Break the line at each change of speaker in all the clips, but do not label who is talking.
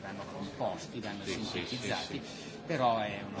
vanno composti, vanno sintetizzati, però è uno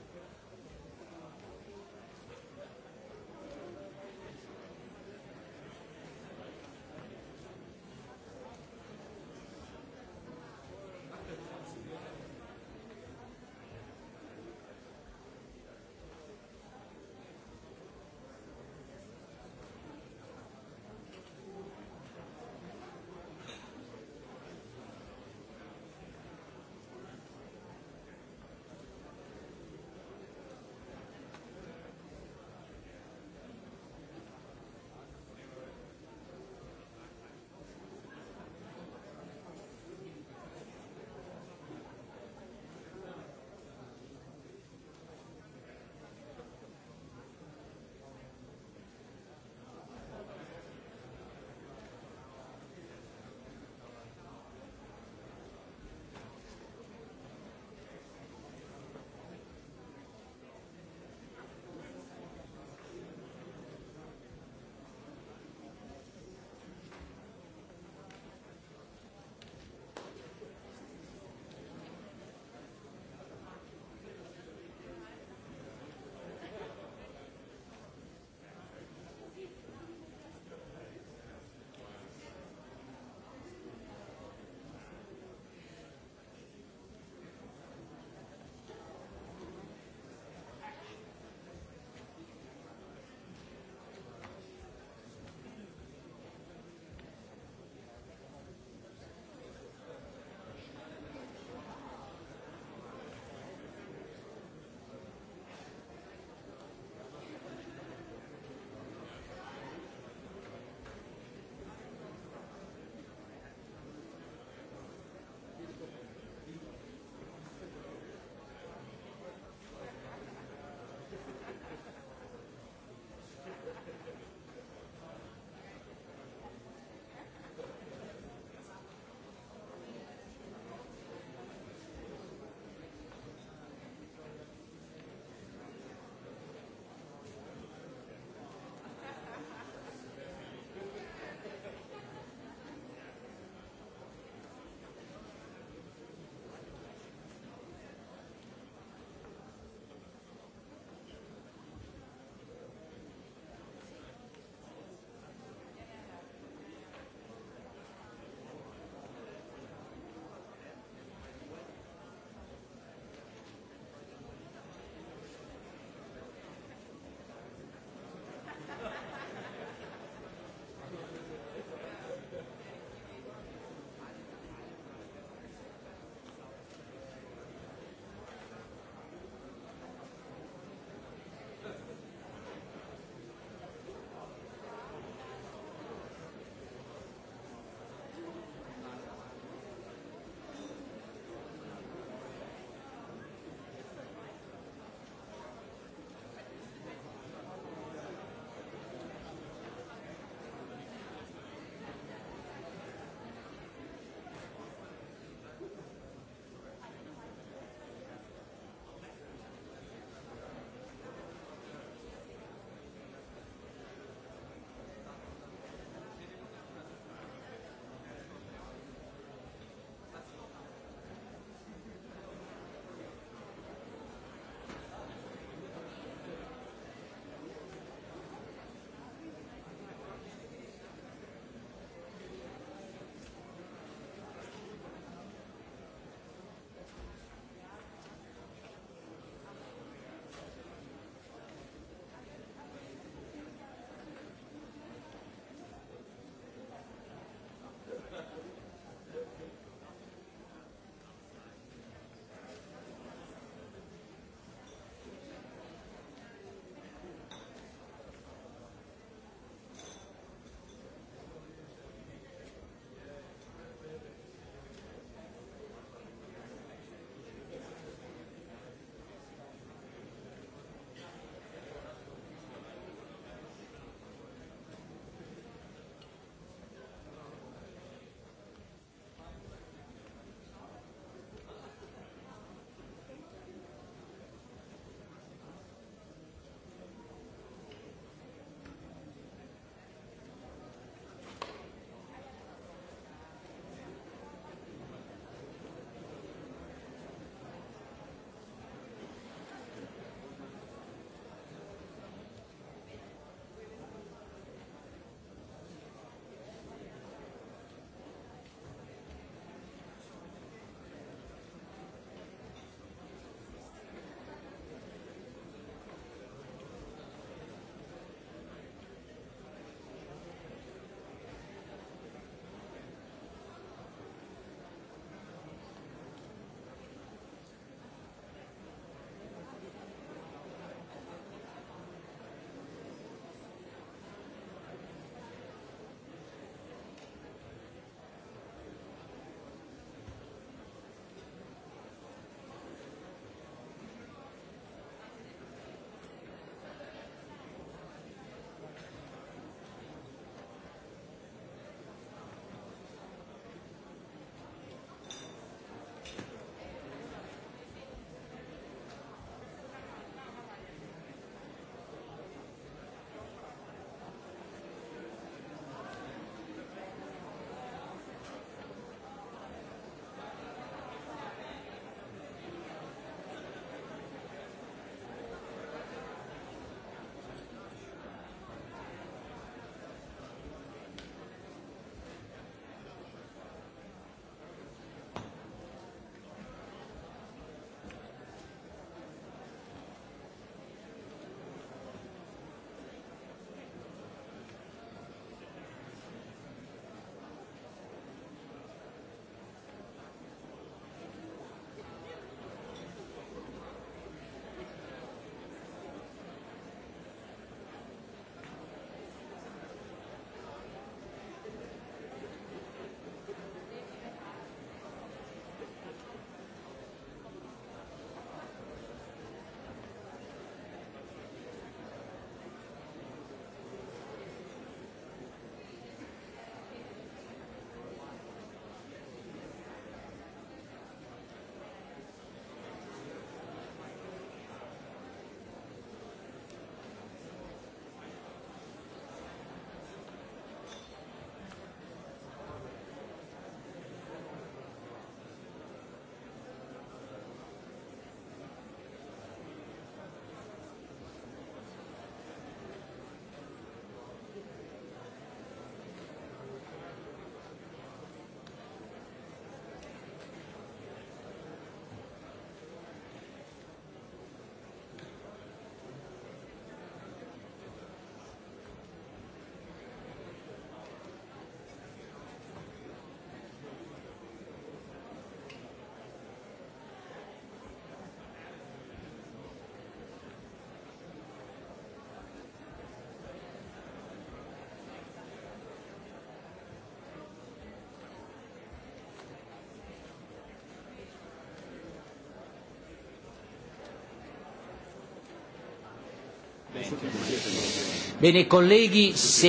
Bene, colleghi, se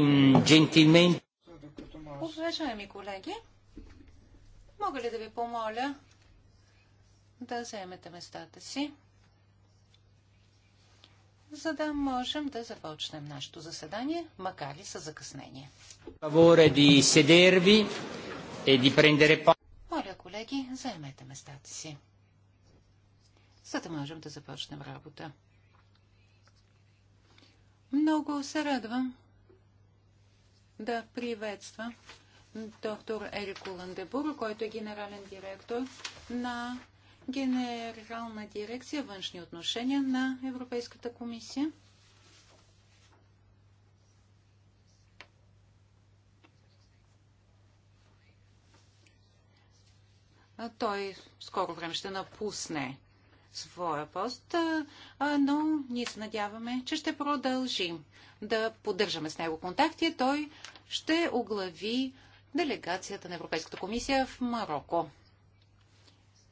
mm, gentilmente.
Уважаеми колеги, мога ли да ви помоля да вземете местата си, за да можем да започнем нашето заседание, макар и с закъснение. E Моля, колеги, заемете местата си, за да можем да започнем работа. Много се радвам да приветствам доктор Ерико Ландебур, който е генерален директор на Генерална дирекция външни отношения на Европейската комисия. Той скоро време ще напусне своя пост, но ние се надяваме, че ще продължим да поддържаме с него контакти. Той ще оглави делегацията на Европейската комисия в Марокко.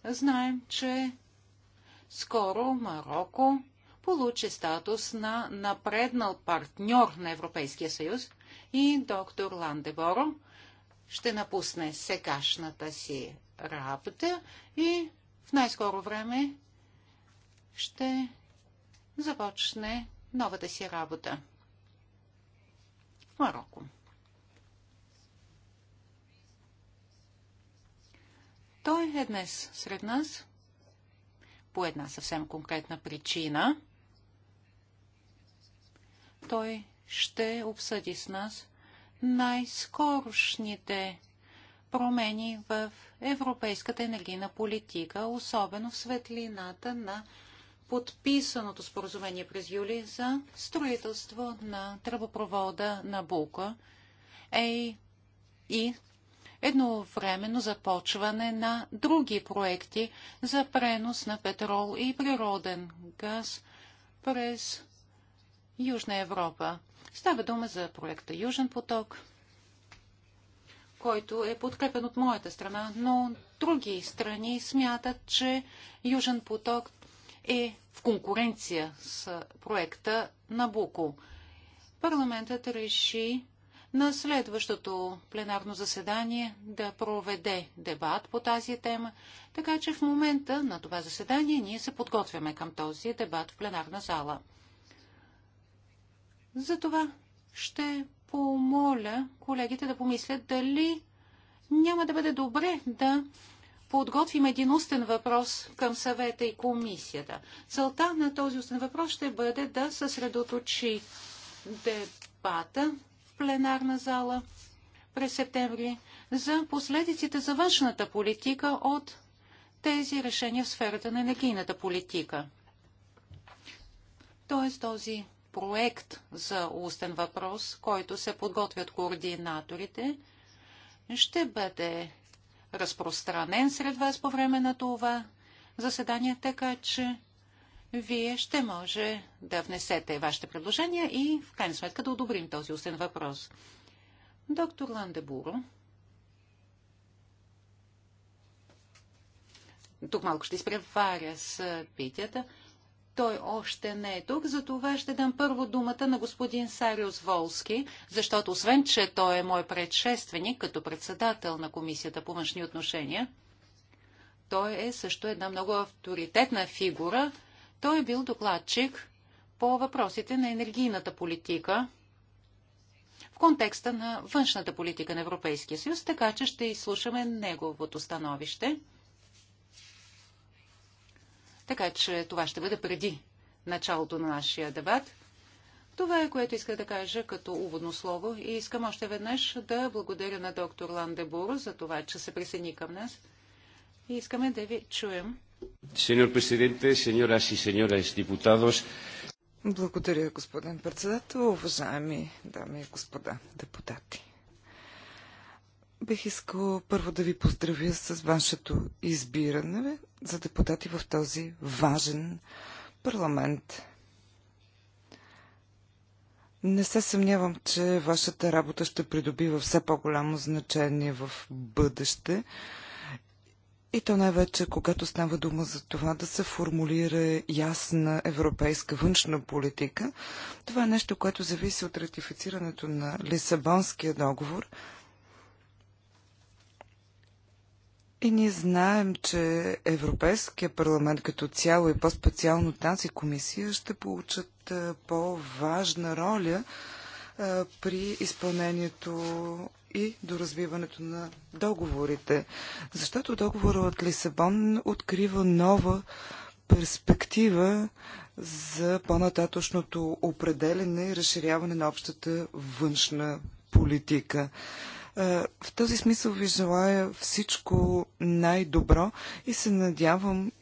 Знаем, че скоро Марокко получи статус на напреднал партньор на Европейския съюз и доктор Ландеборо ще напусне сегашната си работа и в най-скоро време ще започне новата си работа в Марокко. Той е днес сред нас по една съвсем конкретна причина. Той ще обсъди с нас най-скорошните промени в европейската енергийна политика, особено в светлината на подписаното споразумение през юли за строителство на тръбопровода на булка и и едновременно започване на други проекти за пренос на петрол и природен газ през Южна Европа. Става дума за проекта Южен поток, който е подкрепен от моята страна, но други страни смятат, че Южен поток е в конкуренция с проекта Набуко. Парламентът реши на следващото пленарно заседание да проведе дебат по тази тема, така че в момента на това заседание ние се подготвяме към този дебат в пленарна зала. Затова ще помоля колегите да помислят дали няма да бъде добре да подготвим един устен въпрос към съвета и комисията. Целта на този устен въпрос ще бъде да съсредоточи дебата в пленарна зала през септември за последиците за външната политика от тези решения в сферата на енергийната политика. Тоест този проект за устен въпрос, който се подготвят координаторите, ще бъде разпространен сред вас по време на това заседание, така че вие ще може да внесете вашите предложения и в крайна сметка да одобрим този устен въпрос. Доктор Ландебуро. Тук малко ще изпреваря с питията. Той още не е тук, затова ще дам първо думата на господин Сариус Волски, защото освен, че той е мой предшественик като председател на Комисията по външни отношения, той е също една много авторитетна фигура. Той е бил докладчик по въпросите на енергийната политика в контекста на външната политика на Европейския съюз, така че ще изслушаме неговото становище. Така че това ще бъде преди началото на нашия дебат. Това е, което иска да кажа като уводно слово и искам още веднъж да благодаря на доктор Ландебур за това, че се присъедини към нас. И искаме да ви чуем.
Сеньор президенте, сеньорас и сеньорас депутатос.
Благодаря, господин председател, уважаеми дами и господа депутати. Бих искала първо да ви поздравя с вашето избиране за депутати в този важен парламент. Не се съмнявам, че вашата работа ще придобива все по-голямо значение в бъдеще. И то най-вече, когато става дума за това да се формулира ясна европейска външна политика, това е нещо, което зависи от ратифицирането на Лисабонския договор, И ние знаем, че Европейския парламент като цяло и по-специално тази комисия ще получат е, по-важна роля е, при изпълнението и до развиването на договорите. Защото договора от Лисабон открива нова перспектива за по-нататъчното определене и разширяване на общата външна политика. Е, в този смисъл ви желая всичко най-добро и се надявам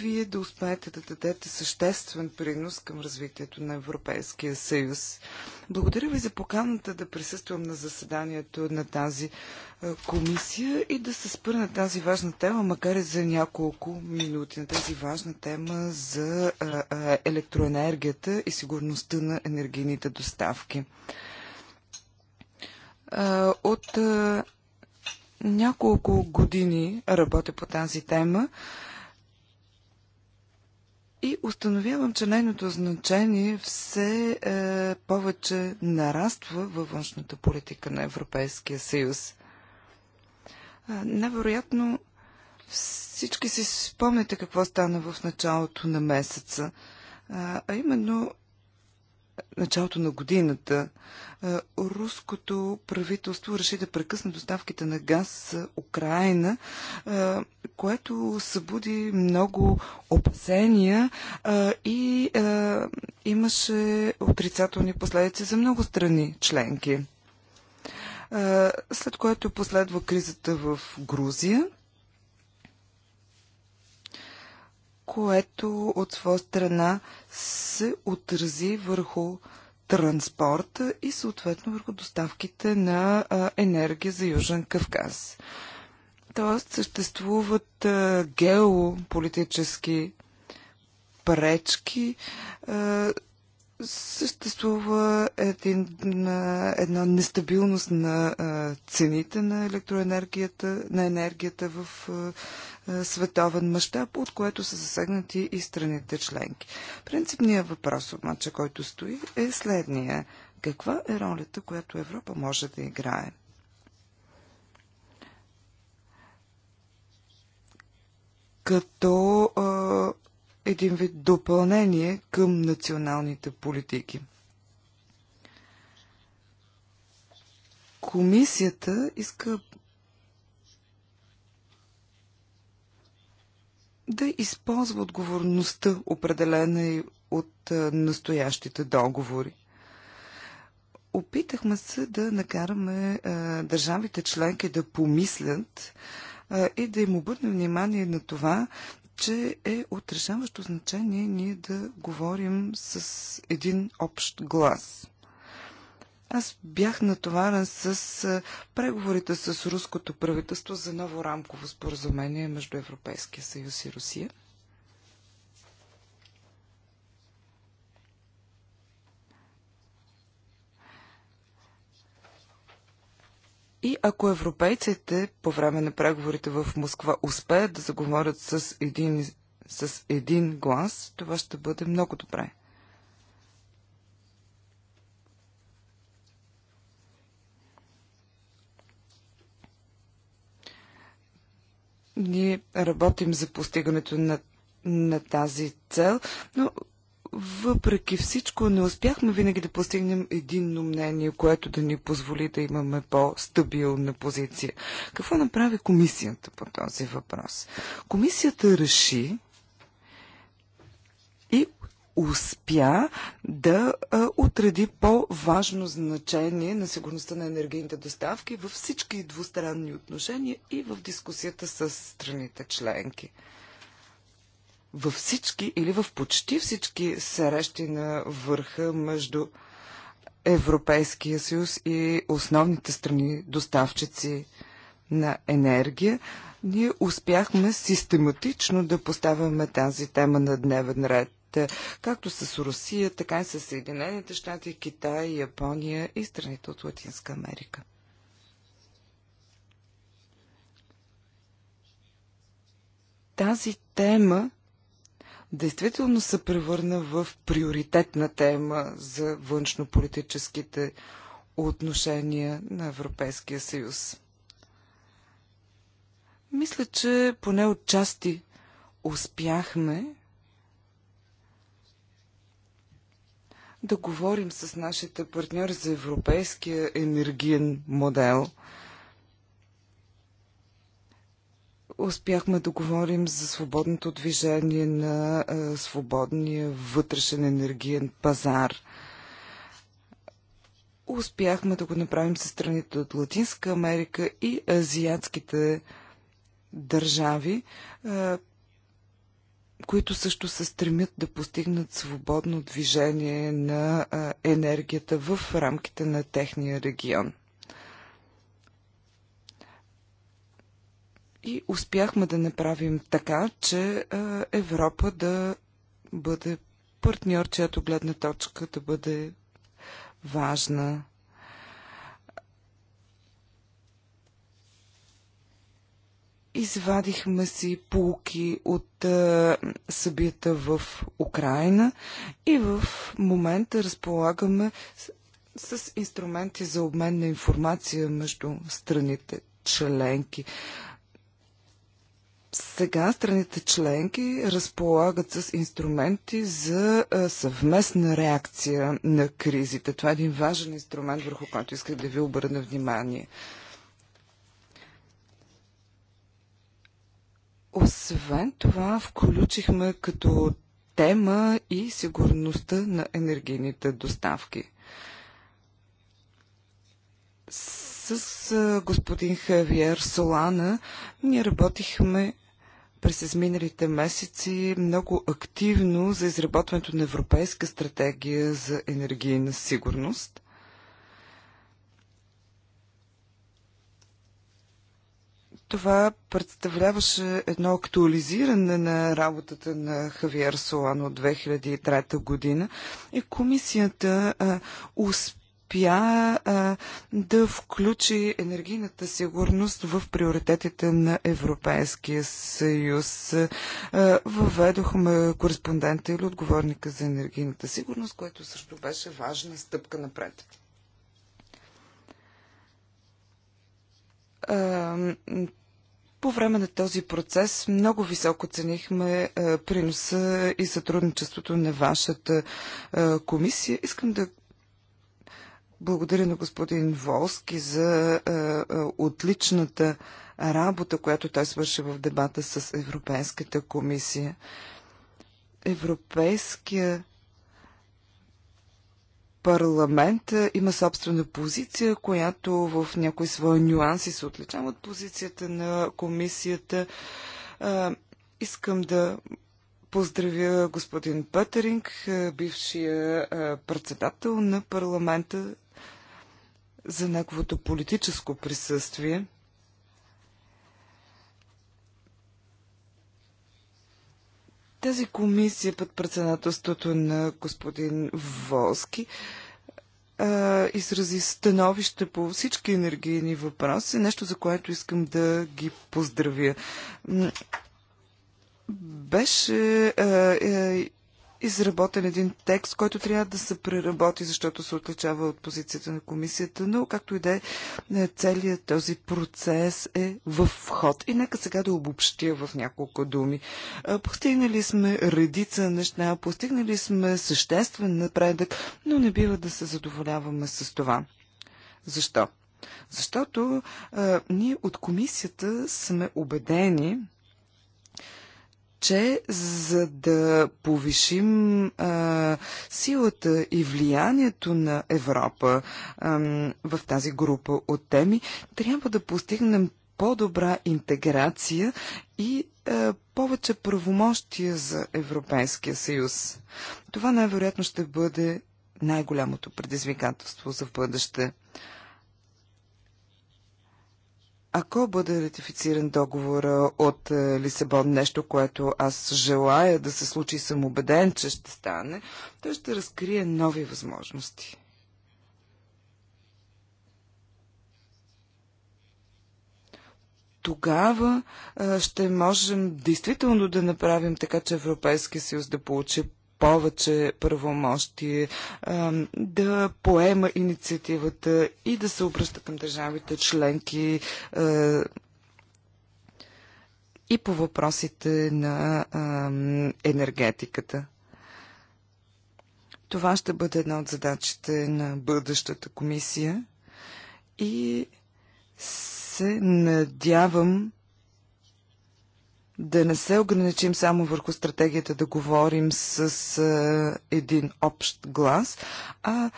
вие да успеете да дадете съществен принос към развитието на Европейския съюз. Благодаря ви за поканата да присъствам на заседанието на тази е, комисия и да се спра на тази важна тема, макар и за няколко минути, на тази важна тема за е, електроенергията и сигурността на енергийните доставки. От няколко години работя по тази тема и установявам, че нейното значение все е, повече нараства във външната политика на Европейския съюз. Невероятно всички си спомняте какво стана в началото на месеца, а именно началото на годината е, руското правителство реши да прекъсне доставките на газ Украина, е, което събуди много опасения е, и имаше отрицателни последици за много страни членки. След което последва кризата в Грузия което от своя страна се отрази върху транспорта и съответно върху доставките на енергия за Южен Кавказ. Тоест съществуват геополитически пречки, съществува един, една нестабилност на цените на електроенергията, на енергията в е, световен мащаб, от което са засегнати и страните членки. Принципният въпрос обаче, който стои, е следния. Каква е ролята, която Европа може да играе? Като а, е, един вид допълнение към националните политики. Комисията иска да използва отговорността, определена и от настоящите договори. Опитахме се да накараме държавите членки да помислят и да им обърнем внимание на това, че е от решаващо значение ние да говорим с един общ глас. Аз бях натоварен с преговорите с руското правителство за ново рамково споразумение между Европейския съюз и Русия. И ако европейците по време на преговорите в Москва успеят да заговорят с един, с един глас, това ще бъде много добре. Ние работим за постигането на, на тази цел, но въпреки всичко не успяхме винаги да постигнем единно мнение, което да ни позволи да имаме по-стабилна позиция. Какво направи комисията по този въпрос? Комисията реши, успя да отреди по-важно значение на сигурността на енергийните доставки във всички двустранни отношения и в дискусията с страните членки във всички или в почти всички срещи на върха между Европейския съюз и основните страни доставчици на енергия, ние успяхме систематично да поставяме тази тема на дневен ред. Е, както с Русия, така и с Съединените щати, Китай, Япония и страните от Латинска Америка. Тази тема действително се превърна в приоритетна тема за външнополитическите отношения на Европейския съюз. Мисля, че поне отчасти успяхме да говорим с нашите партньори за европейския енергиен модел. Успяхме да говорим за свободното движение на а, свободния вътрешен енергиен пазар. Успяхме да го направим с страните от Латинска Америка и азиатските държави които също се стремят да постигнат свободно движение на енергията в рамките на техния регион. И успяхме да направим така, че Европа да бъде партньор, чиято гледна точка да бъде важна Извадихме си полки от а, е, събията в Украина и в момента разполагаме с, с инструменти за обмен на информация между страните членки. Сега страните членки разполагат с инструменти за е, съвместна реакция на кризите. Това е един важен инструмент, върху който исках да ви обърна внимание. Освен това, включихме като тема и сигурността на енергийните доставки. С господин Хавиер Солана ние работихме през изминалите месеци много активно за изработването на Европейска стратегия за енергийна сигурност. Това представляваше едно актуализиране на работата на Хавиер Солан от 2003 година и комисията а, успя а, да включи енергийната сигурност в приоритетите на Европейския съюз. А, въведохме кореспондента или отговорника за енергийната сигурност, което също беше важна стъпка напред. По време на този процес много високо ценихме е, приноса и сътрудничеството на вашата е, комисия. Искам да благодаря на господин Волски за е, отличната работа, която той свърши в дебата с Европейската комисия. Европейския парламент е, има собствена позиция, която в някои свои нюанси се отличава от позицията на комисията. Е, искам да поздравя господин Петеринг, е, бившия председател на парламента, за неговото политическо присъствие. Тази комисия под председателството на господин Волски изрази становище по всички енергийни въпроси, нещо за което искам да ги поздравя. Беше е, е, изработен един текст, който трябва да се преработи, защото се отличава от позицията на комисията, но както и да е, е целият този процес е в ход. И нека сега да обобщя в няколко думи. Постигнали сме редица неща, постигнали сме съществен напредък, но не бива да се задоволяваме с това. Защо? Защото а, ние от комисията сме убедени, че за да повишим а, силата и влиянието на Европа а, в тази група от теми, трябва да постигнем по-добра интеграция и а, повече правомощия за Европейския съюз. Това най-вероятно ще бъде най-голямото предизвикателство за в бъдеще. Ако бъде ратифициран договора от е, Лисабон, нещо, което аз желая да се случи и съм убеден, че ще стане, той ще разкрие нови възможности. Тогава е, ще можем действително да направим така, че Европейския съюз да получи повече правомощие, да поема инициативата и да се обръща към държавите членки и по въпросите на енергетиката. Това ще бъде една от задачите на бъдещата комисия и се надявам да не се ограничим само върху стратегията да говорим с а, един общ глас, а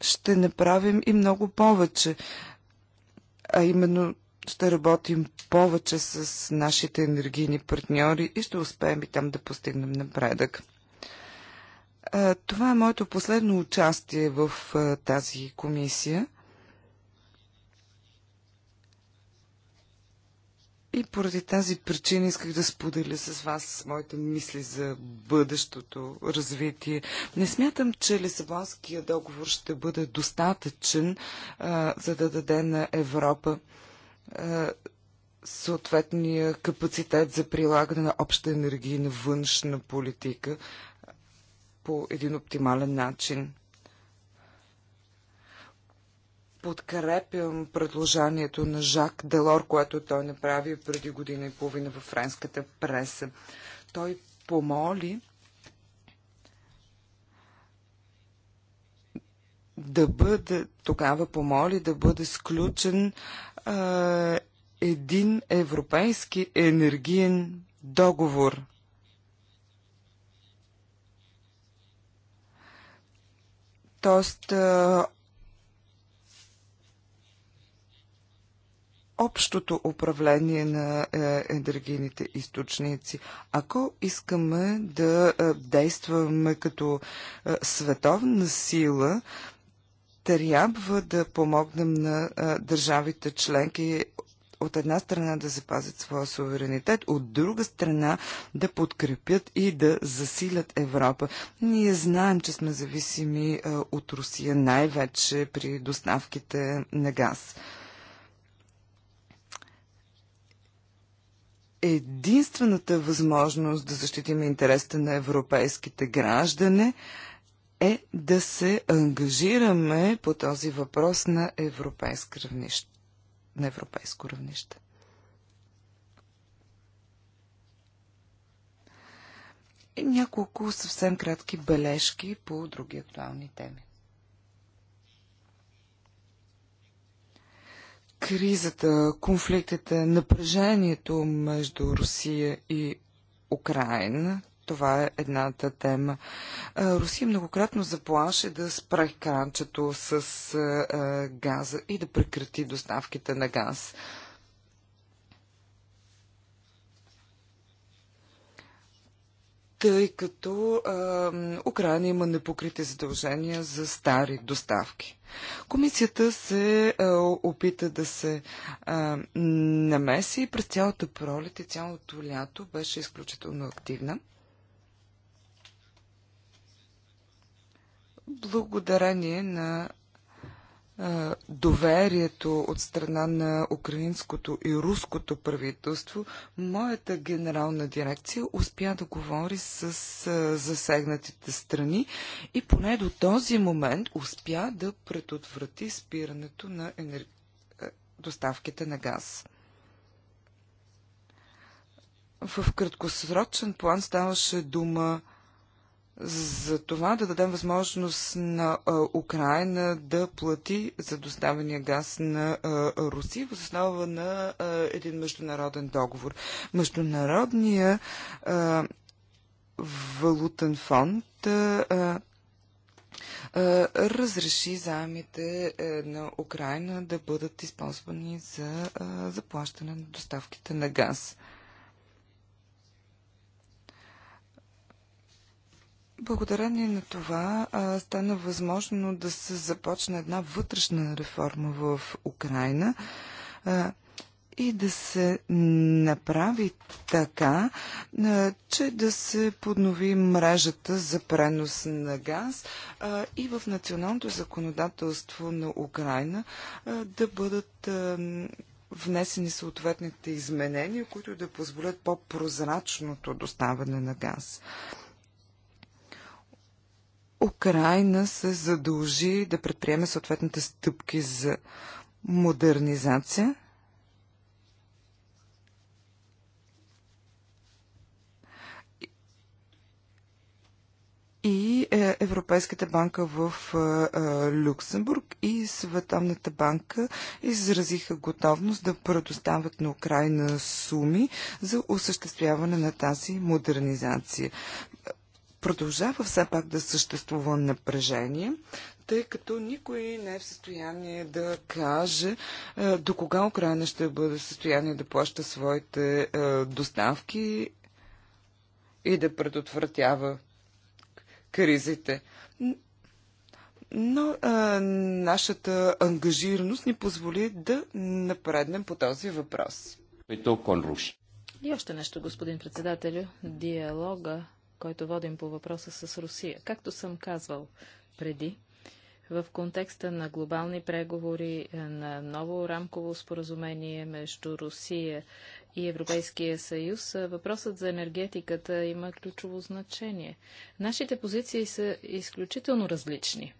ще направим и много повече. А именно ще работим повече с нашите енергийни партньори и ще успеем и там да постигнем напредък. Това е моето последно участие в тази комисия. И поради тази причина исках да споделя с вас моите мисли за бъдещото развитие. Не смятам, че Лисабонския договор ще бъде достатъчен, а, за да даде на Европа а, съответния капацитет за прилагане на обща енергийна външна политика по един оптимален начин подкрепям предложението на Жак Делор, което той направи преди година и половина във френската преса. Той помоли да бъде, тогава помоли да бъде сключен а, един европейски енергиен договор. Тоест, общото управление на е, енергийните източници. Ако искаме да е, действаме като е, световна сила, трябва да помогнем на държавите членки от една страна да запазят своя суверенитет, от друга страна да подкрепят и да засилят Европа. Ние знаем, че сме зависими от Русия най-вече при доставките на газ. единствената възможност да защитим интересите на европейските граждане е да се ангажираме по този въпрос на, европейско равнище, на европейско равнище. И няколко съвсем кратки бележки по други актуални теми. кризата, конфликтите, напрежението между Русия и Украина. Това е едната тема. Русия многократно заплаше да спре кранчето с газа и да прекрати доставките на газ. тъй като а, Украина има непокрити задължения за стари доставки. Комисията се а, опита да се а, намеси и през цялата пролет и цялото лято беше изключително активна. Благодарение на доверието от страна на украинското и руското правителство, моята генерална дирекция успя да говори с засегнатите страни и поне до този момент успя да предотврати спирането на енер... доставките на газ. В краткосрочен план ставаше дума за това да дадем възможност на а, Украина да плати за доставения газ на а, Руси в основа на а, един международен договор. Международния а, валутен фонд а, разреши заемите е, на Украина да бъдат използвани за заплащане на доставките на газ. Благодарение на това а, стана възможно да се започне една вътрешна реформа в Украина а, и да се направи така, а, че да се поднови мрежата за пренос на газ а, и в националното законодателство на Украина а, да бъдат. А, внесени съответните изменения, които да позволят по-прозрачното доставане на газ. Украина се задължи да предприеме съответните стъпки за модернизация. и е, Европейската банка в е, е, Люксембург и Световната банка изразиха готовност да предоставят на Украина суми за осъществяване на тази модернизация. Продължава все пак да съществува напрежение, тъй като никой не е в състояние да каже е, до кога Украина ще бъде в състояние да плаща своите е, доставки и да предотвратява кризите. Но а, е, нашата ангажираност ни позволи да напреднем по този въпрос.
И още нещо, господин председателю. Диалога който водим по въпроса с Русия. Както съм казвал преди, в контекста на глобални преговори е, на ново рамково споразумение между Русия и Европейския съюз, е, въпросът за енергетиката има ключово значение. Нашите позиции са изключително различни.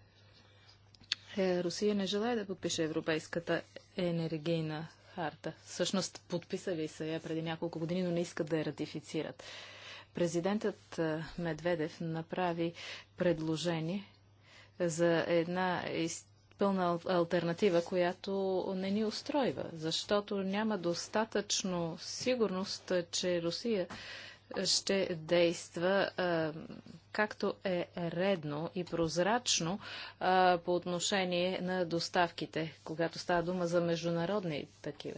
Е, Русия не желая да подпише Европейската енергийна харта. Всъщност подписали са я преди няколко години, но не искат да я ратифицират. Президентът Медведев направи предложение за една пълна альтернатива, която не ни устройва, защото няма достатъчно сигурност, че Русия ще действа както е редно и прозрачно по отношение на доставките, когато става дума за международни такива.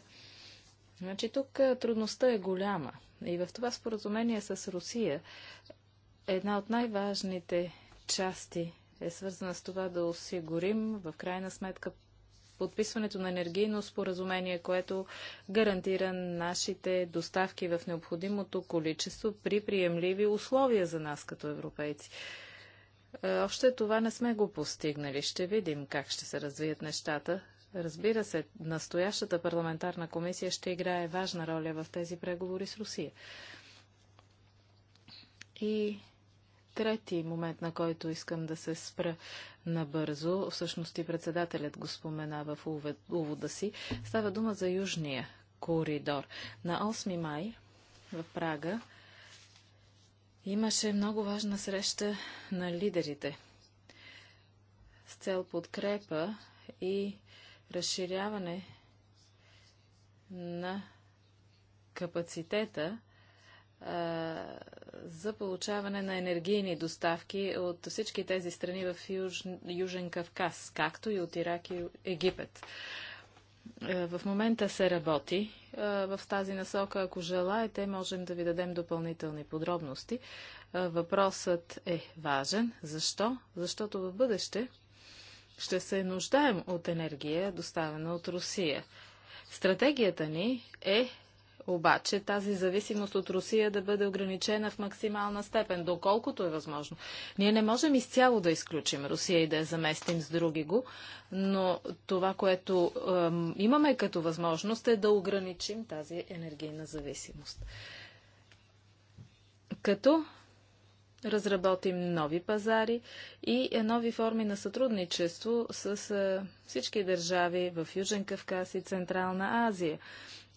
Значи тук трудността е голяма. И в това споразумение с Русия една от най-важните части е свързана с това да осигурим в крайна сметка подписването на енергийно споразумение, което гарантира нашите доставки в необходимото количество при приемливи условия за нас като европейци. Още това не сме го постигнали. Ще видим как ще се развият нещата Разбира се, настоящата парламентарна комисия ще играе важна роля в тези преговори с Русия. И трети момент, на който искам да се спра набързо, всъщност и председателят го спомена в увода си, става дума за Южния коридор. На 8 май в Прага имаше много важна среща на лидерите с цел подкрепа и разширяване на капацитета за получаване на енергийни доставки от всички тези страни в Юж, Южен Кавказ, както и от Ирак и Египет. в момента се работи в тази насока. Ако желаете, можем да ви дадем допълнителни подробности. Въпросът е важен. Защо? Защото в бъдеще ще се нуждаем от енергия, доставена от Русия. Стратегията ни е обаче тази зависимост от Русия да бъде ограничена в максимална степен, доколкото е възможно. Ние не можем изцяло да изключим Русия и да я заместим с други го, но това, което е, имаме като възможност е да ограничим тази енергийна зависимост. Като разработим нови пазари и е, нови форми на сътрудничество с е, всички държави в Южен Кавказ и Централна Азия.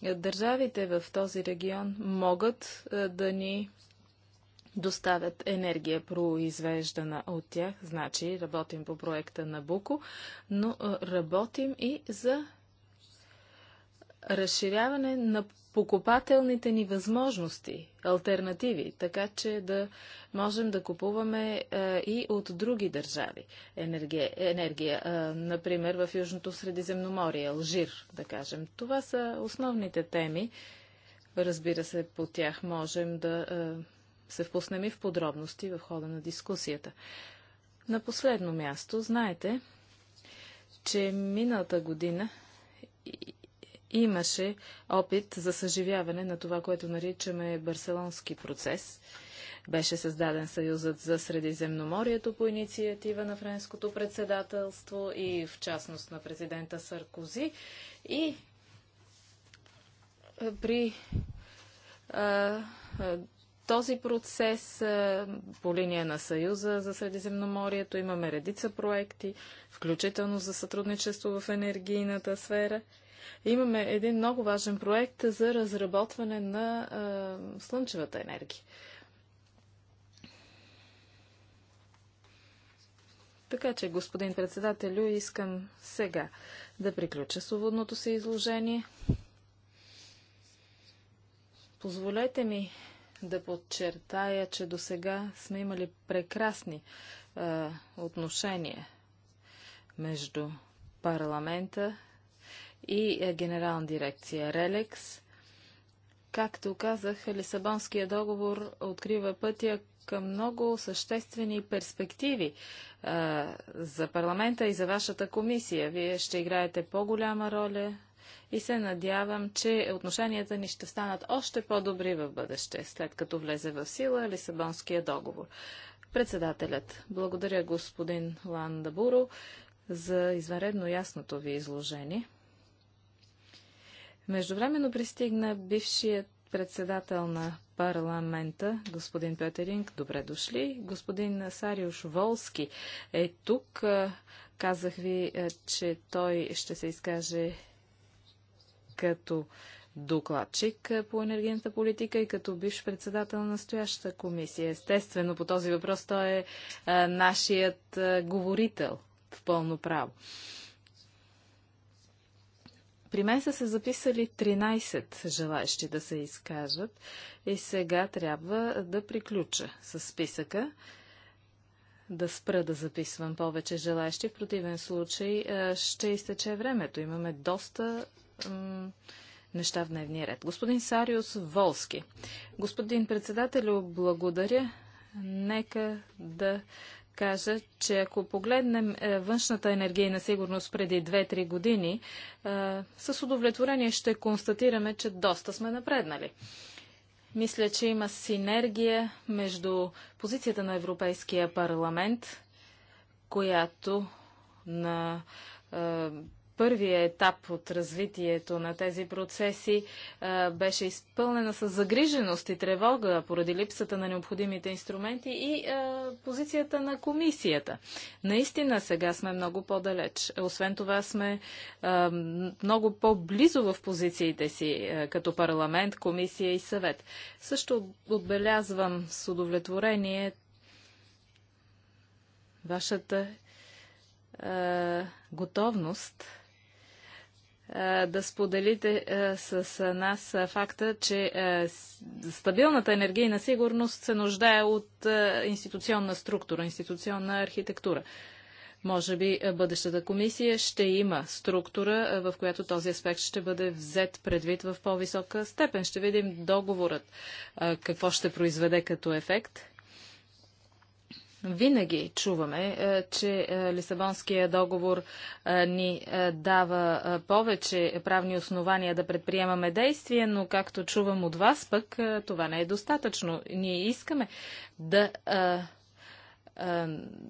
Е, държавите в този регион могат да ни доставят енергия, произвеждана от тях. Значи работим по проекта на Буко, но работим и за разширяване на покупателните ни възможности, альтернативи, така че да можем да купуваме а, е, и от други държави енергия. енергия а, е, например, в Южното Средиземноморие, Алжир, да кажем. Това са основните теми. Разбира се, по тях можем да а, е, се впуснем и в подробности в хода на дискусията. На последно място, знаете, че миналата година имаше опит за съживяване на това, което наричаме Барселонски процес. Беше създаден Съюзът за Средиземноморието по инициатива на Френското председателство и в частност на президента Саркози. И при а, този процес по линия на Съюза за Средиземноморието имаме редица проекти, включително за сътрудничество в енергийната сфера – Имаме един много важен проект за разработване на а, слънчевата енергия. Така че, господин председателю, искам сега да приключа с уводното си изложение. Позволете ми да подчертая, че до сега сме имали прекрасни а, отношения между парламента и е, Генерална дирекция Релекс. Както казах, Лисабонския договор открива пътя към много съществени перспективи а, е, за парламента и за вашата комисия. Вие ще играете по-голяма роля и се надявам, че отношенията ни ще станат още по-добри в бъдеще, след като влезе в сила Лисабонския договор. Председателят, благодаря господин Ландабуро за извънредно ясното ви изложение. Междувременно пристигна бившият председател на парламента, господин Петеринг. Добре дошли. Господин Сариуш Волски е тук. Казах ви, че той ще се изкаже като докладчик по енергийната политика и като бивш председател на настоящата комисия. Естествено, по този въпрос той е нашият говорител в пълно право. При мен са се записали 13 желаящи да се изкажат и сега трябва да приключа с списъка да спра да записвам повече желаящи. В противен случай ще изтече времето. Имаме доста неща в дневния ред. Господин Сариус Волски. Господин председателю, благодаря. Нека да кажа, че ако погледнем е, външната енергийна сигурност преди 2-3 години, е, с удовлетворение ще констатираме, че доста сме напреднали. Мисля, че има синергия между позицията на Европейския парламент, която на е, първия етап от развитието на тези процеси беше изпълнена с загриженост и тревога поради липсата на необходимите инструменти и позицията на комисията. Наистина сега сме много по-далеч. Освен това сме много по-близо в позициите си като парламент, комисия и съвет. Също отбелязвам с удовлетворение вашата готовност да споделите с нас факта, че стабилната енергийна сигурност се нуждае от институционна структура, институционна архитектура. Може би бъдещата комисия ще има структура, в която този аспект ще бъде взет предвид в по-висока степен. Ще видим договорът какво ще произведе като ефект – винаги чуваме, е, че е, Лисабонския договор е, ни дава повече правни основания да предприемаме действия, но както чувам от вас пък, това не е достатъчно. Ние искаме да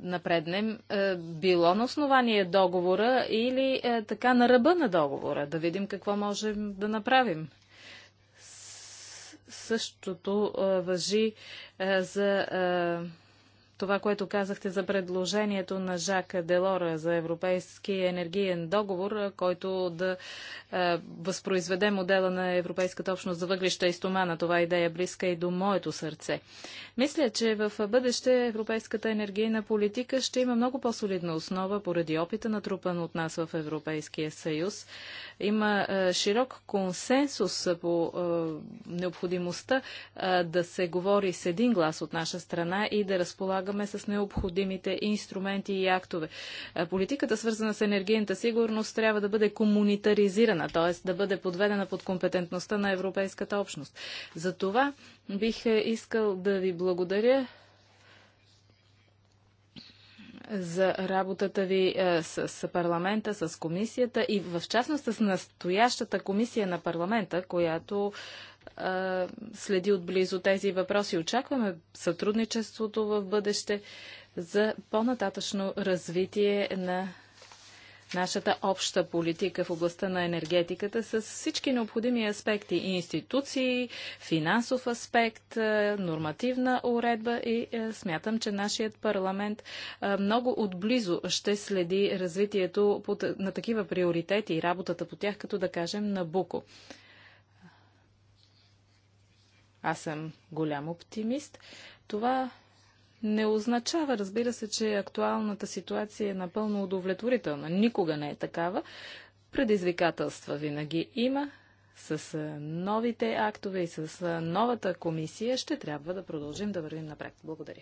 напреднем, било на основание договора или така на ръба на договора, да видим какво можем да направим. Същото въжи за това, което казахте за предложението на Жак Делора за Европейски енергиен договор, който да е, възпроизведе модела на Европейската общност за въглища и стомана. Това идея близка и до моето сърце. Мисля, че в бъдеще Европейската енергийна политика ще има много по-солидна основа поради опита на трупан от нас в Европейския съюз. Има е, широк консенсус по е, необходимостта да се говори с един глас от наша страна и да разполага разполагаме с необходимите инструменти и актове. Е, политиката, свързана с енергийната сигурност, трябва да бъде комунитаризирана, т.е. да бъде подведена под компетентността на Европейската общност. За това бих е, искал да ви благодаря за работата ви е, с, парламента, с комисията и в частност с настоящата комисия на парламента, която е, следи отблизо тези въпроси. Очакваме сътрудничеството в бъдеще за по-нататъчно развитие на нашата обща политика в областта на енергетиката с всички необходими аспекти институции, финансов аспект, е, нормативна уредба и е, смятам, че нашият парламент е, много отблизо ще следи развитието на такива приоритети и работата по тях, като да кажем на Буко. Аз съм голям оптимист. Това не означава, разбира се, че актуалната ситуация е напълно удовлетворителна. Никога не е такава. Предизвикателства винаги има. С новите актове и с новата комисия ще трябва да продължим да вървим
напред. Благодаря.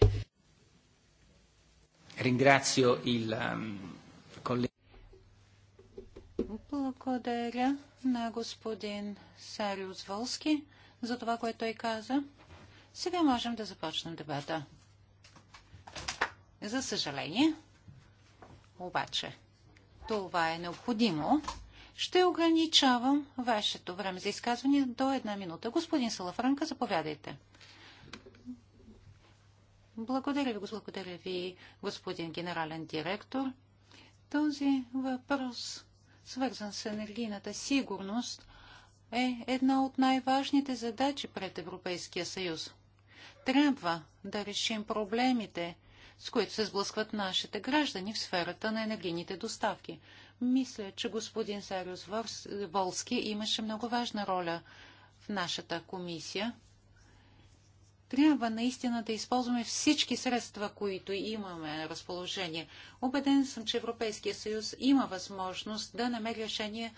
Благодаря на господин Сариус Волски за това, което той каза. Сега можем да започнем дебата. За съжаление, обаче, това е необходимо. Ще ограничавам вашето време за изказване до една минута. Господин Салафранка, заповядайте. Благодаря ви, благодаря ви, господин генерален директор. Този въпрос, свързан с енергийната сигурност, е една от най-важните задачи пред Европейския съюз. Трябва да решим проблемите, с които се сблъскват нашите граждани в сферата на енергийните доставки. Мисля, че господин Сариус Волски имаше много важна роля в нашата комисия. Трябва наистина да използваме всички средства, които имаме на разположение. Обеден съм, че Европейския съюз има възможност да намери решение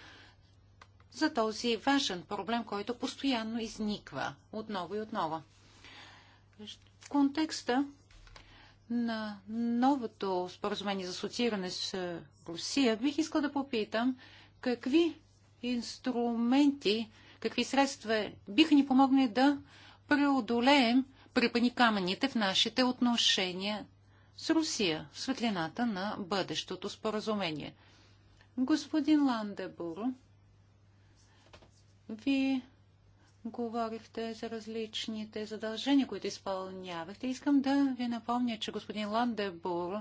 за този важен проблем, който постоянно изниква отново и отново. В контекста на новото споразумение за асоцииране с Русия, бих искал да попитам какви инструменти, какви средства биха ни помогнали да преодолеем камъните в нашите отношения с Русия в светлината на бъдещото споразумение. Господин Ландебуро, вие говорихте за различните задължения, които изпълнявахте. Искам да ви напомня, че господин Ландебур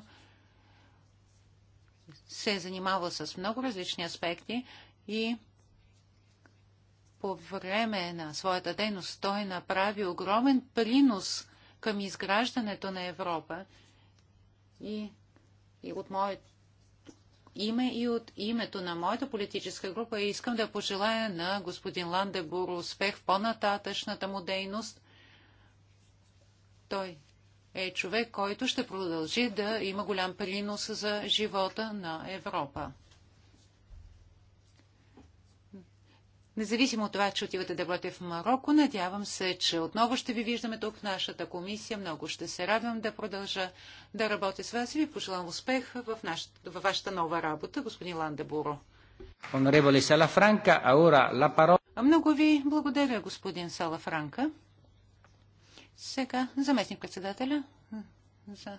се е занимавал с много различни аспекти и по време на своята дейност той направи огромен принос към изграждането на Европа. И, и от моят име и от името на моята политическа група искам да пожелая на господин Ландебур успех в по-нататъчната му дейност. Той е човек, който ще продължи да има голям принос за живота на Европа. Независимо от това, че отивате да бъдете в Марокко, надявам се, че отново ще ви виждаме тук в нашата комисия. Много ще се радвам да продължа да работя с вас и ви пожелавам успех в, наш... в вашата нова работа, господин Ландебуро. Много ви благодаря, господин Салафранка. Сега заместник председателя за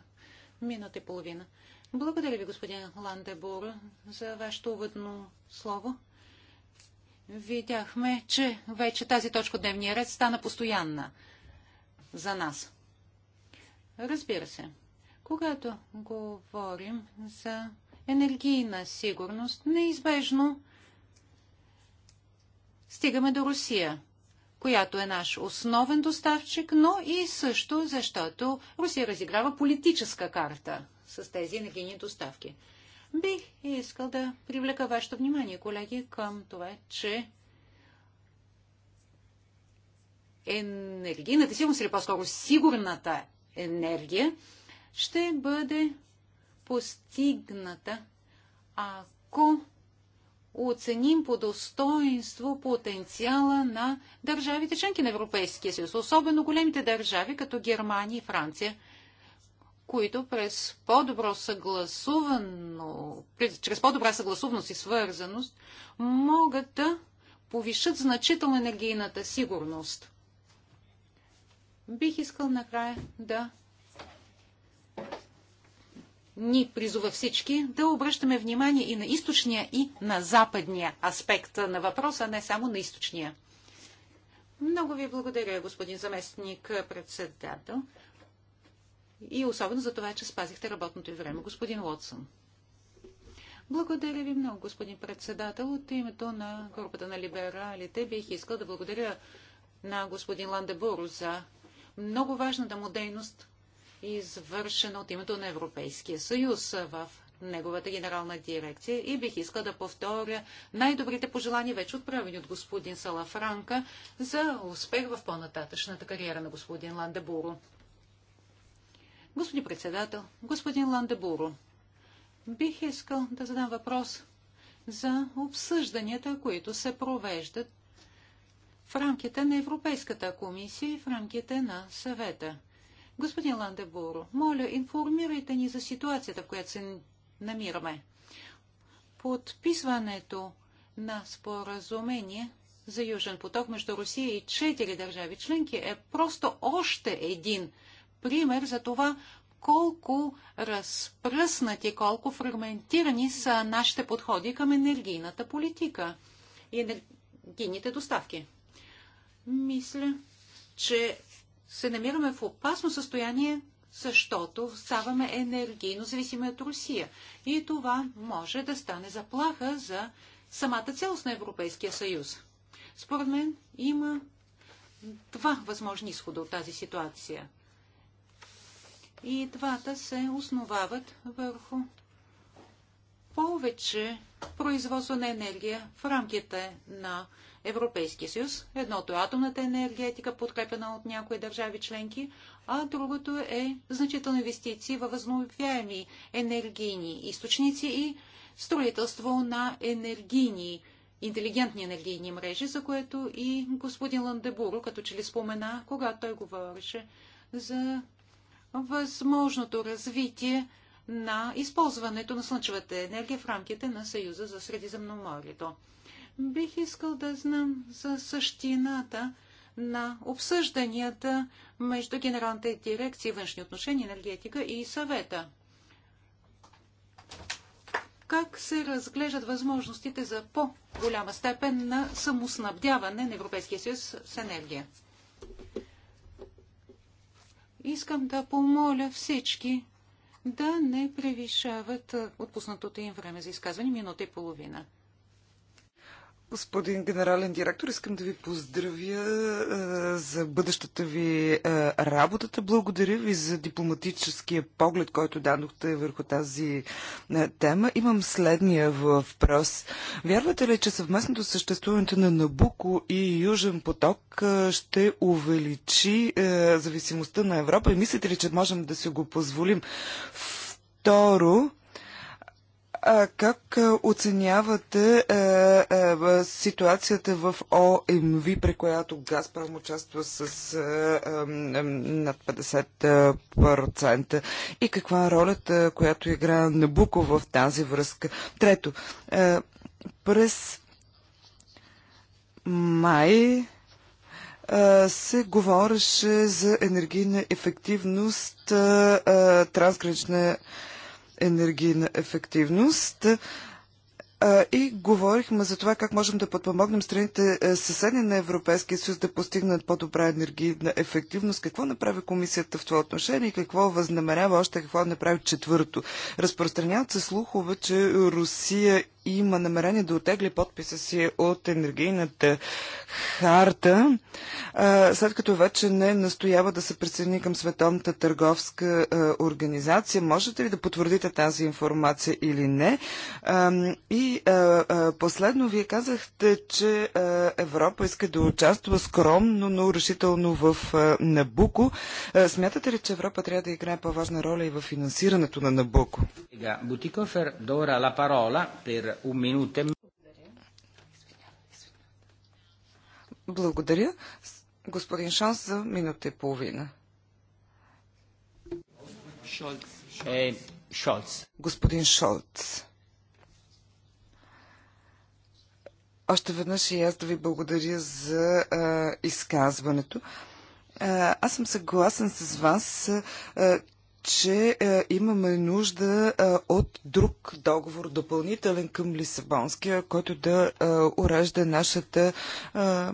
минута и половина. Благодаря ви, господин Ландебуро, за вашето уводно слово видяхме, че вече тази точка от дневния ред стана постоянна за нас. Разбира се, когато говорим за енергийна сигурност, неизбежно стигаме до Русия, която е наш основен доставчик, но и също защото Русия разиграва политическа карта с тези енергийни доставки. Бих искал да привлека вашето внимание, колеги, към това, че енергийната сигурност или по-скоро сигурната енергия ще бъде постигната, ако оценим по достоинство потенциала на държавите членки на Европейския съюз, особено големите държави като Германия и Франция – които през по-добро съгласувано, чрез по-добра съгласуваност и свързаност могат да повишат значително енергийната сигурност. Бих искал накрая да ни призува всички да обръщаме внимание и на източния, и на западния аспект на въпроса, а не само на източния. Много ви благодаря, господин заместник председател и особено за това, че спазихте работното ви време. Господин Лотсън. Благодаря ви много, господин председател. От името на групата на либералите бих искал да благодаря на господин Ландеборо за много важната му дейност, извършена от името на Европейския съюз в неговата генерална дирекция и бих искал да повторя най-добрите пожелания, вече отправени от господин Салафранка, за успех в по-нататъчната кариера на господин Ландебуро. Господин председател, господин Ландебуро, бих искал да задам въпрос за обсъжданията, които се провеждат в рамките на Европейската комисия и в рамките на съвета. Господин Ландебуро, моля, информирайте ни за ситуацията, в която се намираме. Подписването на споразумение за Южен поток между Русия и четири държави членки е просто още един пример за това колко разпръснати, колко фрагментирани са нашите подходи към енергийната политика и енергийните доставки. Мисля, че се намираме в опасно състояние, защото ставаме енергийно зависими от Русия. И това може да стане заплаха за самата цялост на Европейския съюз. Според мен има два възможни изхода от тази ситуация – и двата се основават върху повече производство на енергия в рамките на Европейския съюз. Едното е атомната енергетика, подкрепена от някои държави членки, а другото е значителни инвестиции във възновяеми енергийни източници и строителство на енергийни, интелигентни енергийни мрежи, за което и господин Ландебуро, като че ли спомена, когато той говореше за възможното развитие на използването на слънчевата енергия в рамките на Съюза за Средиземноморието. Бих искал да знам за същината на обсъжданията между Генералната дирекция външни отношения, енергетика и съвета. Как се разглеждат възможностите за по-голяма степен на самоснабдяване на Европейския съюз с енергия? Искам да помоля всички да не превишават отпуснатото им време за изказване минута и половина.
Господин генерален директор, искам да ви поздравя а, е, за бъдещата ви а, е, работата. Благодаря ви за дипломатическия поглед, който дадохте върху тази а, е, тема. Имам следния въпрос. Вярвате ли, че съвместното съществуването на Набуко и Южен поток ще увеличи зависимостта на Европа и мислите ли, че можем да си го позволим? Второ, как оценявате ситуацията в ОМВ, при която Газпром участва с над 50% и каква е ролята, която играе Набуко в тази връзка? Трето, през май се говореше за енергийна ефективност, трансгранична енергийна ефективност и говорихме за това как можем да подпомогнем страните е, съседни на Европейския съюз да постигнат по-добра енергийна ефективност. Какво направи комисията в това отношение и какво възнамерява още какво направи четвърто? Разпространяват се слухове, че Русия има намерение да отегли подписа си от енергийната харта, след като вече не настоява да се присъедини към Световната търговска организация. Можете ли да потвърдите тази информация или не? И последно, вие казахте, че Европа иска да участва скромно, но решително в Набуко. Смятате ли, че Европа трябва да играе по-важна роля и в финансирането на Набуко?
Бутикофер, дора ла парола пер
благодаря. Господин Шанс за минута и половина. Е, Шолц. Господин Шолц. Още веднъж и аз да ви благодаря за а, изказването. Аз съм съгласен с вас, че е, имаме нужда е, от друг договор, допълнителен към Лисабонския, който да е, урежда нашата е,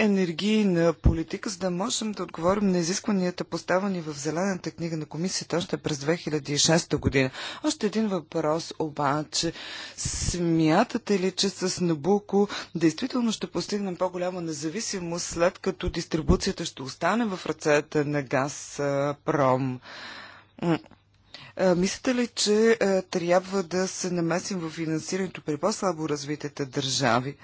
енергийна политика, за да можем да отговорим на изискванията, поставени в Зелената книга на комисията още през 2006 година. Още един въпрос обаче. Смятате ли, че с Набуко действително ще постигнем по-голяма независимост, след като дистрибуцията ще остане в ръцете на Газпром? Е, uh, е, мислите ли, че е, трябва да се намесим в финансирането при по-слабо развитите държави?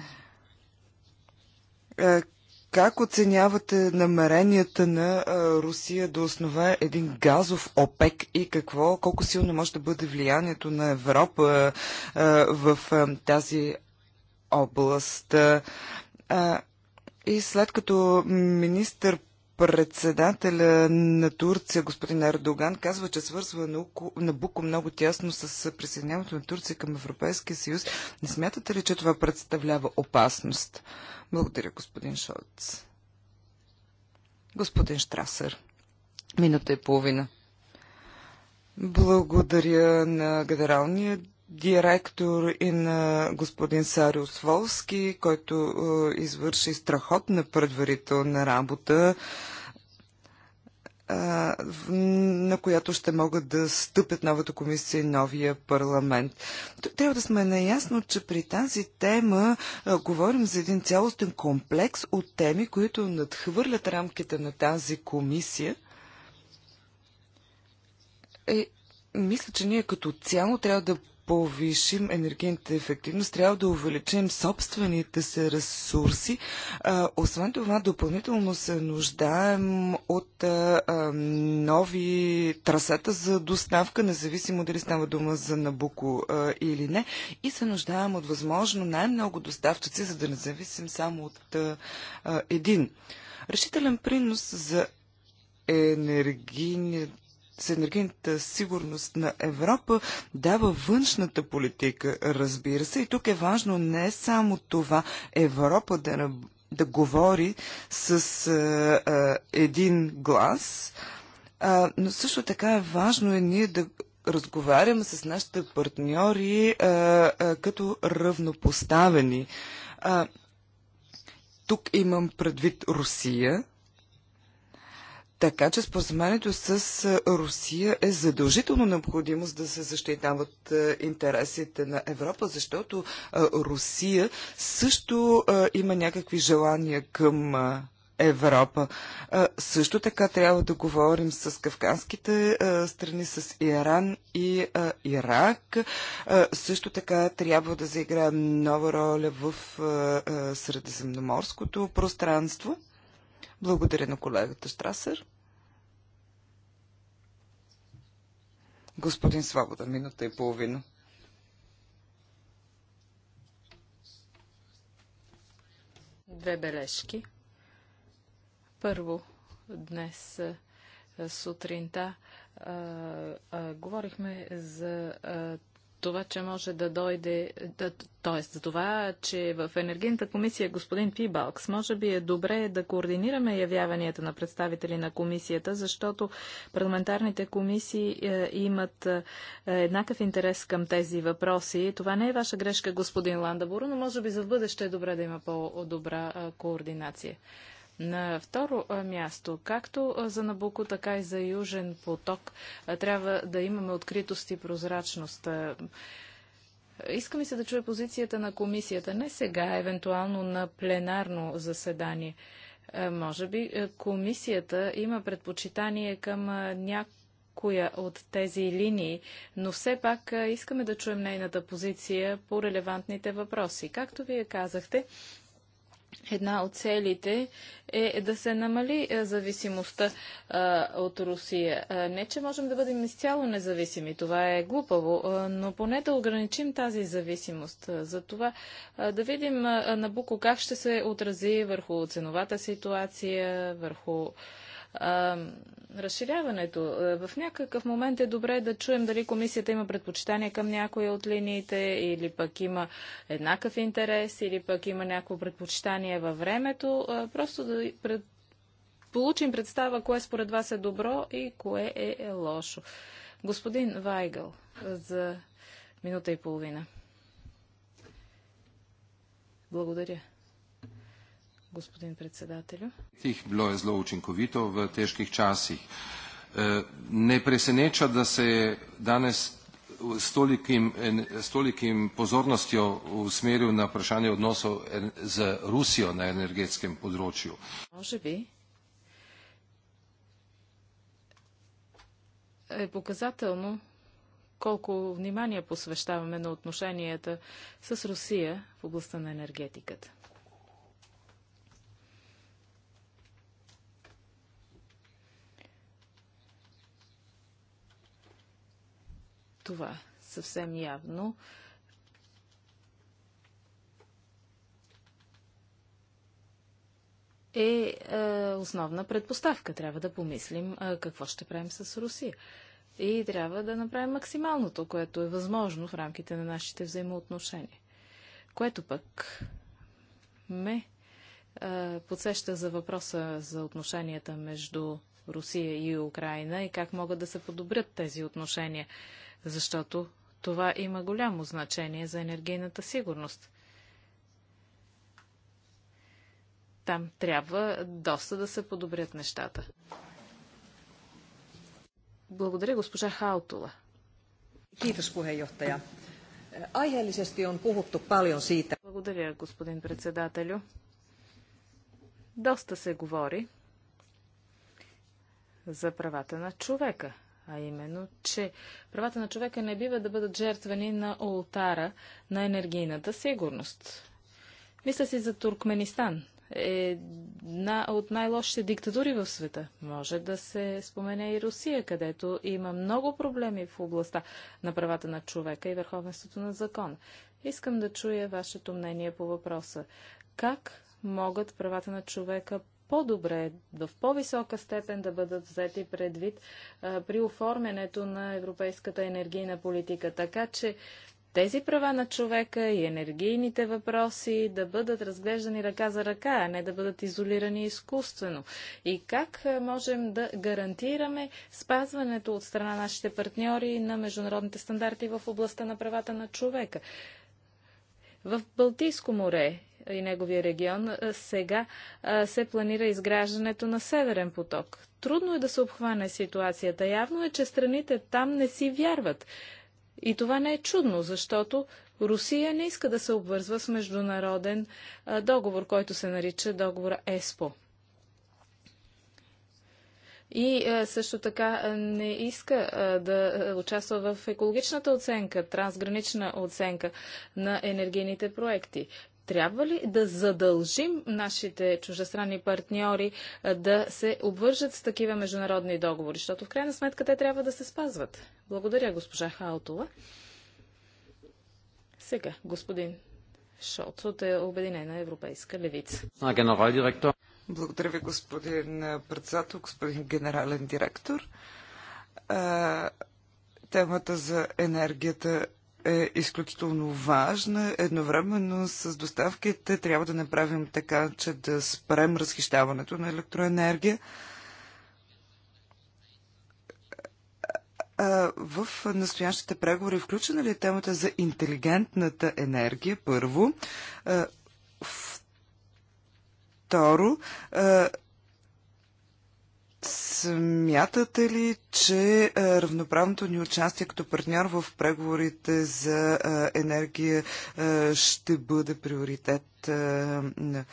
Е, как оценявате намеренията на Русия да основе един газов ОПЕК и какво, колко силно може да бъде влиянието на Европа в тази област? И след като министър председателя на Турция, господин Ердоган, казва, че свързва Набуко много тясно с присъединяването на Турция към Европейския съюз. Не смятате ли, че това представлява опасност? Благодаря, господин Шолц. Господин Штрасър, минута и половина. Благодаря на генералния директор и на господин Сариус Волски, който е, извърши страхотна предварителна работа, е, на която ще могат да стъпят новата комисия и новия парламент. Трябва да сме наясно, че при тази тема е, говорим за един цялостен комплекс от теми, които надхвърлят рамките на тази комисия. Е, мисля, че ние като цяло трябва да повишим енергийната ефективност, трябва да увеличим собствените си ресурси. А, освен това, допълнително се нуждаем от а, нови трасета за доставка, независимо дали става дума за Набуко а, или не. И се нуждаем от възможно най-много доставчици, за да не зависим само от а, един. Решителен принос за енергийният с енергийната сигурност на Европа дава външната политика, разбира се. И тук е важно не само това Европа да, да говори с а, а, един глас, а, но също така е важно е ние да разговаряме с нашите партньори а, а, като равнопоставени. А, тук имам предвид Русия, така че споразумението с Русия е задължително необходимост да се защитават интересите на Европа, защото Русия също има някакви желания към Европа. Също така трябва да говорим с кавканските страни, с Иран и Ирак. Също така трябва да заиграем нова роля в средиземноморското пространство. Благодаря на колегата Штрасер. Господин Свобода, минута и половина.
Две бележки. Първо, днес сутринта а, а, говорихме за това, че може да дойде, да, т.е. за това, че в Енергийната комисия господин Пибалкс, може би е добре да координираме явяванията на представители на комисията, защото парламентарните комисии е, имат е, еднакъв интерес към тези въпроси. Това не е ваша грешка, господин Ландабуро, но може би за бъдеще е добре да има по-добра е, координация. На второ място, както за Набуко, така и за Южен поток, трябва да имаме откритост и прозрачност. Искаме се да чуя позицията на комисията, не сега, евентуално на пленарно заседание. Може би комисията има предпочитание към някои коя от тези линии, но все пак искаме да чуем нейната позиция по релевантните въпроси. Както вие казахте, Една от целите е да се намали е, зависимостта а, е, от Русия. А, е, не, че можем да бъдем изцяло независими, това е глупаво, а, но поне да ограничим тази зависимост. За това да видим Набуко как ще се отрази върху ценовата ситуация, върху а, разширяването. В някакъв момент е добре да чуем дали комисията има предпочитание към някоя от линиите, или пък има еднакъв интерес, или пък има някакво предпочитание във времето. А, просто да пред... получим представа кое според вас е добро и кое е, е лошо. Господин Вайгъл, за минута и половина. Благодаря господин председателю.
Tih bilo je zelo učinkovito v težkih časih. Ne preseneča, da se je danes s tolikim, s tolikim pozornostjo usmeril na vprašanje odnosov z Rusijo na energetskem področju.
Може би е показателно колко внимание посвещаваме на отношенията с Русия в областта на енергетиката. това съвсем явно. Е, е основна предпоставка. Трябва да помислим е, какво ще правим с Русия. И трябва да направим максималното, което е възможно в рамките на нашите взаимоотношения. Което пък ме е, подсеща за въпроса за отношенията между Русия и Украина и как могат да се подобрят тези отношения, защото това има голямо значение за енергийната сигурност. Там трябва доста да се подобрят нещата. Благодаря, госпожа Хаутула. Kiitos puheenjohtaja. Aiheellisesti on puhuttu paljon siitä. Благодаря, господин председателю. Доста се говори за правата на човека. А именно, че правата на човека не бива да бъдат жертвани на ултара на енергийната сигурност. Мисля си за Туркменистан. Една от най-лошите диктатури в света. Може да се спомене и Русия, където има много проблеми в областта на правата на човека и върховенството на закон. Искам да чуя вашето мнение по въпроса. Как могат правата на човека по-добре, в по-висока степен да бъдат взети предвид а, при оформянето на европейската енергийна политика. Така че тези права на човека и енергийните въпроси да бъдат разглеждани ръка за ръка, а не да бъдат изолирани изкуствено. И как можем да гарантираме спазването от страна на нашите партньори на международните стандарти в областта на правата на човека? В Балтийско море и неговия регион, сега се планира изграждането на Северен поток. Трудно е да се обхване ситуацията. Явно е, че страните там не си вярват. И това не е чудно, защото Русия не иска да се обвързва с международен договор, който се нарича договора ЕСПО. И също така не иска да участва в екологичната оценка, трансгранична оценка на енергийните проекти. Трябва ли да задължим нашите чужестранни партньори да се обвържат с такива международни договори? Защото в крайна сметка те трябва да се спазват. Благодаря, госпожа Хаутова. Сега, господин Шолц от е Обединена европейска левица.
Благодаря ви, господин председател, господин генерален директор темата за енергията е изключително важна. Едновременно с доставките трябва да направим така, че да спрем разхищаването на електроенергия. в настоящите преговори включена ли е темата за интелигентната енергия, първо? Второ, Смятате ли, че е, равноправното ни участие като партньор в преговорите за е, енергия е, ще бъде приоритет на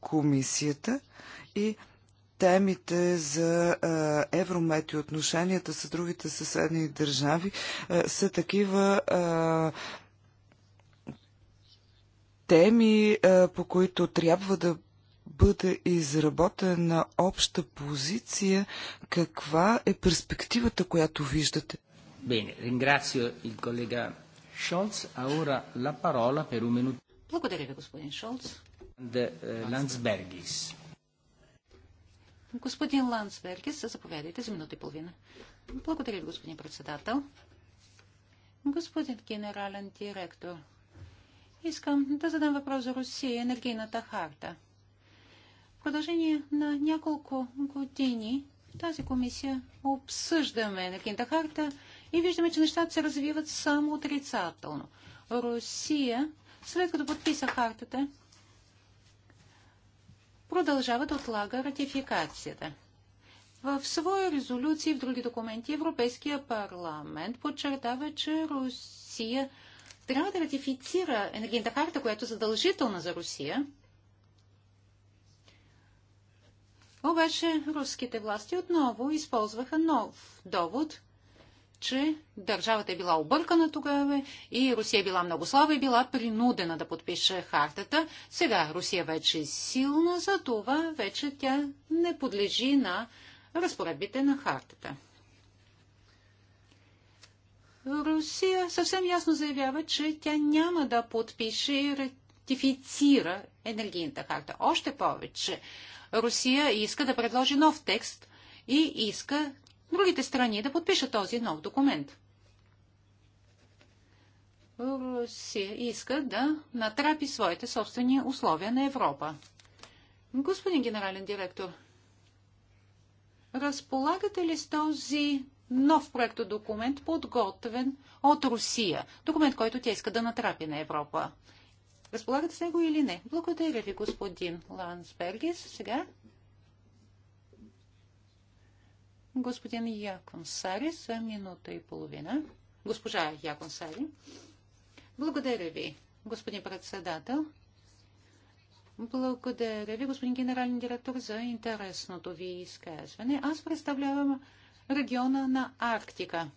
комисията? И темите за Евромет и отношенията с другите съседни държави са такива теми, по които трябва да бъде изработена обща позиция, каква е перспективата, която виждате?
Bene, ringrazio il collega Scholz. Ora la parola per un minuto.
Благодаря ви, господин Шолц.
Е, Ландсбергис.
Господин Ландсбергис, заповядайте за минута и половина. Благодаря ви, господин председател. Господин генерален директор, искам да задам въпрос за Русия и енергийната харта продължение на няколко години тази комисия обсъждаме на Кинтахарта и виждаме, че нещата се развиват само отрицателно. Русия, след като подписа хартата, продължава да отлага ратификацията. В своя резолюции и в други документи Европейския парламент подчертава, че Русия трябва да ратифицира енергийната харта, която е задължителна за Русия – Обаче руските власти отново използваха нов довод, че държавата е била объркана тогава и Русия е била много слаба и била принудена да подпише хартата. Сега Русия вече е силна, за това вече тя не подлежи на разпоредбите на хартата. Русия съвсем ясно заявява, че тя няма да подпише и ратифицира енергийната харта. Още повече, Русия иска да предложи нов текст и иска другите страни да подпишат този нов документ. Русия иска да натрапи своите собствени условия на Европа. Господин генерален директор, разполагате ли с този нов документ, подготвен от Русия? Документ, който тя иска да натрапи на Европа разполагате с него или не. Благодаря ви, господин Лансбергис. Сега господин Якон Сари за минута и половина. Госпожа Якон Сари. Благодаря ви, господин председател. Благодаря ви, господин генерален директор, за интересното ви изказване. Аз представлявам региона на Арктика.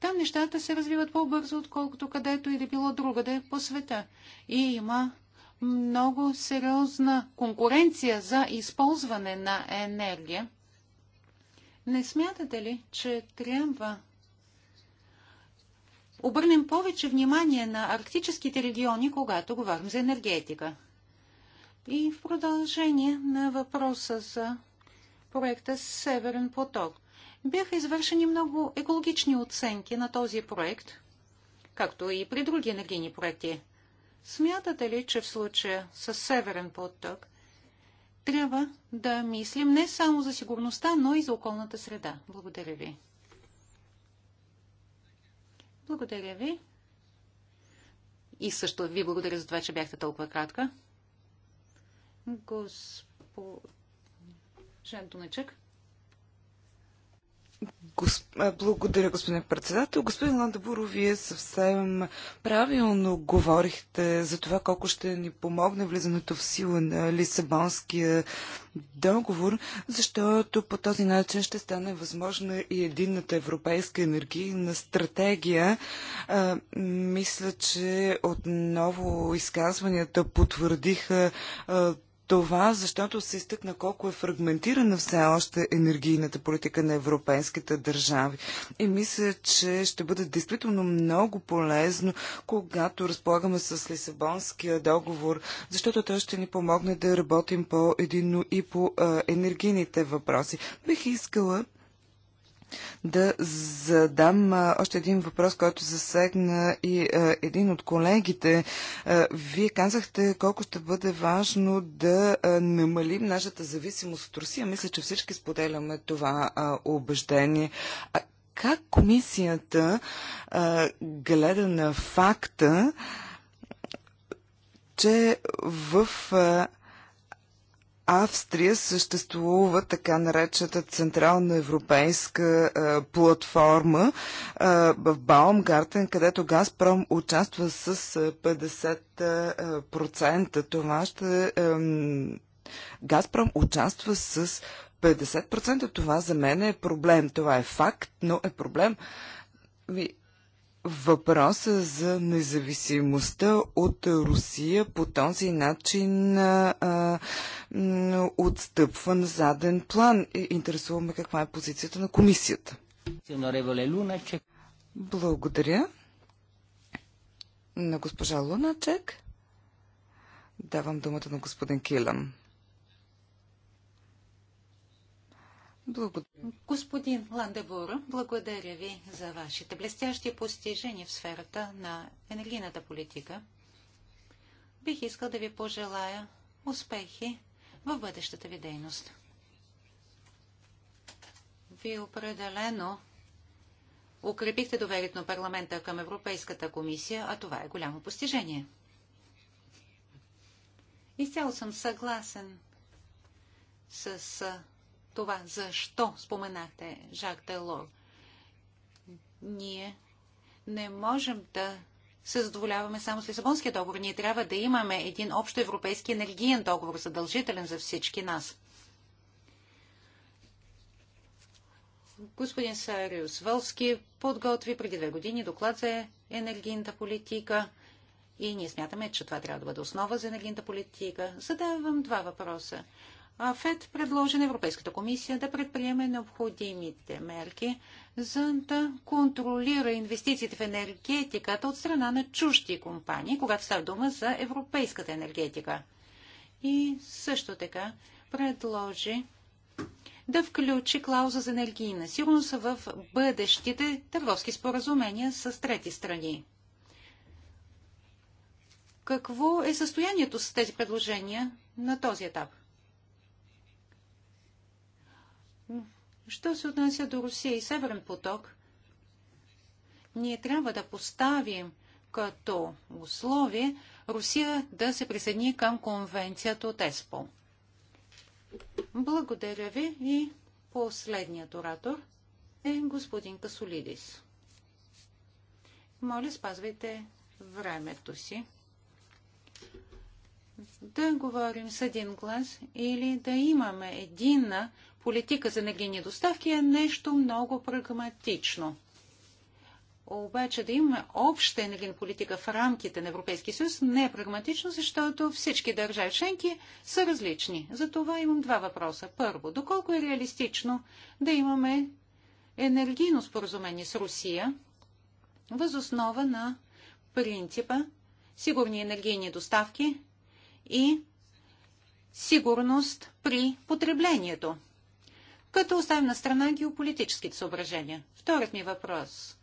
Там нещата се развиват по-бързо, отколкото където и да било другаде по света. И има много сериозна конкуренция за използване на енергия. Не смятате ли, че трябва обърнем повече внимание на арктическите региони, когато говорим за енергетика? И в продължение на въпроса за проекта Северен поток – бяха извършени много екологични оценки на този проект, както и при други енергийни проекти. Смятате ли, че в случая с Северен поток трябва да мислим не само за сигурността, но и за околната среда? Благодаря ви. Благодаря ви. И също ви благодаря за това, че бяхте толкова кратка. Госпо... Жен
благодаря, господин председател. Господин Ландабуро, вие съвсем правилно говорихте за това колко ще ни помогне влизането в сила на Лисабонския договор, защото по този начин ще стане възможна и единната европейска енергийна стратегия. мисля, че отново изказванията потвърдиха това защото се изтъкна колко е фрагментирана все още енергийната политика на европейските държави. И мисля, че ще бъде действително много полезно, когато разполагаме с Лисабонския договор, защото той ще ни помогне да работим по-едино и по а, енергийните въпроси. Бих искала да задам още един въпрос, който засегна и един от колегите. Вие казахте колко ще бъде важно да намалим нашата зависимост от Русия. Мисля, че всички споделяме това убеждение как комисията а, гледа на факта, че в а, Австрия съществува така наречената Централна европейска е, платформа е, в Баумгартен, където Газпром участва с 50%. Това ще... Е, Газпром участва с 50%. Това за мен е проблем. Това е факт, но е проблем въпроса за независимостта от Русия по този начин а, отстъпва на заден план. Интересуваме каква е позицията на комисията. Благодаря на госпожа Луначек. Давам думата на господин Килам.
Благодаря. Господин Ландебор, благодаря ви за вашите блестящи постижения в сферата на енергийната политика. Бих искал да ви пожелая успехи в бъдещата ви дейност. Вие определено укрепихте доверието на парламента към Европейската комисия, а това е голямо постижение. Изцяло съм съгласен с това, защо споменахте Жак Делор. Ние не можем да се задоволяваме само с Лисабонския договор. Ние трябва да имаме един общо европейски енергиен договор, задължителен за всички нас. Господин Сариус Вълски подготви преди две години доклад за енергийната политика и ние смятаме, че това трябва да бъде основа за енергийната политика. Задавам два въпроса. ФЕД предложи на Европейската комисия да предприеме необходимите мерки, за да контролира инвестициите в енергетиката от страна на чужди компании, когато става дума за европейската енергетика. И също така предложи да включи клауза за енергийна сигурност в бъдещите търговски споразумения с трети страни. Какво е състоянието с тези предложения на този етап? Що се отнася до Русия и Северен поток, ние трябва да поставим като условие Русия да се присъедини към конвенцията от ЕСПО. Благодаря ви и последният оратор е господин Касолидис. Моля, спазвайте времето си. Да говорим с един глас или да имаме единна политика за енергийни доставки е нещо много прагматично. Обаче да имаме обща енергийна политика в рамките на Европейския съюз не е прагматично, защото всички държави членки са различни. Затова имам два въпроса. Първо, доколко е реалистично да имаме енергийно споразумение с Русия въз основа на принципа сигурни енергийни доставки и сигурност при потреблението като оставим на страна геополитическите съображения. Вторият ми въпрос.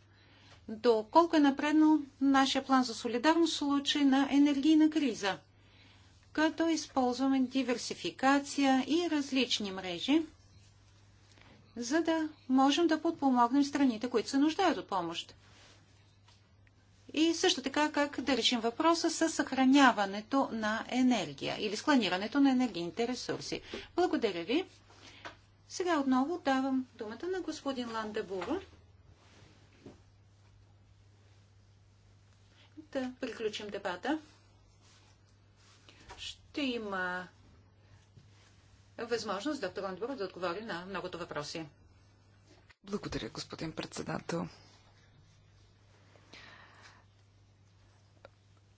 Доколко е напредно нашия план за солидарност в случай на енергийна криза? Като използваме диверсификация и различни мрежи, за да можем да подпомогнем страните, които се нуждаят от помощ. И също така как да решим въпроса с съхраняването на енергия или скланирането на енергийните ресурси. Благодаря ви. Сега отново давам думата на господин Ландебуро. Да приключим дебата. Ще има възможност доктор Ландебуро да отговори на многото въпроси.
Благодаря, господин председател.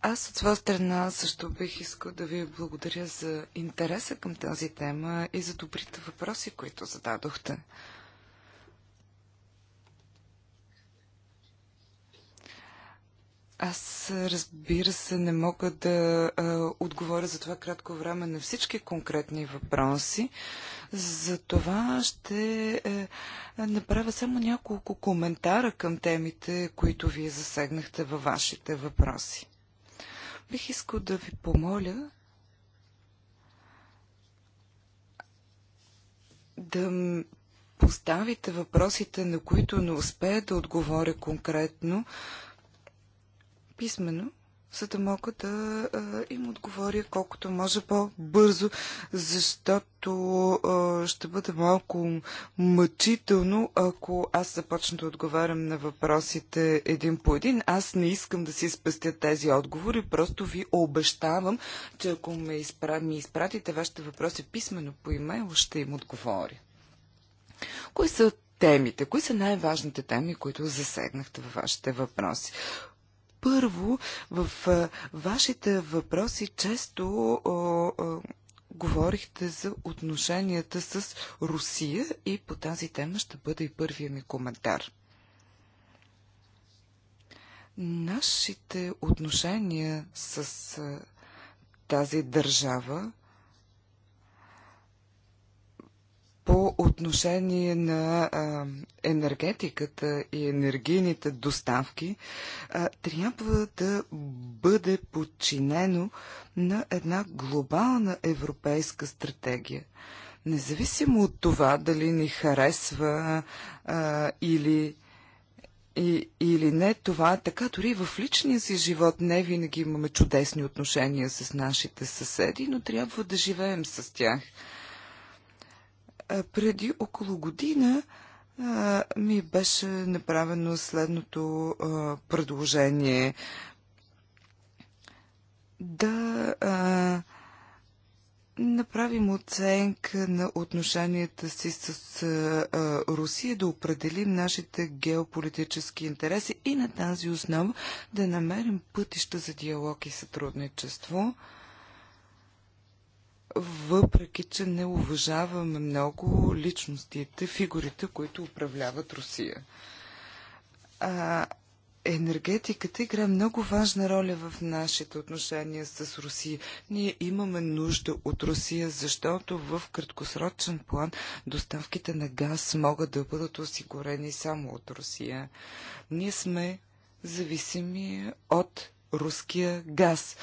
Аз от своя страна също бих искал да ви благодаря за интереса към тази тема и за добрите въпроси, които зададохте. Аз, разбира се, не мога да а, отговоря за това кратко време на всички конкретни въпроси. За това ще а, е, направя само няколко коментара към темите, които вие засегнахте във вашите въпроси. Бих искал да ви помоля да поставите въпросите, на които не успея да отговоря конкретно, писменно, за да мога да им отговоря колкото може по-бързо, защото ще бъде малко мъчително, ако аз започна да отговарям на въпросите един по един. Аз не искам да си спестя тези отговори, просто ви обещавам, че ако ме изпра... ми изпратите вашите въпроси писменно по имейл, ще им отговоря. Кои са темите? Кои са най-важните теми, които засегнахте във вашите въпроси? Първо, в вашите въпроси често говорихте за отношенията с Русия и по тази тема ще бъде и първия ми коментар. Нашите отношения с тази държава по отношение на енергетиката и енергийните доставки трябва да бъде подчинено на една глобална европейска стратегия. Независимо от това дали ни харесва а, или, и, или не, това така. Дори в личния си живот не винаги имаме чудесни отношения с нашите съседи, но трябва да живеем с тях. Преди около година ми беше направено следното предложение да а, направим оценка на отношенията си с а, Русия, да определим нашите геополитически интереси и на тази основа да намерим пътища за диалог и сътрудничество. А, въпреки че не уважаваме много личностите, фигурите, които управляват Русия. А, енергетиката играе много важна роля в нашите отношения с Русия. Ние имаме нужда от Русия, защото в краткосрочен план доставките на газ могат да бъдат осигурени само от Русия. Ние сме зависими от руския газ.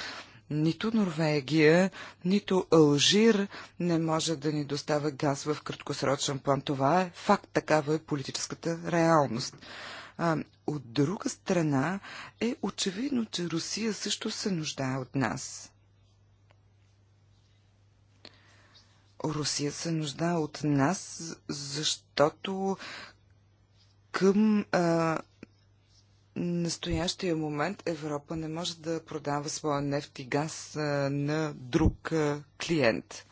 Нито Норвегия, нито Алжир не може да ни доставя газ в краткосрочен план. Това е факт, такава е политическата реалност. А, от друга страна е очевидно, че Русия също се нуждае от нас. Русия се нуждае от нас, защото към а, настоящия момент Европа не може да продава своя нефт и газ на друг клиент.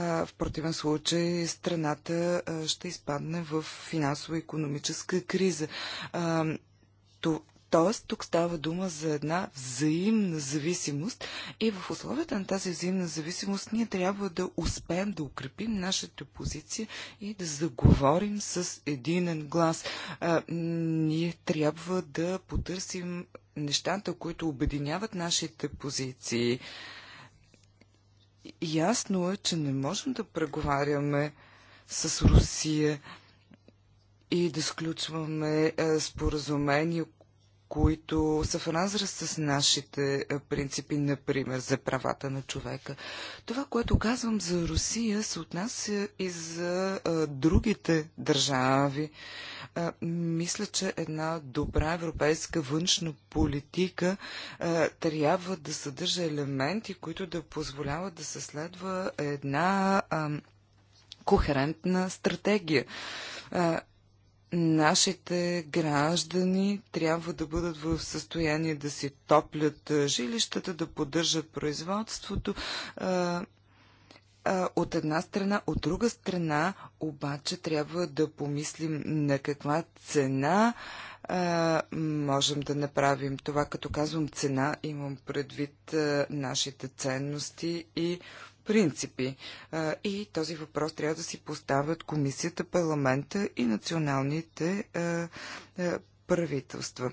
В противен случай страната ще изпадне в финансово-економическа криза. Тоест, тук става дума за една взаимна зависимост и в условията на тази взаимна зависимост ние трябва да успеем да укрепим нашата позиция и да заговорим с единен глас. А, ние трябва да потърсим нещата, които обединяват нашите позиции. Ясно е, че не можем да преговаряме с Русия и да сключваме споразумения, които са в разраз с нашите е, принципи, например, за правата на човека. Това, което казвам за Русия, се отнася и за е, другите държави. Е, мисля, че една добра европейска външна политика трябва да съдържа елементи, които да позволяват да се следва една кохерентна стратегия нашите граждани трябва да бъдат в състояние да си топлят жилищата, да поддържат производството. от една страна, от друга страна, обаче трябва да помислим на каква цена а, можем да направим това. Като казвам цена, имам предвид а, нашите ценности и принципи. И този въпрос трябва да си поставят комисията, парламента и националните правителства.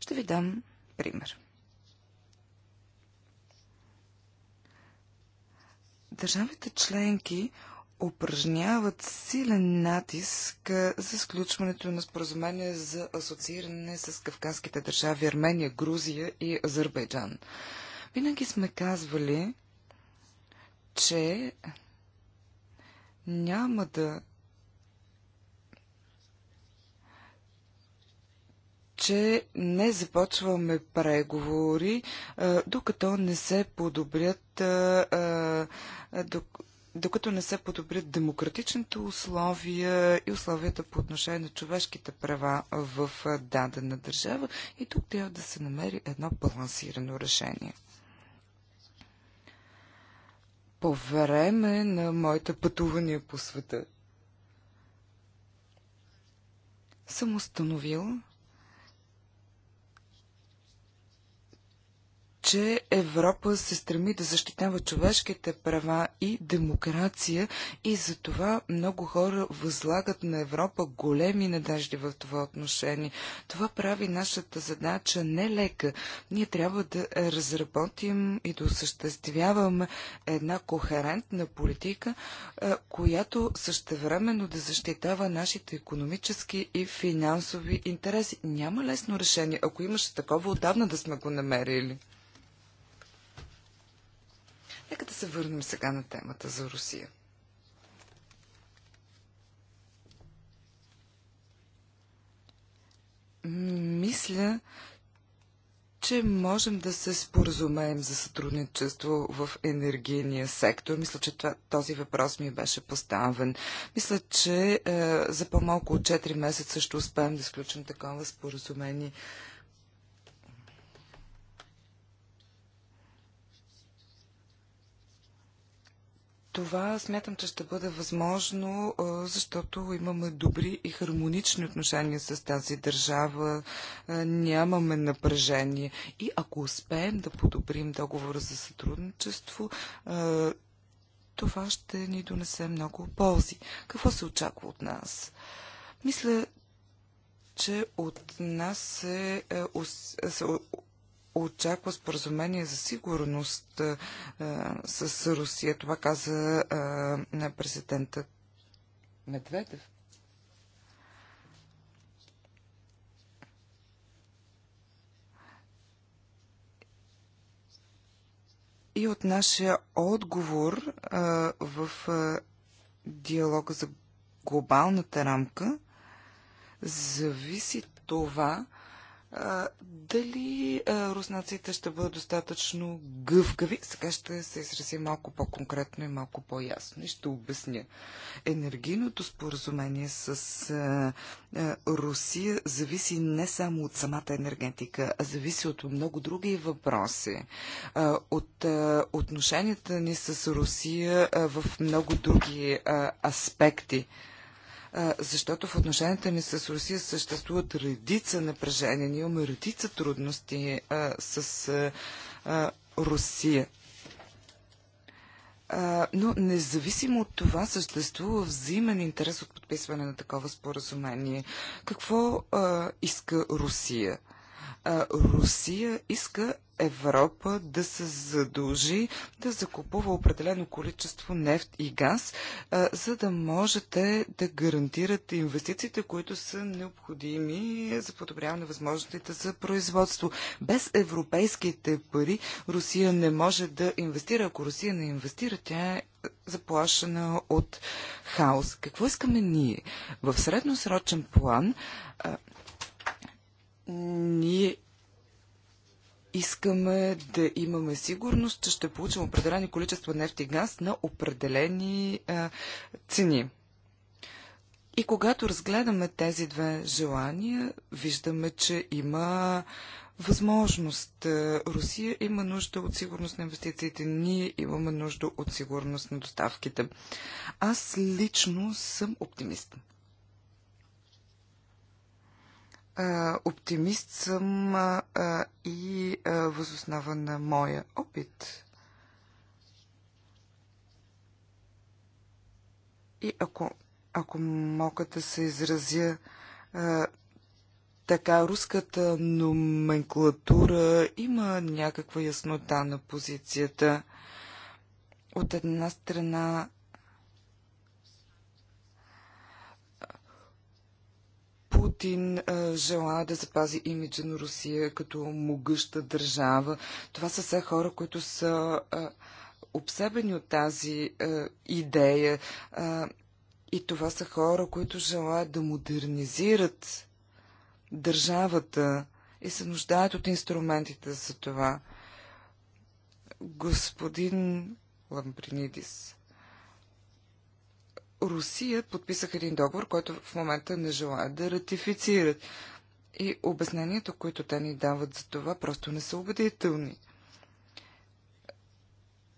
Ще ви дам пример. Държавите членки упражняват силен натиск за сключването на споразумение за асоцииране с кавказските държави Армения, Грузия и Азербайджан. Винаги сме казвали, че няма да че не започваме преговори, е, докато не се подобрят е, е, докато не се подобрят демократичните условия и условията по отношение на човешките права в дадена държава. И тук трябва да се намери едно балансирано решение по време на моите пътувания по света съм установила. че Европа се стреми да защитава човешките права и демокрация и за това много хора възлагат на Европа големи надежди в това отношение. Това прави нашата задача нелека. Ние трябва да разработим и да осъществяваме една кохерентна политика, която същевременно да защитава нашите економически и финансови интереси. Няма лесно решение. Ако имаше такова, отдавна да сме го намерили. Нека да се върнем сега на темата за Русия. Мисля, че можем да се споразумеем за сътрудничество в енергийния сектор. Мисля, че това, този въпрос ми беше поставен. Мисля, че е, за по-малко от 4 месеца ще успеем да изключим такова споразумение Това смятам, че ще бъде възможно, защото имаме добри и хармонични отношения с тази държава, нямаме напрежение. И ако успеем да подобрим договора за сътрудничество, това ще ни донесе много ползи. Какво се очаква от нас? Мисля, че от нас се, е, се очаква споразумение за сигурност а, с Русия. Това каза а, на президента Медведев. И от нашия отговор а, в а, диалога за глобалната рамка зависи това, дали руснаците ще бъдат достатъчно гъвкави? Сега ще се изрази малко по-конкретно и малко по-ясно и ще обясня. Енергийното споразумение с Русия зависи не само от самата енергетика, а зависи от много други въпроси. от отношенията ни с Русия в много други аспекти защото в отношенията ни с Русия съществуват редица напрежения, ние имаме редица трудности с Русия. но независимо от това съществува взаимен интерес от подписване на такова споразумение. Какво иска Русия? Русия иска Европа да се задължи да закупува определено количество нефт и газ, за да можете да гарантирате инвестициите, които са необходими за подобряване на възможностите за производство. Без европейските пари Русия не може да инвестира. Ако Русия не инвестира, тя е заплашена от хаос. Какво искаме ние? В средносрочен план ние искаме да имаме сигурност, че ще получим определени количества нефт и газ на определени а, цени. И когато разгледаме тези две желания, виждаме, че има възможност. Русия има нужда от сигурност на инвестициите, ние имаме нужда от сигурност на доставките. Аз лично съм оптимист оптимист съм и възоснова на моя опит. И ако, ако мога да се изразя а, така, руската номенклатура има някаква яснота на позицията. От една страна Путин желая да запази имиджа на Русия като могъща държава. Това са все хора, които са обсебени от тази идея. И това са хора, които желаят да модернизират държавата и се нуждаят от инструментите за това. Господин Ламбринидис, Русия подписаха един договор, който в момента не желаят да ратифицират. И обяснението, които те ни дават за това, просто не са убедителни.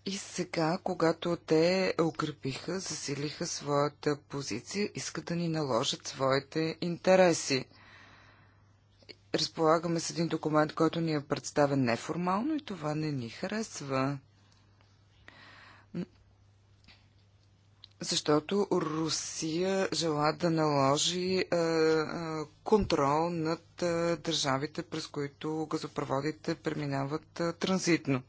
И сега, когато те укрепиха, засилиха своята позиция, искат да ни наложат своите интереси. Разполагаме с един документ, който ни е представен неформално и това не ни харесва. Защото Русия жела да наложи е, е, контрол над е, държавите, през които газопроводите преминават транзитно.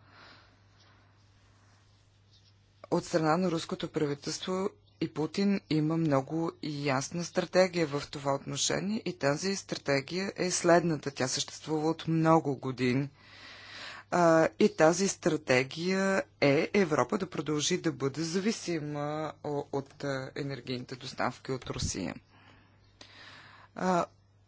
От страна на руското правителство и Путин има много ясна стратегия в това отношение и тази стратегия е следната. Тя съществува от много години – а, и тази стратегия е Европа да продължи да бъде зависима от енергийните доставки от Русия. А,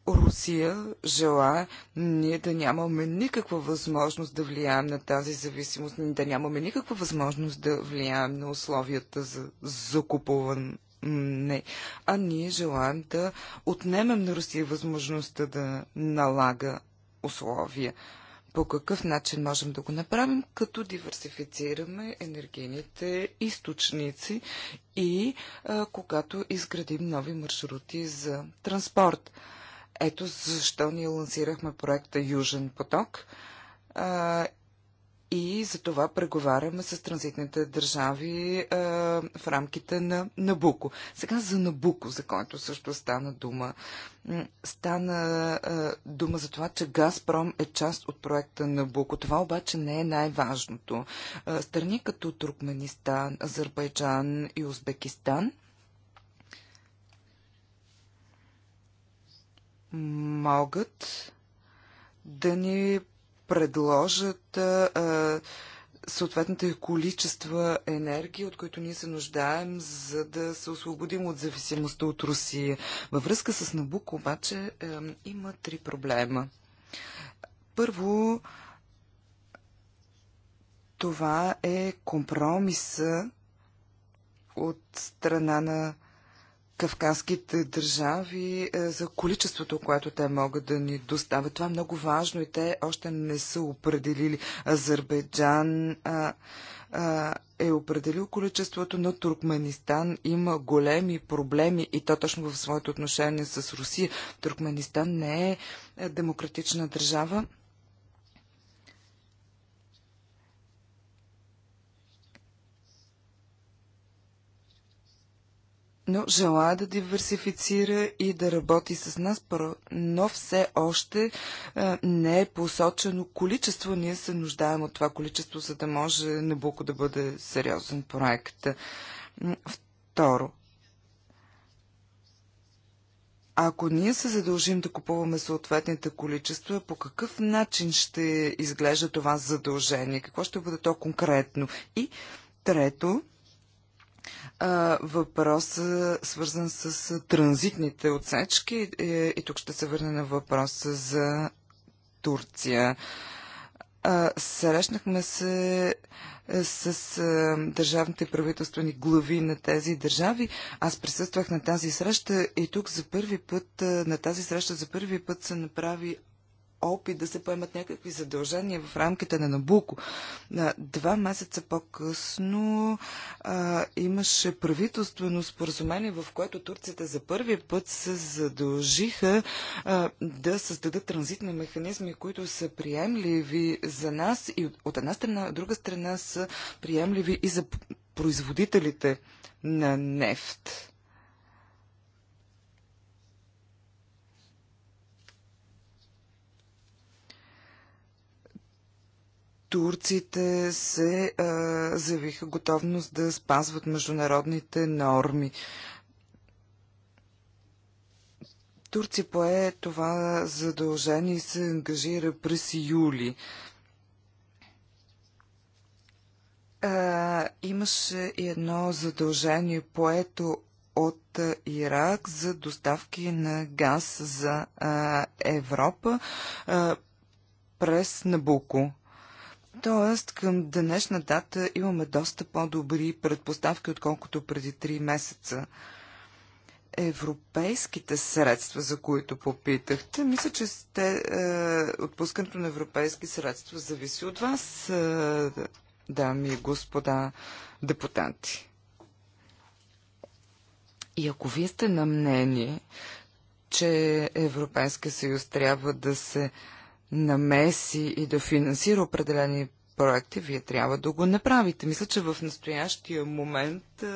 Русия желая ние да нямаме никаква възможност да влияем на тази зависимост, да нямаме никаква възможност да влияем на условията за закупуване не. А ние желаем да отнемем на Русия възможността да налага условия. По какъв начин можем да го направим? Като диверсифицираме енергийните източници и а, когато изградим нови маршрути за транспорт. Ето защо ние лансирахме проекта Южен поток а, и за това преговаряме с транзитните държави а, в рамките на Набуко. Сега за Набуко, за който също стана дума. Стана а, дума за това, че Газпром е част от проекта Набуко. Това обаче не е най-важното. страни като Туркменистан, Азербайджан и Узбекистан могат да ни предложат а, съответните количества енергия, от които ние се нуждаем, за да се освободим от зависимостта от Русия. Във връзка с Набук обаче а, има три проблема. Първо, това е компромиса от страна на кавказските държави е, за количеството, което те могат да ни доставят. Това е много важно и те още не са определили. Азербайджан а, а, е определил количеството, но Туркменистан има големи проблеми и то точно в своето отношение с Русия. Туркменистан не е, е демократична държава. но желая да диверсифицира и да работи с нас, но все още а, не е посочено количество. Ние се нуждаем от това количество, за да може Набуко да бъде сериозен проект. Второ, ако ние се задължим да купуваме съответните количества, по какъв начин ще изглежда това задължение? Какво ще бъде то конкретно? И трето, въпроса, свързан с транзитните отсечки. Е, и, тук ще се върне на въпроса за Турция. срещнахме се е, с е, държавните правителствени глави на тези държави. Аз присъствах на тази среща и тук за първи път, на тази среща за първи път се направи опит да се поемат някакви задължения в рамките на Набуко. Два месеца по-късно имаше правителствено споразумение, в което турците за първи път се задължиха а, да създадат транзитни механизми, които са приемливи за нас и от една страна, от друга страна са приемливи и за производителите на нефт. турците се а, заявиха готовност да спазват международните норми. Турция пое това задължение и се ангажира през юли. А, имаше и едно задължение поето от Ирак за доставки на газ за а, Европа а, през Набуко. Тоест, към днешна дата имаме доста по-добри предпоставки, отколкото преди 3 месеца. Европейските средства, за които попитахте, мисля, че сте, е, отпускането на европейски средства зависи от вас, е, дами и господа депутати. И ако вие сте на мнение, че Европейския съюз трябва да се намеси и да финансира определени проекти, вие трябва да го направите. Мисля, че в настоящия момент а,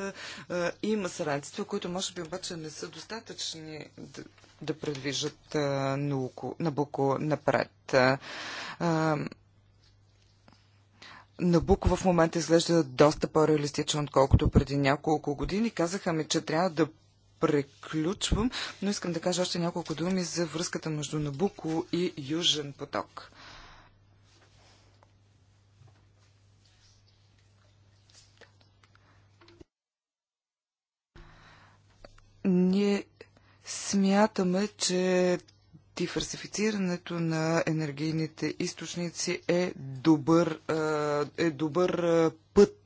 е, а, е, има средства, които може би обаче не са достатъчни да, да предвижат е, науко, Набуко напред. А, Набук Набуко в момента изглежда доста по-реалистично, отколкото преди няколко години. Казаха ми, че трябва да Преключвам, но искам да кажа още няколко думи за връзката между Набуко и Южен поток. Ние смятаме, че диверсифицирането на енергийните източници е добър, е, е добър е, път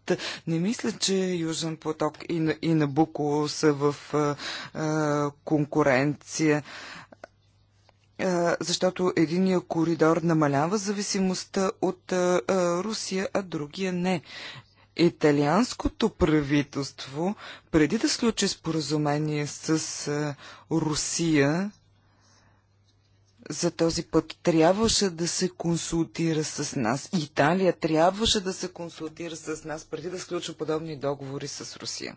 не мисля, че Южен поток и, и Набуко са в а, конкуренция защото единия коридор намалява зависимостта от Русия, а другия не. Италианското правителство, преди да случи споразумение с Русия, за този път трябваше да се консултира с нас. Италия трябваше да се консултира с нас преди да сключва подобни договори с Русия.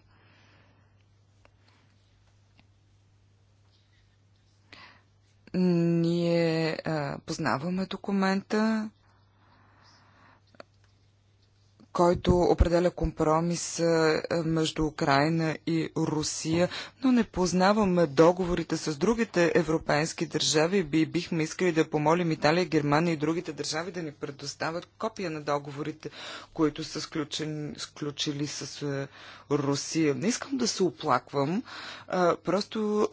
Ние а, познаваме документа, който определя компромис е, между Украина и Русия, но не познаваме договорите с другите европейски държави. Би, бихме искали да помолим Италия, Германия и другите държави да ни предоставят копия на договорите, които са сключени, сключили с е, Русия. Не искам да се оплаквам, просто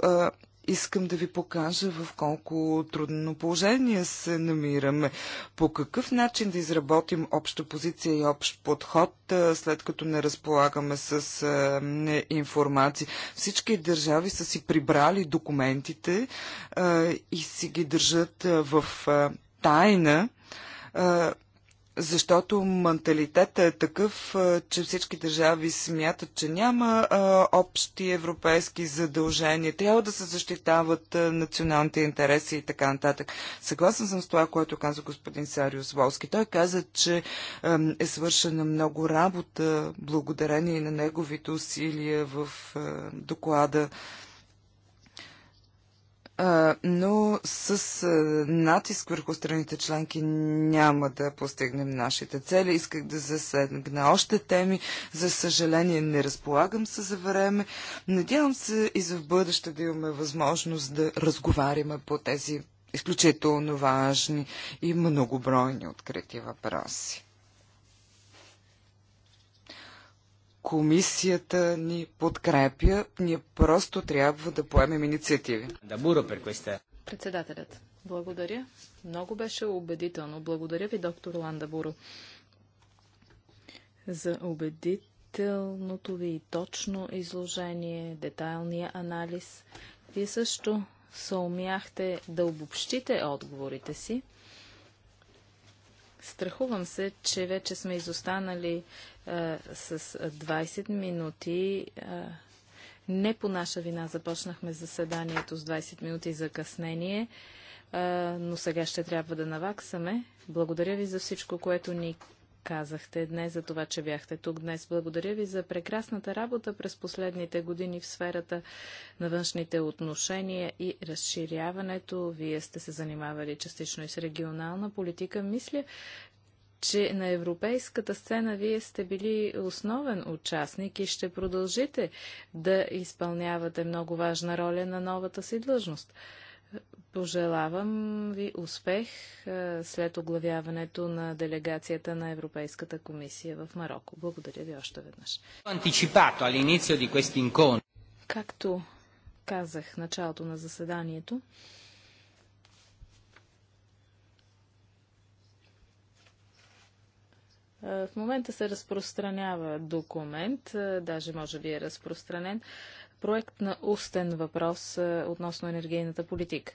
Искам да ви покажа в колко трудно положение се намираме. По какъв начин да изработим обща позиция и общ подход, след като не разполагаме с информация. Всички държави са си прибрали документите и си ги държат в тайна защото менталитетът е такъв, че всички държави смятат, че няма общи европейски задължения, трябва да се защитават националните интереси и така нататък. Съгласен съм с това, което каза господин Сариус Волски. Той каза, че е свършена много работа благодарение на неговите усилия в доклада но с натиск върху страните членки няма да постигнем нашите цели. Исках да засегна още теми. За съжаление не разполагам се за време. Надявам се и за в бъдеще да имаме възможност да разговаряме по тези изключително важни и многобройни открити въпроси. комисията ни подкрепя. Ние просто трябва да поемем инициативи. Да буро пер
Председателят, благодаря. Много беше убедително. Благодаря ви, доктор Ланда Буро, за убедителното ви точно изложение, детайлния анализ. Вие също съумяхте да обобщите отговорите си Страхувам се, че вече сме изостанали а, е, с 20 минути. А, е, не по наша вина започнахме заседанието с 20 минути закъснение, а, е, но сега ще трябва да наваксаме. Благодаря ви за всичко, което ни казахте днес, за това, че бяхте тук днес. Благодаря ви за прекрасната работа през последните години в сферата на външните отношения и разширяването. Вие сте се занимавали частично и с регионална политика. Мисля, че на европейската сцена вие сте били основен участник и ще продължите да изпълнявате много важна роля на новата си длъжност. Пожелавам ви успех е, след оглавяването на делегацията на Европейската комисия в Марокко. Благодаря ви още веднъж. Както казах в началото на заседанието, е, в момента се разпространява документ, е, даже може би е разпространен, проект на устен въпрос е, относно енергийната политика.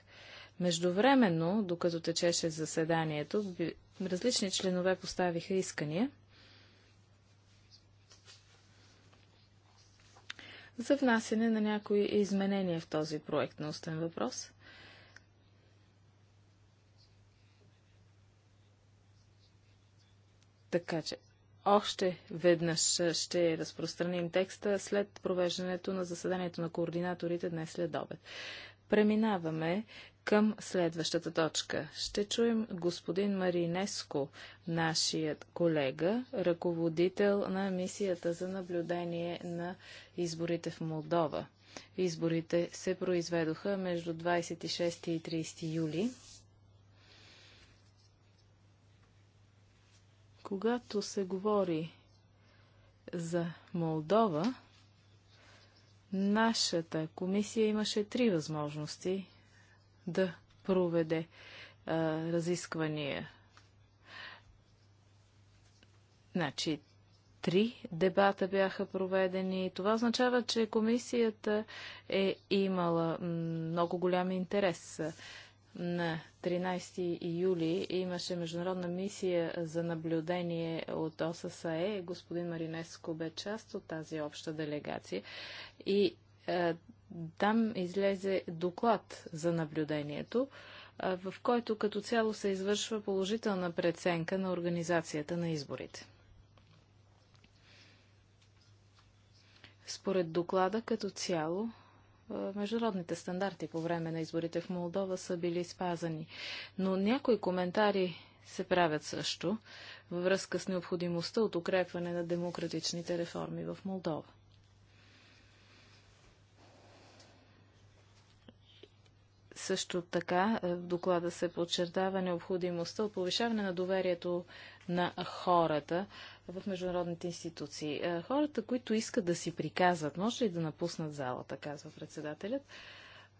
Междувременно, докато течеше заседанието, различни членове поставиха искания за внасяне на някои изменения в този проект на устен въпрос – Така че още веднъж ще разпространим текста след провеждането на заседанието на координаторите днес след обед. Преминаваме към следващата точка. Ще чуем господин Маринеско, нашият колега, ръководител на мисията за наблюдение на изборите в Молдова. Изборите се произведоха между 26 и 30 юли Когато се говори за Молдова, нашата комисия имаше три възможности да проведе а, разисквания. Значи, три дебата бяха проведени. Това означава, че комисията е имала много голям интерес на 13 юли имаше международна мисия за наблюдение от ОССЕ. Господин Маринеско бе част от тази обща делегация и е, там излезе доклад за наблюдението, е, в който като цяло се извършва положителна преценка на организацията на изборите. Според доклада като цяло международните стандарти по време на изборите в Молдова са били спазани. Но някои коментари се правят също във връзка с необходимостта от укрепване на демократичните реформи в Молдова. Също така е, в доклада се подчертава необходимостта от повишаване на доверието на хората в международните институции. Е, хората, които искат да си приказват, може ли да напуснат залата, казва председателят.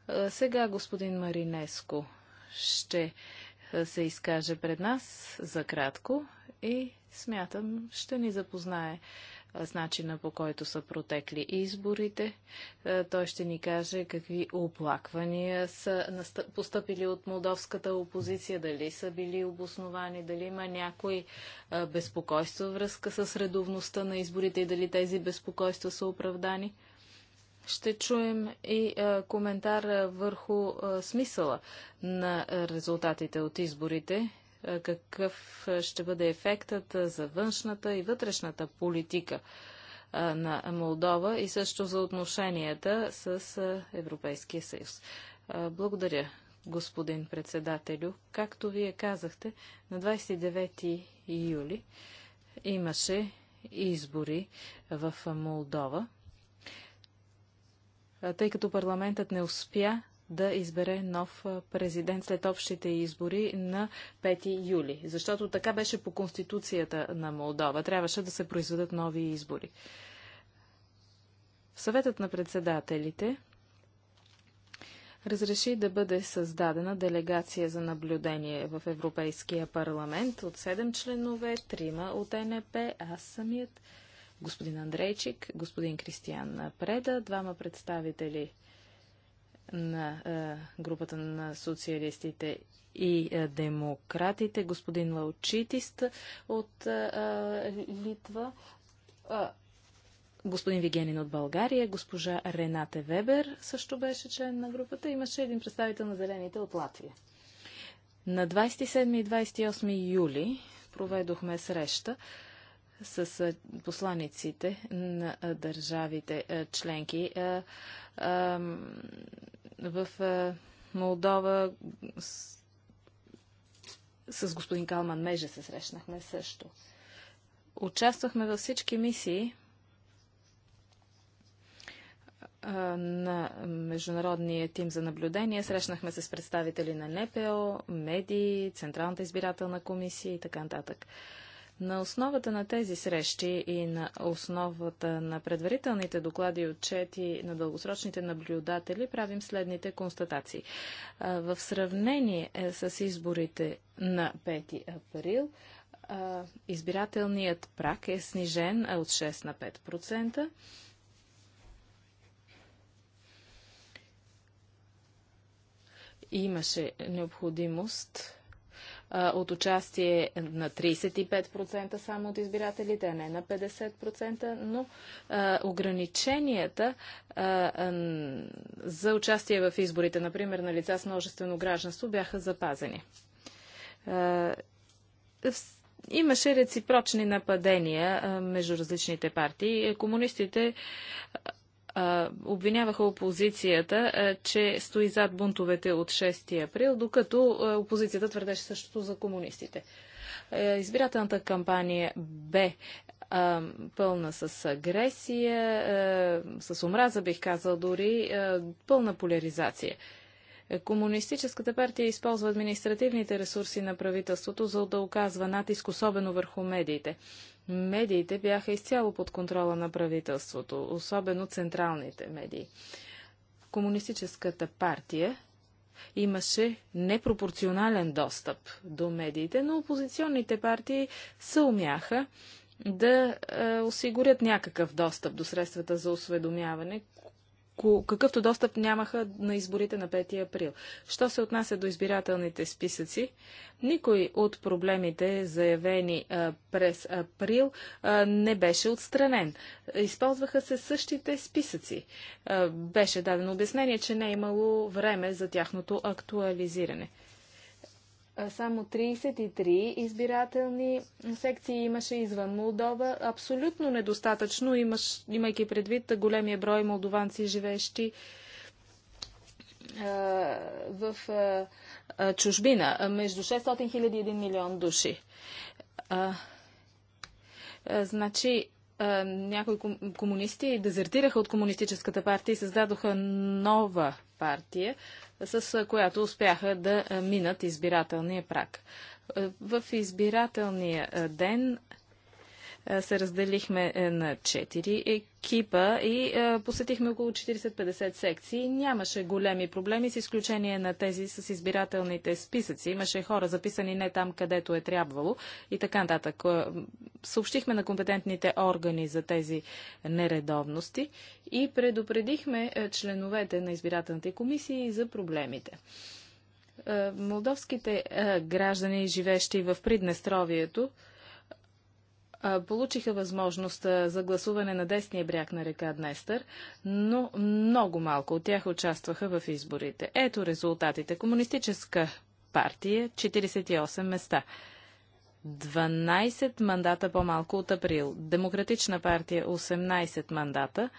Е, сега господин Маринеско ще е, се изкаже пред нас за кратко и смятам ще ни запознае с начина по който са протекли изборите. Той ще ни каже какви оплаквания са поступили от молдовската опозиция, дали са били обосновани, дали има някои безпокойства връзка с редовността на изборите и дали тези безпокойства са оправдани. Ще чуем и а, коментар върху а, смисъла на резултатите от изборите е, какъв ще бъде ефектът е, за външната и вътрешната политика е, на Молдова и също за отношенията с Европейския съюз. Благодаря, господин председателю. Както вие казахте, на 29 юли имаше избори в Молдова. Тъй като парламентът не успя да избере нов президент след общите избори на 5 юли. Защото така беше по Конституцията на Молдова. Трябваше да се произведат нови избори. Съветът на председателите разреши да бъде създадена делегация за наблюдение в Европейския парламент от 7 членове, 3 от НП, аз самият, господин Андрейчик, господин Кристиян Преда, двама представители на е, групата на социалистите и е, демократите, господин Лаучитист от е, Литва, господин Вигенин от България, госпожа Рената Вебер също беше член на групата, имаше един представител на Зелените от Латвия. На 27 и 28 юли проведохме среща с посланиците на държавите членки в е, Молдова с, с господин Калман Меже се срещнахме също. Участвахме във всички мисии а, е, на Международния тим за наблюдение. Срещнахме се с представители на НПО, медии, Централната избирателна комисия и така нататък. А, на основата на тези срещи и на основата на предварителните доклади и отчети на дългосрочните наблюдатели правим следните констатации. В сравнение е, с изборите на 5 април, избирателният прак е снижен от 6 на 5%. Имаше необходимост от участие на 35% само от избирателите, а не на 50%, но ограниченията за участие в изборите, например на лица с множествено гражданство, бяха запазени. Имаше реципрочни нападения между различните партии. Комунистите обвиняваха опозицията, че стои зад бунтовете от 6 април, докато опозицията твърдеше същото за комунистите. Е, избирателната кампания бе пълна с агресия, с омраза бих казал дори, пълна поляризация. Комунистическата партия използва административните ресурси на правителството, за да оказва натиск особено върху медиите. Медиите бяха изцяло под контрола на правителството, особено централните медии. Комунистическата партия имаше непропорционален достъп до медиите, но опозиционните партии се умяха да е, осигурят някакъв достъп до средствата за осведомяване, какъвто достъп нямаха на изборите на 5 април. Що се отнася до избирателните списъци, никой от проблемите, заявени а, през април, а, не беше отстранен. Използваха се същите списъци. А, беше дадено обяснение, че не е имало време за тяхното актуализиране само 33 избирателни секции имаше извън Молдова. Абсолютно недостатъчно, имаш, имайки предвид големия брой молдованци, живещи в чужбина, между 600 хиляди и 1 милион души. значи, някои комунисти дезертираха от комунистическата партия и създадоха нова партия, с която успяха да минат избирателния прак. Е, в избирателния ден е, се разделихме е, на 4 екипа и е, посетихме около 40-50 секции. Нямаше големи проблеми, с изключение на тези с избирателните списъци. Имаше хора записани не там, където е трябвало и така нататък. Съобщихме на компетентните органи за тези нередовности и предупредихме членовете на избирателните комисии за проблемите. Молдовските граждани, живещи в Приднестровието, получиха възможност за гласуване на десния бряг на река Днестър, но много малко от тях участваха в изборите. Ето резултатите. Комунистическа партия 48 места. 12 мандата по-малко от април. Демократична партия 18 мандата,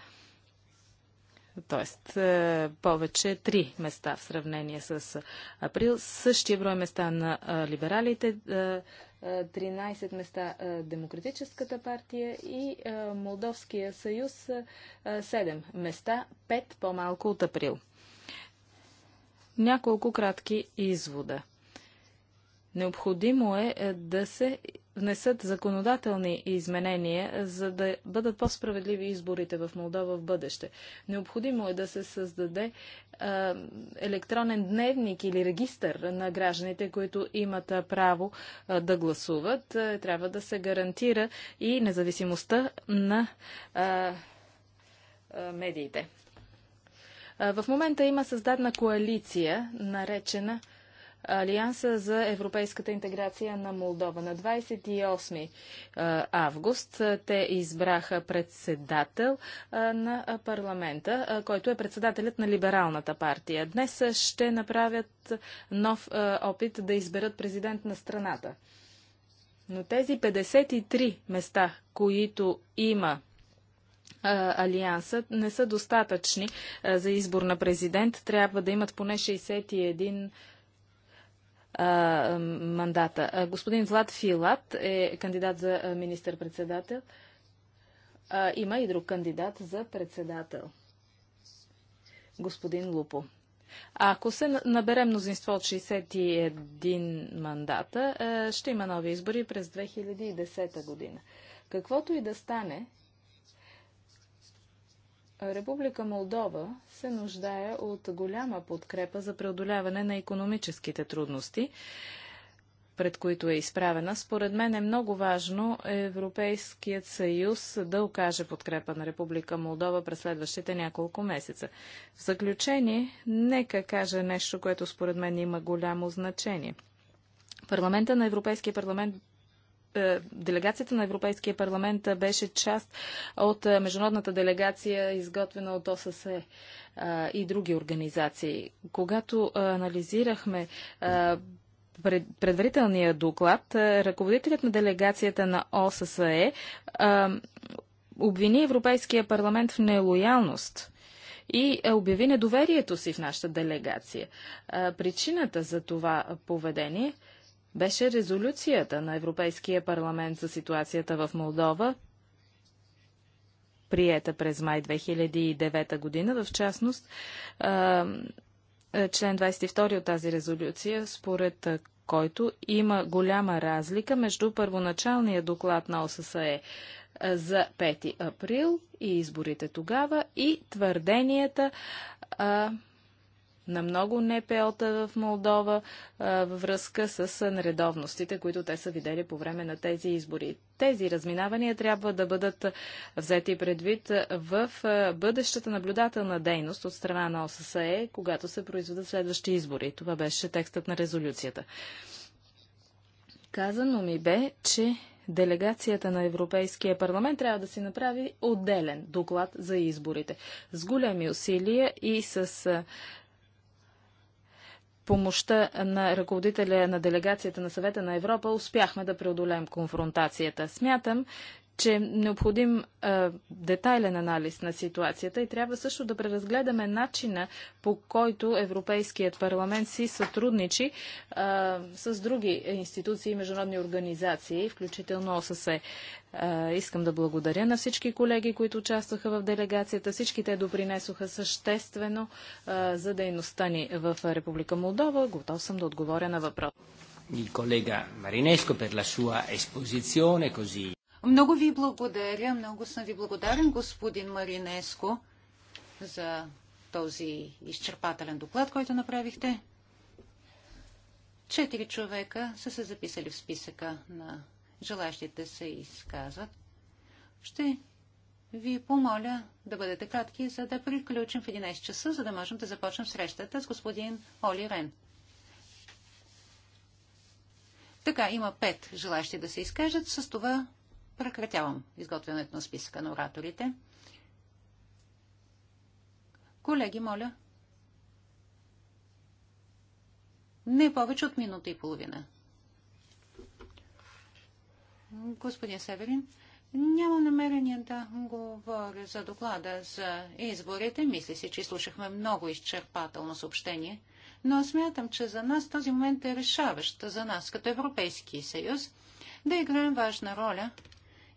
т.е. повече 3 места в сравнение с април. Същия брой места на либералите 13 места Демократическата партия и Молдовския съюз 7 места, 5 по-малко от април. Няколко кратки извода. Необходимо е, е да се внесат законодателни изменения, за да бъдат по-справедливи изборите в Молдова в бъдеще. Необходимо е да се създаде а, електронен дневник или регистър на гражданите, които имат а, право а, да гласуват. Е, трябва да се гарантира и независимостта на медиите. В момента има създадена коалиция, наречена Алианса за европейската интеграция на Молдова. На 28 август те избраха председател на парламента, който е председателят на Либералната партия. Днес ще направят нов опит да изберат президент на страната. Но тези 53 места, които има Алиансът, не са достатъчни за избор на президент. Трябва да имат поне 61 а, мандата. А, господин Влад Филат е кандидат за министър-председател. има и друг кандидат за председател. Господин Лупо. А ако се набере мнозинство от 61 мандата, ще има нови избори през 2010 година. Каквото и да стане, Република Молдова се нуждае от голяма подкрепа за преодоляване на економическите трудности, пред които е изправена. Според мен е много важно Европейският съюз да окаже подкрепа на Република Молдова през следващите няколко месеца. В заключение, нека кажа нещо, което според мен има голямо значение. Парламента на Европейския парламент е, делегацията на Европейския парламент беше част от е, международната делегация, изготвена от ОССЕ е, и други организации. Когато анализирахме предварителния доклад, ръководителят на делегацията на ОССЕ обвини Европейския парламент в нелоялност и обяви недоверието си в нашата делегация. Причината за това поведение – беше резолюцията на Европейския парламент за ситуацията в Молдова, приета през май 2009 година, в частност член 22 от тази резолюция, според който има голяма разлика между първоначалния доклад на ОССЕ за 5 април и изборите тогава и твърденията а, на много НПО-та в Молдова във връзка с нередовностите, които те са видели по време на тези избори. Тези разминавания трябва да бъдат взети предвид в бъдещата наблюдателна дейност от страна на ОССЕ, когато се произведат следващи избори. Това беше текстът на резолюцията. Казано ми бе, че делегацията на Европейския парламент трябва да си направи отделен доклад за изборите. С големи усилия и с помощта на ръководителя на делегацията на съвета на Европа успяхме да преодолеем конфронтацията. Смятам, че е необходим а, е, детайлен анализ на ситуацията и трябва също да преразгледаме начина по който Европейският парламент си сътрудничи а, е, с други институции и международни организации, включително ОССЕ. А, искам да благодаря на всички колеги, които участваха в делегацията. Всички те допринесоха съществено а, за дейността ни в Република Молдова. Готов съм да отговоря на въпрос.
Il collega Marinesco per la sua esposizione così
много ви благодаря, много съм ви благодарен, господин Маринеско, за този изчерпателен доклад, който направихте. Четири човека са се записали в списъка на желащите се изказват. Ще ви помоля да бъдете кратки, за да приключим в 11 часа, за да можем да започнем срещата с господин Оли Рен. Така, има пет желащи да се изкажат. С това Прекратявам изготвянето на списъка на ораторите. Колеги, моля. Не повече от минута и половина. Господин Северин, нямам намерение да говоря за доклада за изборите. Мисля си, че слушахме много изчерпателно съобщение, но смятам, че за нас този момент е решаващ, за нас като Европейски съюз, да играем важна роля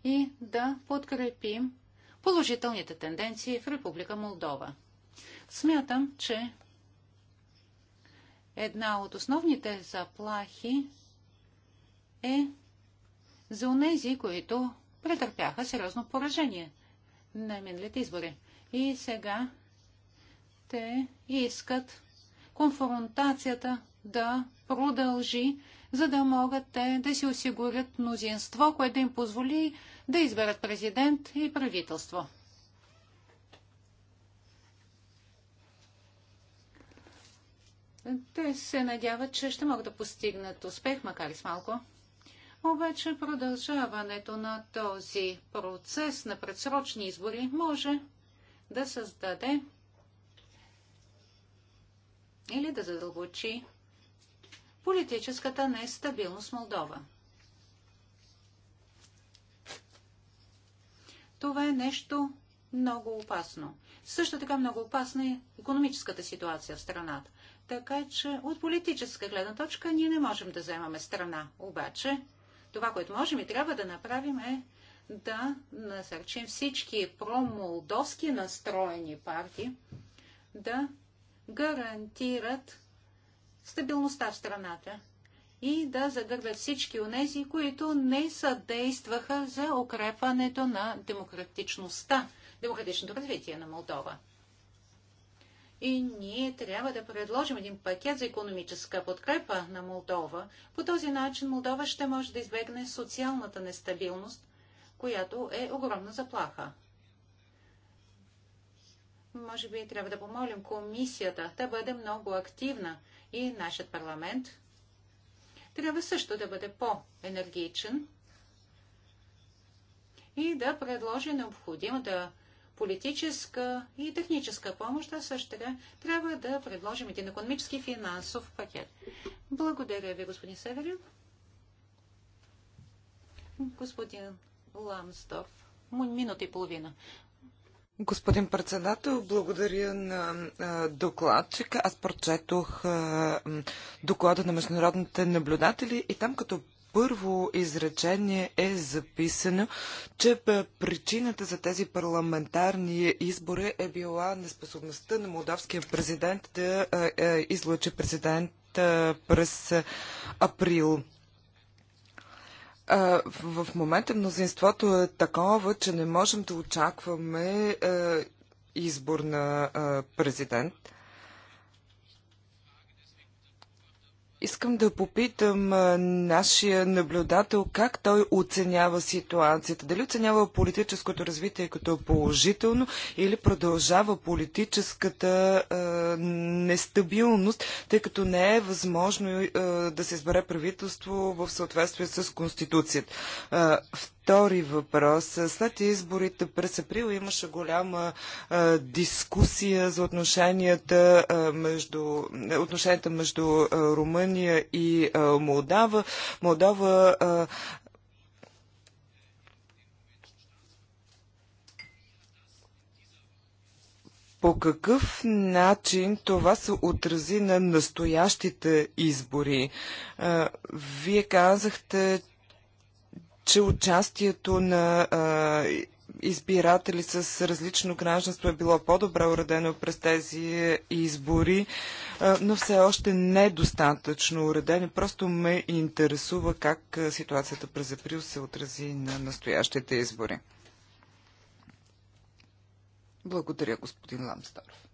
и да подкрепим положителните тенденции в Република Молдова. Смятам, че една от основните заплахи е за унези, които претърпяха сериозно поражение на миналите избори. И сега те искат конфронтацията да продължи за да могат те да си осигурят мнозинство, което да им позволи да изберат президент и правителство. Те се надяват, че ще могат да постигнат успех, макар и с малко. Обаче продължаването на този процес на предсрочни избори може да създаде или да задълбочи политическата нестабилност Молдова. Това е нещо много опасно. Също така много опасна е економическата ситуация в страната. Така че от политическа гледна точка ние не можем да вземаме страна. Обаче това, което можем и трябва да направим е да насърчим всички промолдовски настроени партии да гарантират стабилността в страната и да задържат всички онези, които не съдействаха за укрепването на демократичността, демократичното развитие на Молдова. И ние трябва да предложим един пакет за економическа подкрепа на Молдова. По този начин Молдова ще може да избегне социалната нестабилност, която е огромна заплаха. Може би трябва да помолим комисията да бъде много активна и нашият парламент трябва също да бъде по-енергичен и да предложи необходимата политическа и техническа помощ, а също така трябва да предложим един економически и финансов пакет. Благодаря ви, господин Северин. Господин Ламсдорф, минута и половина.
Господин председател, благодаря на докладчика. Аз прочетох доклада на международните наблюдатели и там като първо изречение е записано, че причината за тези парламентарни избори е била неспособността на молдавския президент да излъчи президент през април в момента мнозинството е такова, че не можем да очакваме избор на президент. Искам да попитам нашия наблюдател как той оценява ситуацията. Дали оценява политическото развитие като положително или продължава политическата е, нестабилност, тъй като не е възможно е, да се избере правителство в съответствие с Конституцията. Е, втори въпрос. След изборите през април имаше голяма а, дискусия за отношенията, а, между, отношенията между а, Румъния и а, Молдава. Молдова а, по какъв начин това се отрази на настоящите избори? Вие казахте, че участието на избиратели с различно гражданство е било по-добре уредено през тези избори, но все още недостатъчно уредено. Просто ме интересува как ситуацията през април се отрази на настоящите избори. Благодаря, господин Ламстаров.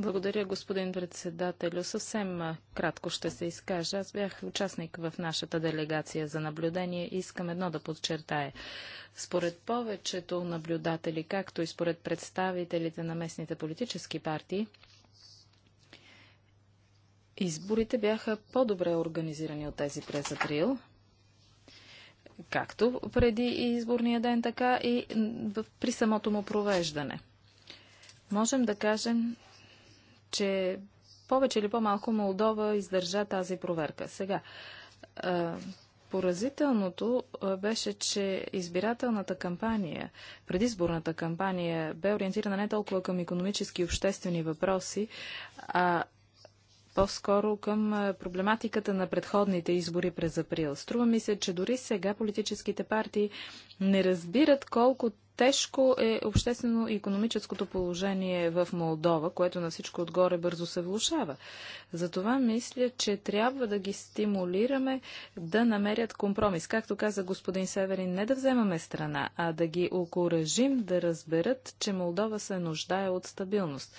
Благодаря, господин председателю. Съвсем кратко ще се изкажа. Аз бях участник в нашата делегация за наблюдение и искам едно да подчертая. Според повечето наблюдатели, както и според представителите на местните политически партии, изборите бяха по-добре организирани от тези през април както преди изборния ден, така и при самото му провеждане. Можем да кажем, че повече или по-малко Молдова издържа тази проверка. Сега, Поразителното беше, че избирателната кампания, предизборната кампания, бе ориентирана не толкова към економически и обществени въпроси, а по-скоро към проблематиката на предходните избори през април. Струва ми се, че дори сега политическите партии не разбират колко Тежко е обществено и економическото положение в Молдова, което на всичко отгоре бързо се влушава. Затова мисля, че трябва да ги стимулираме да намерят компромис. Както каза господин Северин, не да вземаме страна, а да ги окоръжим да разберат, че Молдова се нуждае от стабилност.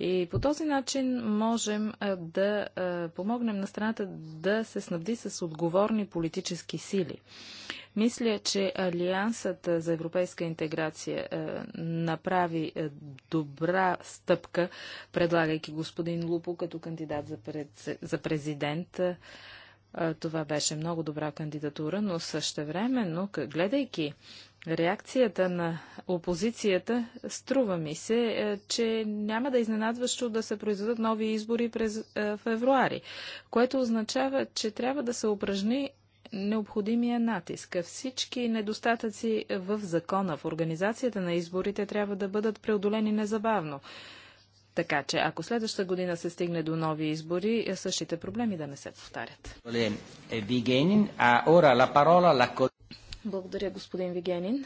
И по този начин можем да помогнем на страната да се снабди с отговорни политически сили. Мисля, че Алиансът за европейска интеграция е, направи е, добра стъпка, предлагайки господин Лупо като кандидат за, пред, за президент. Е, това беше много добра кандидатура, но също но гледайки реакцията на опозицията, струва ми се, е, че няма да е изненадващо да се произведат нови избори през е, февруари, което означава, че трябва да се упражни необходимия натиск. Всички недостатъци в закона, в организацията на изборите трябва да бъдат преодолени незабавно. Така че, ако следващата година се стигне до нови избори, същите проблеми да не се повтарят. Благодаря, господин Вигенин.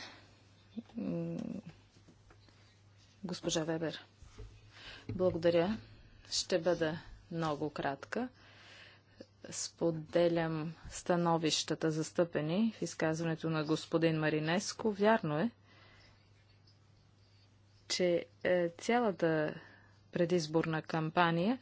Госпожа Вебер. Благодаря. Ще бъда много кратка споделям становищата застъпени в изказването на господин Маринеско. Вярно е, че е, цялата предизборна кампания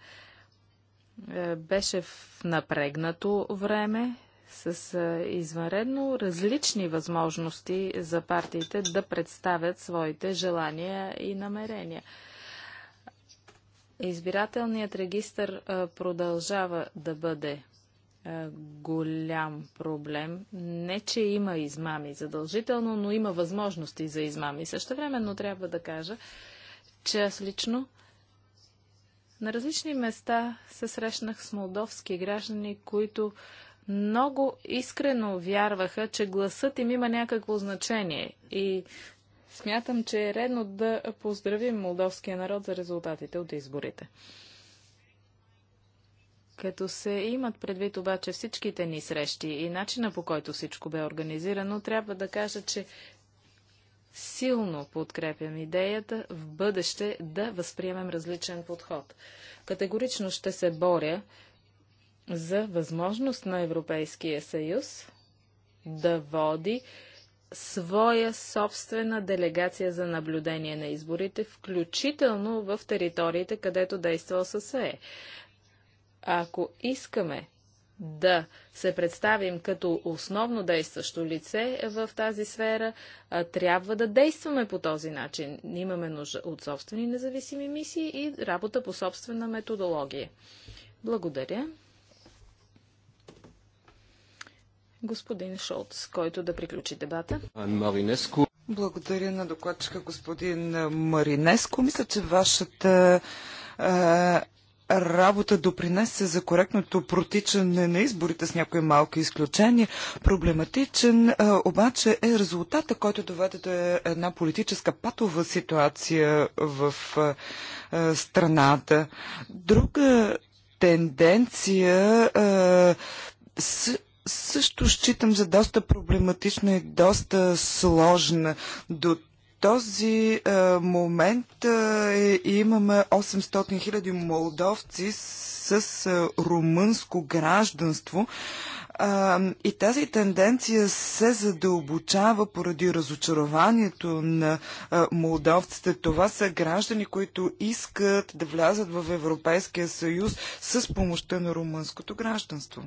е, беше в напрегнато време, с е, извънредно различни възможности за партиите да представят своите желания и намерения. Избирателният регистр продължава да бъде голям проблем. Не, че има измами задължително, но има възможности за измами. Също времено трябва да кажа, че аз лично на различни места се срещнах с молдовски граждани, които много искрено вярваха, че гласът им има някакво значение и Смятам, че е редно да поздравим молдовския народ за резултатите от изборите. Като се имат предвид обаче всичките ни срещи и начина по който всичко бе организирано, трябва да кажа, че силно подкрепям идеята в бъдеще да възприемем различен подход. Категорично ще се боря за възможност на Европейския съюз да води своя собствена делегация за наблюдение на изборите, включително в териториите, където действа ОССЕ. Ако искаме да се представим като основно действащо лице в тази сфера, трябва да действаме по този начин. Имаме нужда от собствени независими мисии и работа по собствена методология. Благодаря. господин Шолц, който да приключи дебата.
Благодаря на докладчика господин Маринеско. Мисля, че вашата е, работа допринесе за коректното протичане на изборите с някои малки изключения. Проблематичен е, обаче е резултата, който доведе до една политическа патова ситуация в е, страната. Друга тенденция с също считам за доста проблематична и доста сложна. До този е, момент е, имаме 800 хиляди молдовци с, с е, румънско гражданство. Е, и тази тенденция се задълбочава поради разочарованието на е, молдовците. Това са граждани, които искат да влязат в Европейския съюз с помощта на румънското гражданство.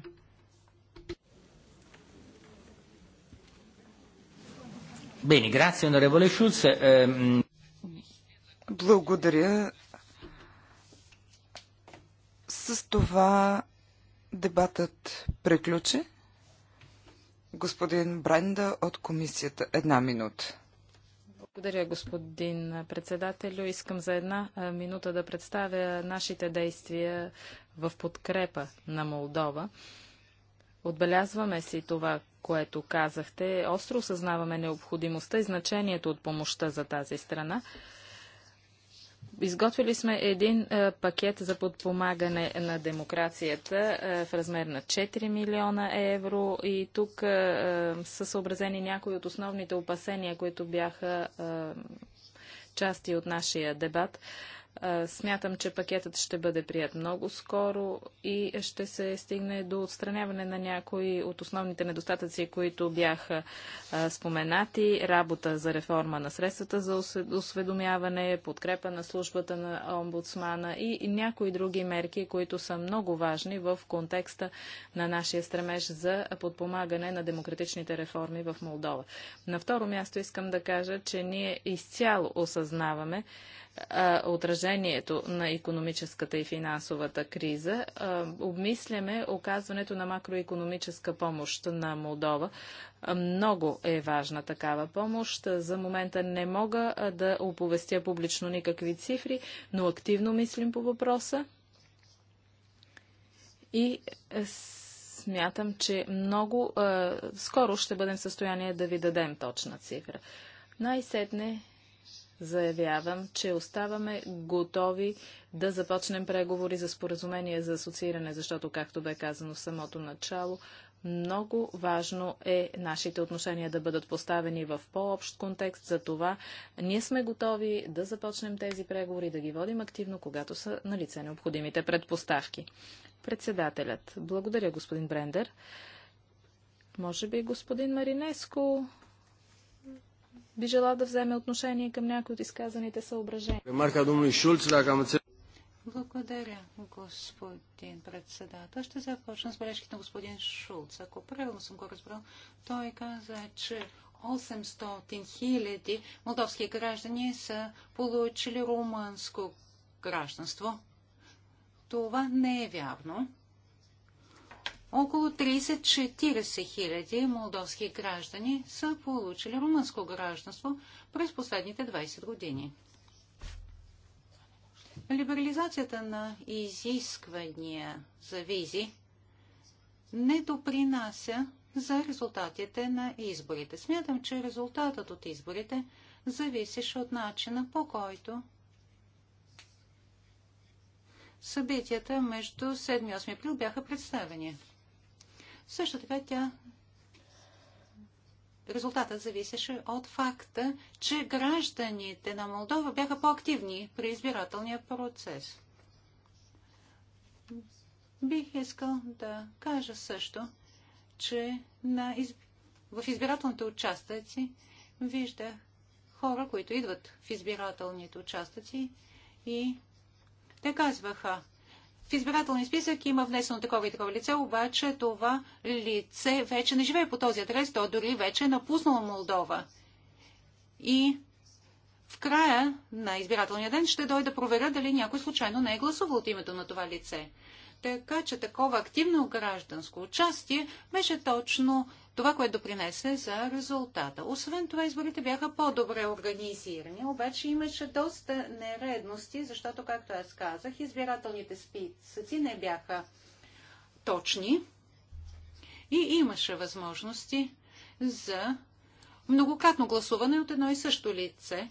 Bene, grazie onorevole Schulz. Ehm,
Благодаря. С това дебатът приключи. Господин Бренда от комисията. Една минута.
Благодаря, господин председателю. Искам за една минута да представя нашите действия в подкрепа на Молдова. Отбелязваме си това, което казахте. Остро осъзнаваме необходимостта и значението от помощта за тази страна. Изготвили сме един е, пакет за подпомагане на демокрацията е, в размер на 4 милиона евро и тук е, е, са съобразени някои от основните опасения, които бяха е, части от нашия дебат. Смятам, че пакетът ще бъде прият много скоро и ще се стигне до отстраняване на някои от основните недостатъци, които бяха споменати. Работа за реформа на средствата за осведомяване, подкрепа на службата на омбудсмана и някои други мерки, които са много важни в контекста на нашия стремеж за подпомагане на демократичните реформи в Молдова. На второ място искам да кажа, че ние изцяло осъзнаваме, а, отражението на економическата и финансовата криза. А, обмисляме оказването на макроекономическа помощ на Молдова. много е важна такава помощ. За момента не мога да оповестя публично никакви цифри, но активно мислим по въпроса. И смятам, че много скоро ще бъдем в състояние да ви дадем точна цифра. Най-сетне заявявам, че оставаме готови да започнем преговори за споразумение за асоцииране, защото, както бе казано в самото начало, много важно е нашите отношения да бъдат поставени в по-общ контекст. За това ние сме готови да започнем тези преговори, да ги водим активно, когато са на лице необходимите предпоставки. Председателят. Благодаря, господин Брендер. Може би господин Маринеско би желал да вземе отношение към някои от изказаните
съображения. Благодаря, господин председател. Ще започна с бележките на господин Шулц. Ако правилно съм го разбрал, той каза, че 800 хиляди молдовски граждани са получили румънско гражданство. Това не е вярно. Около 30-40 хиляди молдовски граждани са получили румънско гражданство през последните 20 години. Либерализацията на изисквания за визи не допринася за резултатите на изборите. Смятам, че резултатът от изборите зависеше от начина по който събитията между 7 и 8 април бяха представени. Също така тя резултатът зависеше от факта, че гражданите на Молдова бяха по-активни при избирателния процес. Бих искал да кажа също, че на из... в избирателните участъци виждах хора, които идват в избирателните участъци и те казваха, в избирателния списък има внесено такова и такова лице, обаче това лице вече не живее по този адрес, то дори вече е напуснало Молдова. И в края на избирателния ден ще дойда проверя дали някой случайно не е гласувал от името на това лице. Така че такова активно гражданско участие беше точно това, което допринесе за резултата. Освен това, изборите бяха по-добре организирани, обаче имаше доста нередности, защото, както аз казах, избирателните списъци не бяха точни и имаше възможности за многократно гласуване от едно и също лице,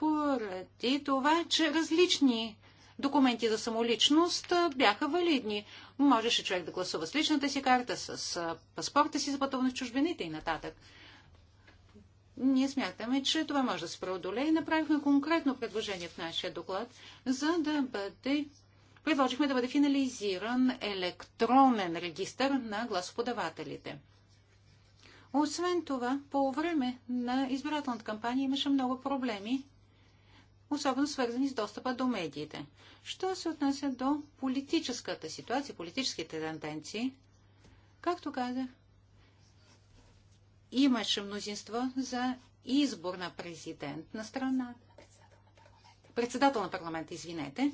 поради това, че различни документи за самоличност бяха валидни. Можеше човек да гласува с личната си карта, с паспорта си за пътуване в чужбините и нататък. Ние смятаме, че това може да се преодолее и направихме конкретно предложение в нашия доклад, за да бъде предложихме да бъде финализиран електронен регистр на гласоподавателите. Освен това, по време на избирателната кампания имаше много проблеми особено свързани с достъпа до медиите. Що се отнася до политическата ситуация, политическите тенденции, както казах, имаше мнозинство за избор на президент на страната. Председател на парламента, извинете.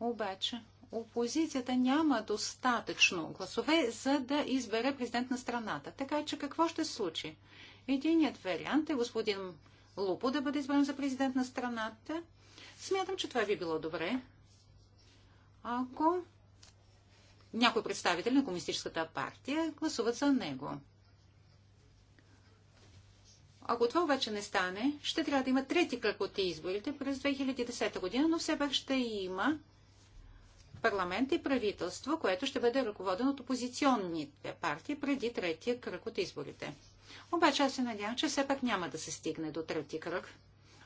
Обаче, опозицията няма достатъчно гласове, за да избере президент на страната. Така че какво ще случи? Единият вариант е господин Лупо да бъде избран за президент на страната. Смятам, че това би било добре. Ако някой представители на Комунистическата партия гласуват за него. Ако това обаче не стане, ще трябва да има трети кръг от изборите през 2010 година, но все пак ще има парламент и правителство, което ще бъде ръководено от опозиционните партии преди третия кръг от изборите. Обаче аз се надявам, че все пак няма да се стигне до трети кръг.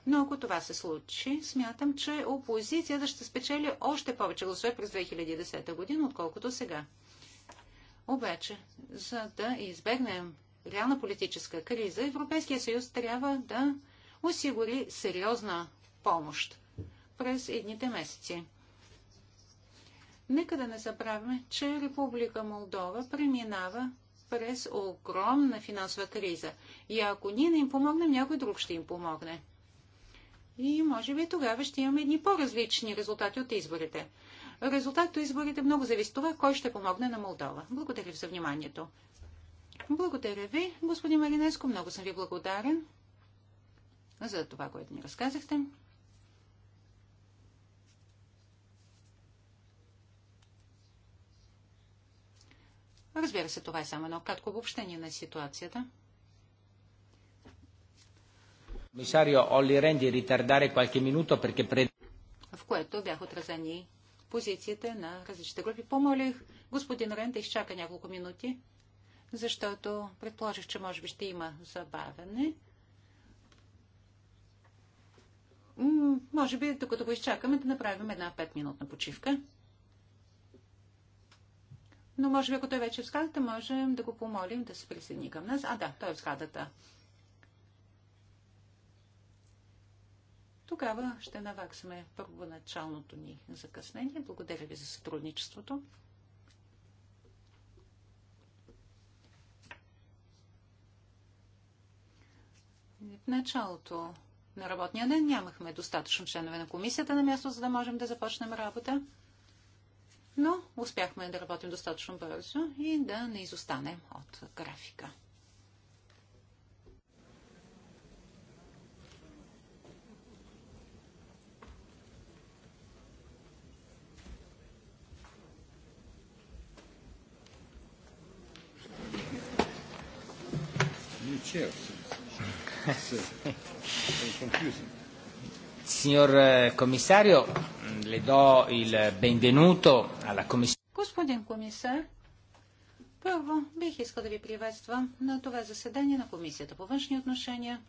Но ако това се случи, смятам, че опозицията ще спечели още повече гласове през 2010 година, отколкото сега. Обаче, за да избегнем реална политическа криза, Европейския съюз трябва да осигури сериозна помощ през едните месеци. Нека да не забравяме, че Република Молдова преминава през огромна финансова криза. И ако ние не им помогнем, някой друг ще им помогне. И може би тогава ще имаме едни по-различни резултати от изборите. Резултатът от изборите много зависи това, кой ще помогне на Молдова. Благодаря ви за вниманието. Благодаря ви, господин Маринеско. Много съм ви благодарен за това, което ни разказахте. Разбира се, това е само едно кратко обобщение на ситуацията.
Комисарио Оли Ренди ритардare qualche minuto perché
в което бях отразени позициите на различните групи. Помолих господин Рен да изчака няколко минути, защото предположих, че може би ще има забавяне. Може би, докато го изчакаме, да направим една 5-минутна почивка но може би ако той вече е в сградата, можем да го помолим да се присъедини към нас. А, да, той е в сградата. Тогава ще наваксаме първоначалното ни закъснение. Благодаря ви за сътрудничеството. В началото на работния ден нямахме достатъчно членове на комисията на място, за да можем да започнем работа но успяхме да работим достатъчно бързо и да не изостанем от графика.
Cheers. It's uh, confusing.
Signor eh, commissario, le do il benvenuto alla commissione.
Господин комисар, първо бих искал да ви приветствам на това заседание на Комисията по външни отношения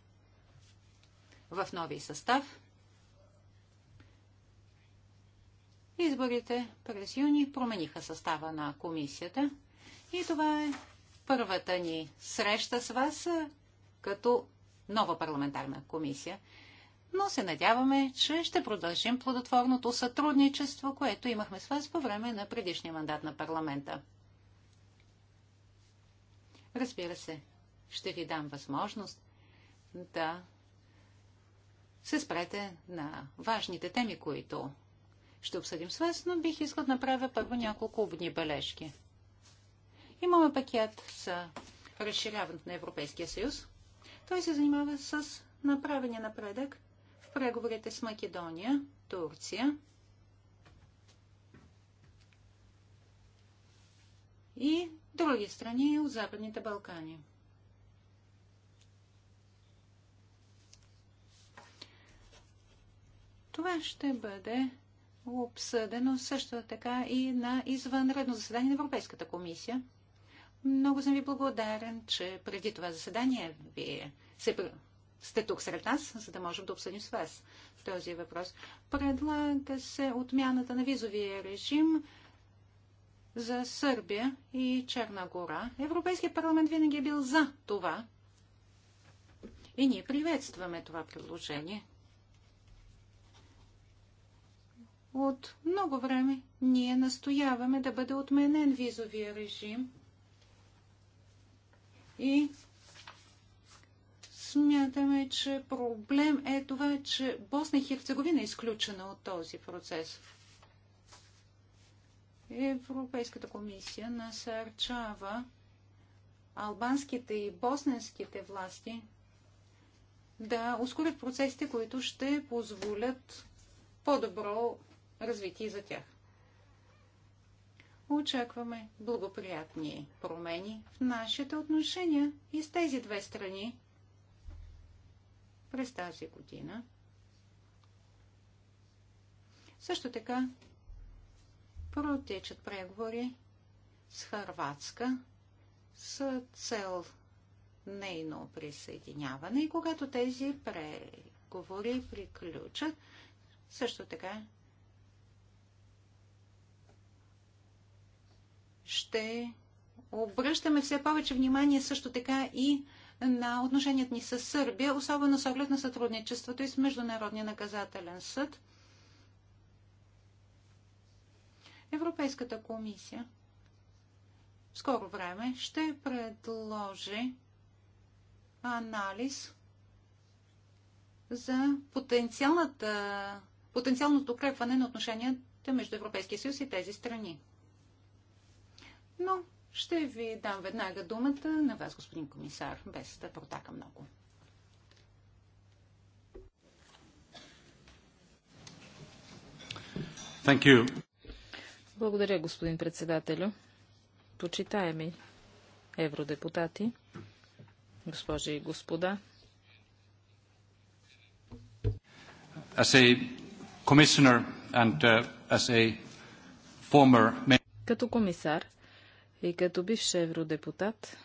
в нови състав. Изборите през юни промениха състава на комисията и това е първата ни среща с вас като нова парламентарна комисия но се надяваме, че ще продължим плодотворното сътрудничество, което имахме с вас по време на предишния мандат на парламента. Разбира се, ще ви дам възможност да се спрете на важните теми, които ще обсъдим с вас, но бих искал да направя първо няколко обни бележки. Имаме пакет с разширяването на Европейския съюз. Той се занимава с направения напредък преговорите с Македония, Турция и други страни от Западните Балкани. Това ще бъде обсъдено също така и на извънредно заседание на Европейската комисия. Много съм ви благодарен, че преди това заседание вие се сте тук сред нас, за да можем да обсъдим с вас този въпрос. Предлага се отмяната на визовия режим за Сърбия и Черна гора. Европейския парламент винаги е бил за това. И ние приветстваме това предложение. От много време ние настояваме да бъде отменен визовия режим и Смятаме, че проблем е това, че Босна и Херцеговина е изключена от този процес. Европейската комисия насърчава албанските и босненските власти да ускорят процесите, които ще позволят по-добро развитие за тях. Очакваме благоприятни промени в нашите отношения и с тези две страни през тази година. Също така протечат преговори с Харватска с цел нейно присъединяване и когато тези преговори приключат, също така ще обръщаме все повече внимание също така и на отношенията ни с Сърбия, особено с оглед на сътрудничеството и с Международния наказателен съд. Европейската комисия в скоро време ще предложи анализ за потенциалното укрепване на отношенията между Европейския съюз и тези страни. Но ще ви дам веднага думата на вас, господин комисар, без да протака много.
Thank you.
Благодаря, господин председателю. Почитаеми евродепутати, госпожи и господа.
As a commissioner and uh, as a former...
Като комисар и като бивш евродепутат,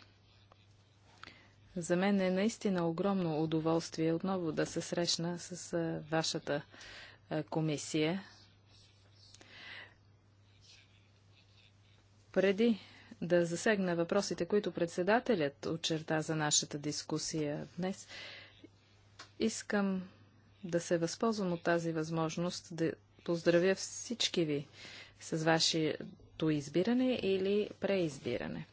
за мен е наистина огромно удоволствие отново да се срещна с вашата комисия. Преди да засегна въпросите, които председателят очерта за нашата дискусия днес, искам да се възползвам от тази възможност да поздравя всички ви с вашия прякото избиране или преизбиране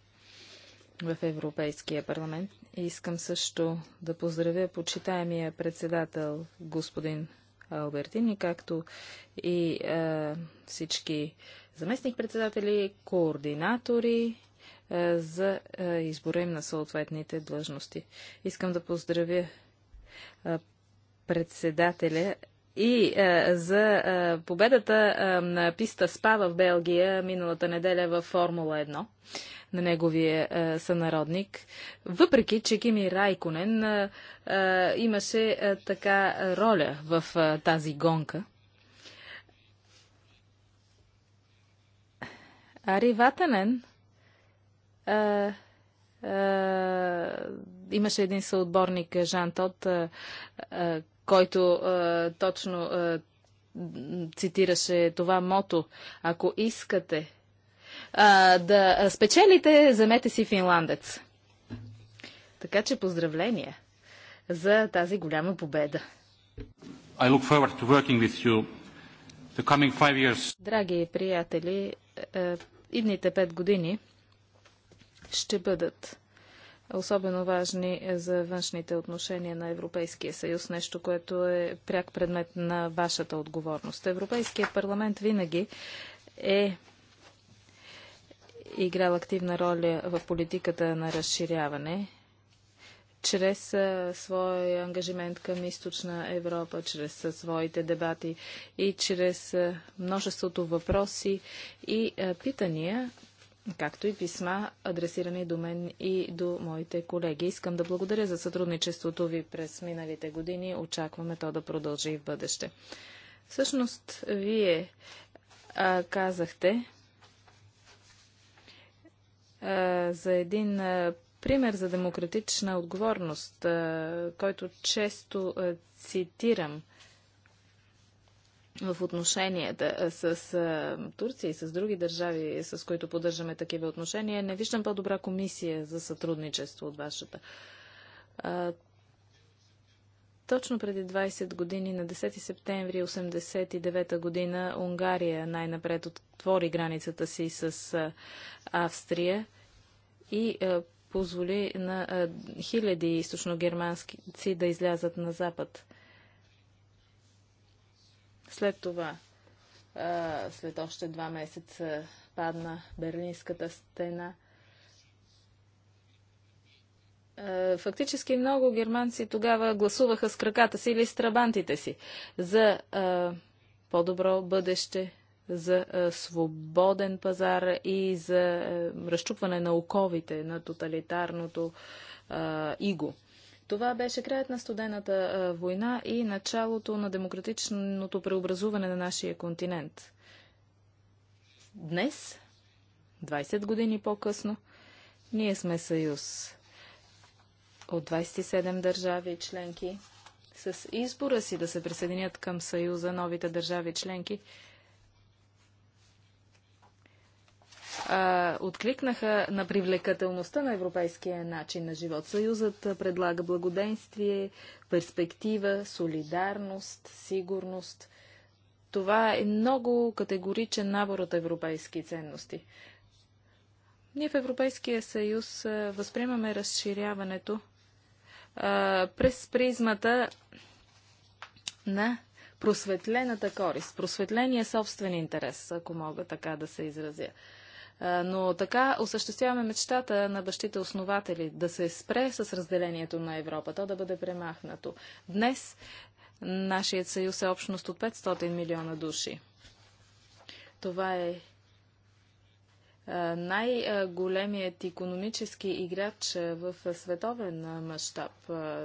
в Европейския парламент. искам също да поздравя почитаемия председател господин Албертини, както и е, всички заместник-председатели, координатори е, за е, избора им на съответните длъжности. Искам да поздравя е, председателя и а, е, за а, е, победата а, е, на писта СПА в Белгия миналата неделя във Формула 1 на неговия а, сънародник. Въпреки, че Кими Райконен а, а, имаше а, така роля в а, тази гонка. Ари Ватанен а, е, имаше един съотборник е, Жан Тот, е, който точно цитираше това мото. Ако искате да спечелите, замете си финландец. Така че поздравления за тази голяма победа.
I look forward to working with you the coming five years.
Драги приятели, идните пет години ще бъдат особено важни за външните отношения на Европейския съюз, нещо, което е пряк предмет на вашата отговорност. Европейският парламент винаги е играл активна роля в политиката на разширяване чрез свой своя ангажимент към източна Европа, чрез своите дебати и чрез множеството въпроси и питания, както и писма, адресирани до мен и до моите колеги. Искам да благодаря за сътрудничеството ви през миналите години. Очакваме то да продължи и в бъдеще. Всъщност, вие а, казахте а, за един а, пример за демократична отговорност, а, който често а, цитирам в отношенията с Турция и с други държави, с които поддържаме такива отношения, не виждам по-добра комисия за сътрудничество от вашата. Точно преди 20 години, на 10 септември 1989 година, Унгария най-напред отвори границата си с Австрия и позволи на хиляди източногерманци да излязат на запад. След това, а, след още два месеца, падна Берлинската стена. фактически много германци тогава гласуваха с краката си или с трабантите си за по-добро бъдеще, за а, свободен пазар и за а, разчупване на оковите на тоталитарното а, иго. Това беше краят на студената война и началото на демократичното преобразуване на нашия континент. Днес, 20 години по-късно, ние сме съюз от 27 държави и членки. С избора си да се присъединят към съюза новите държави членки – а, откликнаха на привлекателността на европейския начин на живот. Съюзът предлага благоденствие, перспектива, солидарност, сигурност. Това е много категоричен набор от европейски ценности. Ние в Европейския съюз възприемаме разширяването а, през призмата на просветлената корист, просветления собствен интерес, ако мога така да се изразя. Но така осъществяваме мечтата на бащите основатели да се спре с разделението на Европа, то да бъде премахнато. Днес нашият съюз е общност от 500 милиона души. Това е най-големият економически играч в световен мащаб,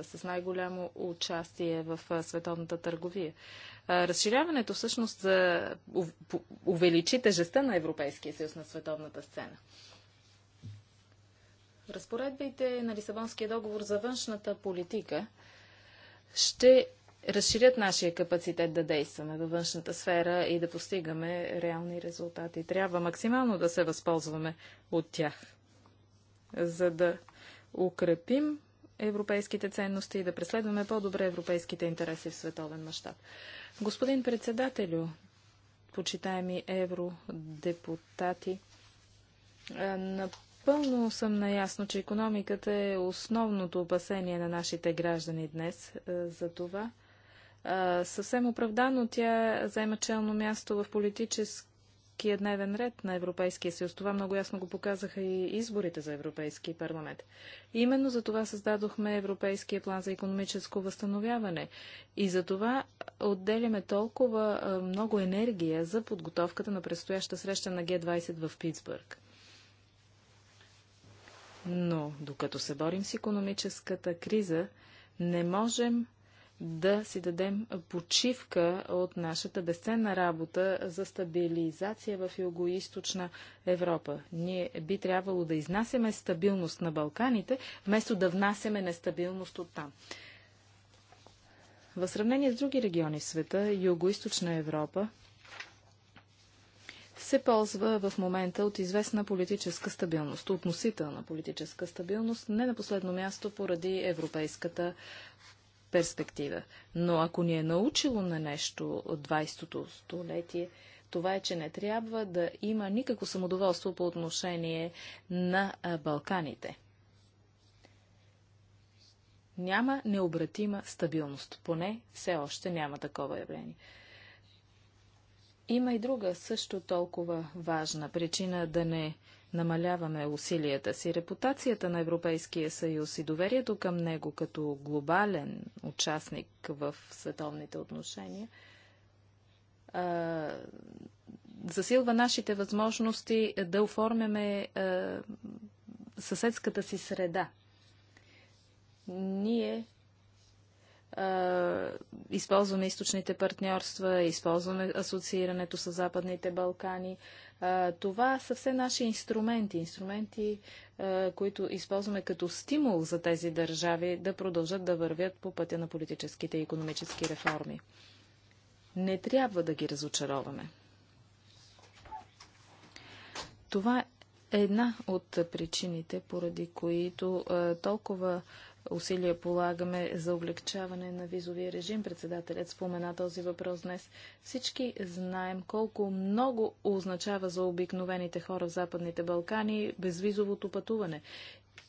с най-голямо участие в световната търговия разширяването всъщност увеличи тежестта на Европейския съюз на световната сцена. Разпоредбите на Лисабонския договор за външната политика ще разширят нашия капацитет да действаме във външната сфера и да постигаме реални резултати. Трябва максимално да се възползваме от тях, за да укрепим европейските ценности и да преследваме по-добре европейските интереси в световен мащаб. Господин председателю, почитаеми евродепутати, е, напълно съм наясно, че економиката е основното опасение на нашите граждани днес. Е, за това е, съвсем оправдано тя заема челно място в политически политическия дневен ред на Европейския съюз. Това много ясно го показаха и изборите за Европейски парламент. И именно за това създадохме Европейския план за економическо възстановяване. И за това отделяме толкова много енергия за подготовката на предстояща среща на Г-20 в Питсбърг. Но докато се борим с економическата криза, не можем да си дадем почивка от нашата безценна работа за стабилизация в Юго-Источна Европа. Ние би трябвало да изнасяме стабилност на Балканите, вместо да внасяме нестабилност от там. В сравнение с други региони в света, Юго-Источна Европа се ползва в момента от известна политическа стабилност, относителна политическа стабилност, не на последно място поради европейската перспектива. Но ако ни е научило на нещо от 20-то столетие, това е, че не трябва да има никакво самодоволство по отношение на Балканите. Няма необратима стабилност. Поне все още няма такова явление. Има и друга също толкова важна причина да не намаляваме усилията си. Репутацията на Европейския съюз и доверието към него като глобален участник в световните отношения а, засилва нашите възможности да оформяме а, съседската си среда. Ние използваме източните партньорства, използваме асоциирането с Западните Балкани. Това са все наши инструменти, инструменти, които използваме като стимул за тези държави да продължат да вървят по пътя на политическите и економически реформи. Не трябва да ги разочароваме. Това е една от причините, поради които толкова усилия полагаме за облегчаване на визовия режим. Председателят спомена този въпрос днес. Всички знаем колко много означава за обикновените хора в Западните Балкани безвизовото пътуване.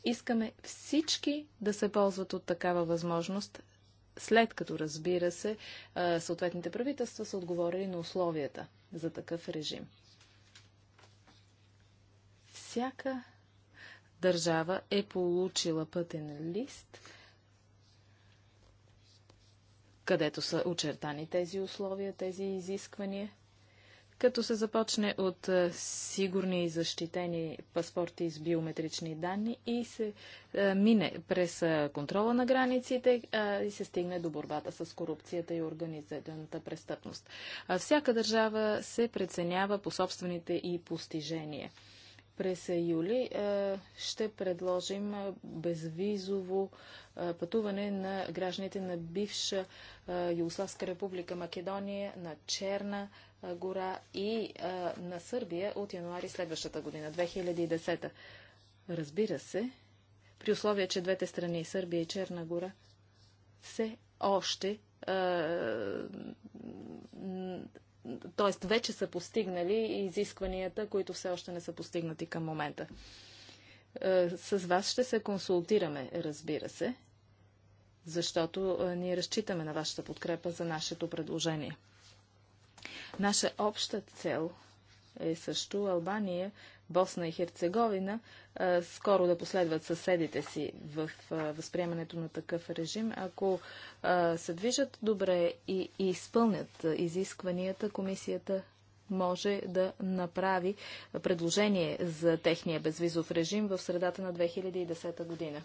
Искаме всички да се ползват от такава възможност, след като, разбира се, съответните правителства са отговорили на условията за такъв режим. Всяка държава е получила пътен лист, където са очертани тези условия, тези изисквания, като се започне от сигурни и защитени паспорти с биометрични данни и се а, мине през контрола на границите а, и се стигне до борбата с корупцията и организираната престъпност. Всяка държава се преценява по собствените и постижения. През юли е, ще предложим е, безвизово е, пътуване на гражданите на бивша Югославска република Македония, на Черна гора и на Сърбия от януари следващата година, 2010. Разбира се, при условие, че двете страни, Сърбия и Черна гора, все още т.е. вече са постигнали изискванията, които все още не са постигнати към момента. Е, с вас ще се консултираме, разбира се, защото е, ние разчитаме на вашата подкрепа за нашето предложение. Наша обща цел е също Албания Босна и Херцеговина скоро да последват съседите си в възприемането на такъв режим. Ако се движат добре и изпълнят изискванията, комисията може да направи предложение за техния безвизов режим в средата на 2010 година.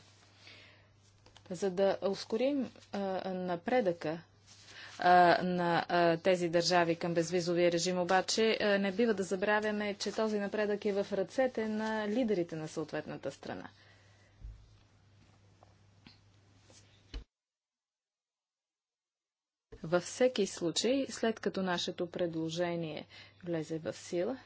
За да ускорим напредъка на тези държави към безвизовия режим. Обаче не бива да забравяме, че този напредък е в ръцете на лидерите на съответната страна. Във всеки случай, след като нашето предложение влезе в сила,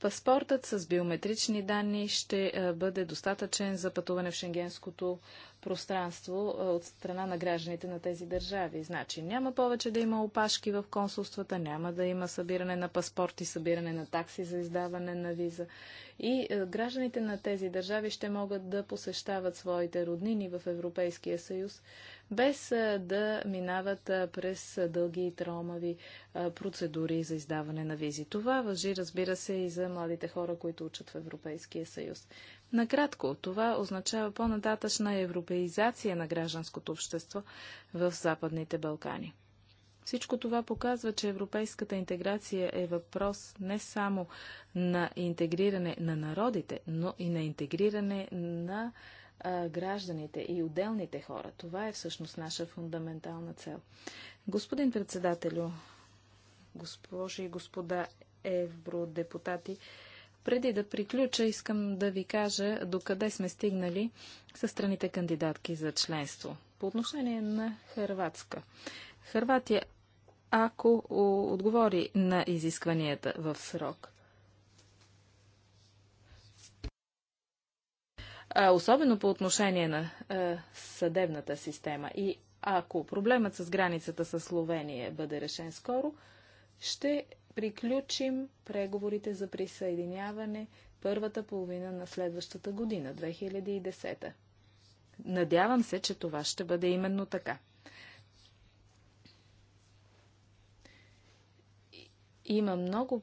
Паспортът с биометрични данни ще бъде достатъчен за пътуване в шенгенското пространство от страна на гражданите на тези държави. Значи няма повече да има опашки в консулствата, няма да има събиране на паспорти, събиране на такси за издаване на виза. И гражданите на тези държави ще могат да посещават своите роднини в Европейския съюз без да минават през дълги и тромави процедури за издаване на визи. Това въжи, разбира се, и за младите хора, които учат в Европейския съюз. Накратко, това означава по-нататъчна европеизация на гражданското общество в Западните Балкани. Всичко това показва, че европейската интеграция е въпрос не само на интегриране на народите, но и на интегриране на а, гражданите и отделните хора. Това е всъщност наша фундаментална цел. Господин председателю, госпожи и господа евродепутати, преди да приключа, искам да ви кажа докъде сме стигнали със страните кандидатки за членство. По отношение на Хрватска. Хрватия, ако отговори на изискванията в срок, особено по отношение на съдебната система. И ако проблемът с границата с Словения бъде решен скоро, ще приключим преговорите за присъединяване първата половина на следващата година, 2010. Надявам се, че това ще бъде именно така. Има много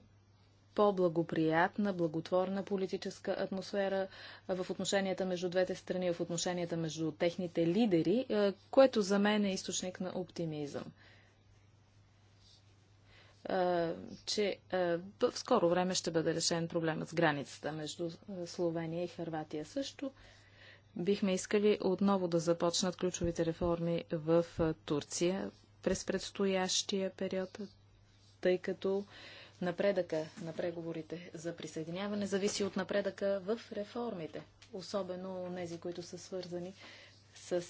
по-благоприятна, благотворна политическа атмосфера в отношенията между двете страни, в отношенията между техните лидери, което за мен е източник на оптимизъм. Че в скоро време ще бъде решен проблемът с границата между Словения и Харватия също. Бихме искали отново да започнат ключовите реформи в Турция през предстоящия период, тъй като Напредъка на преговорите за присъединяване зависи от напредъка в реформите, особено тези, които са свързани с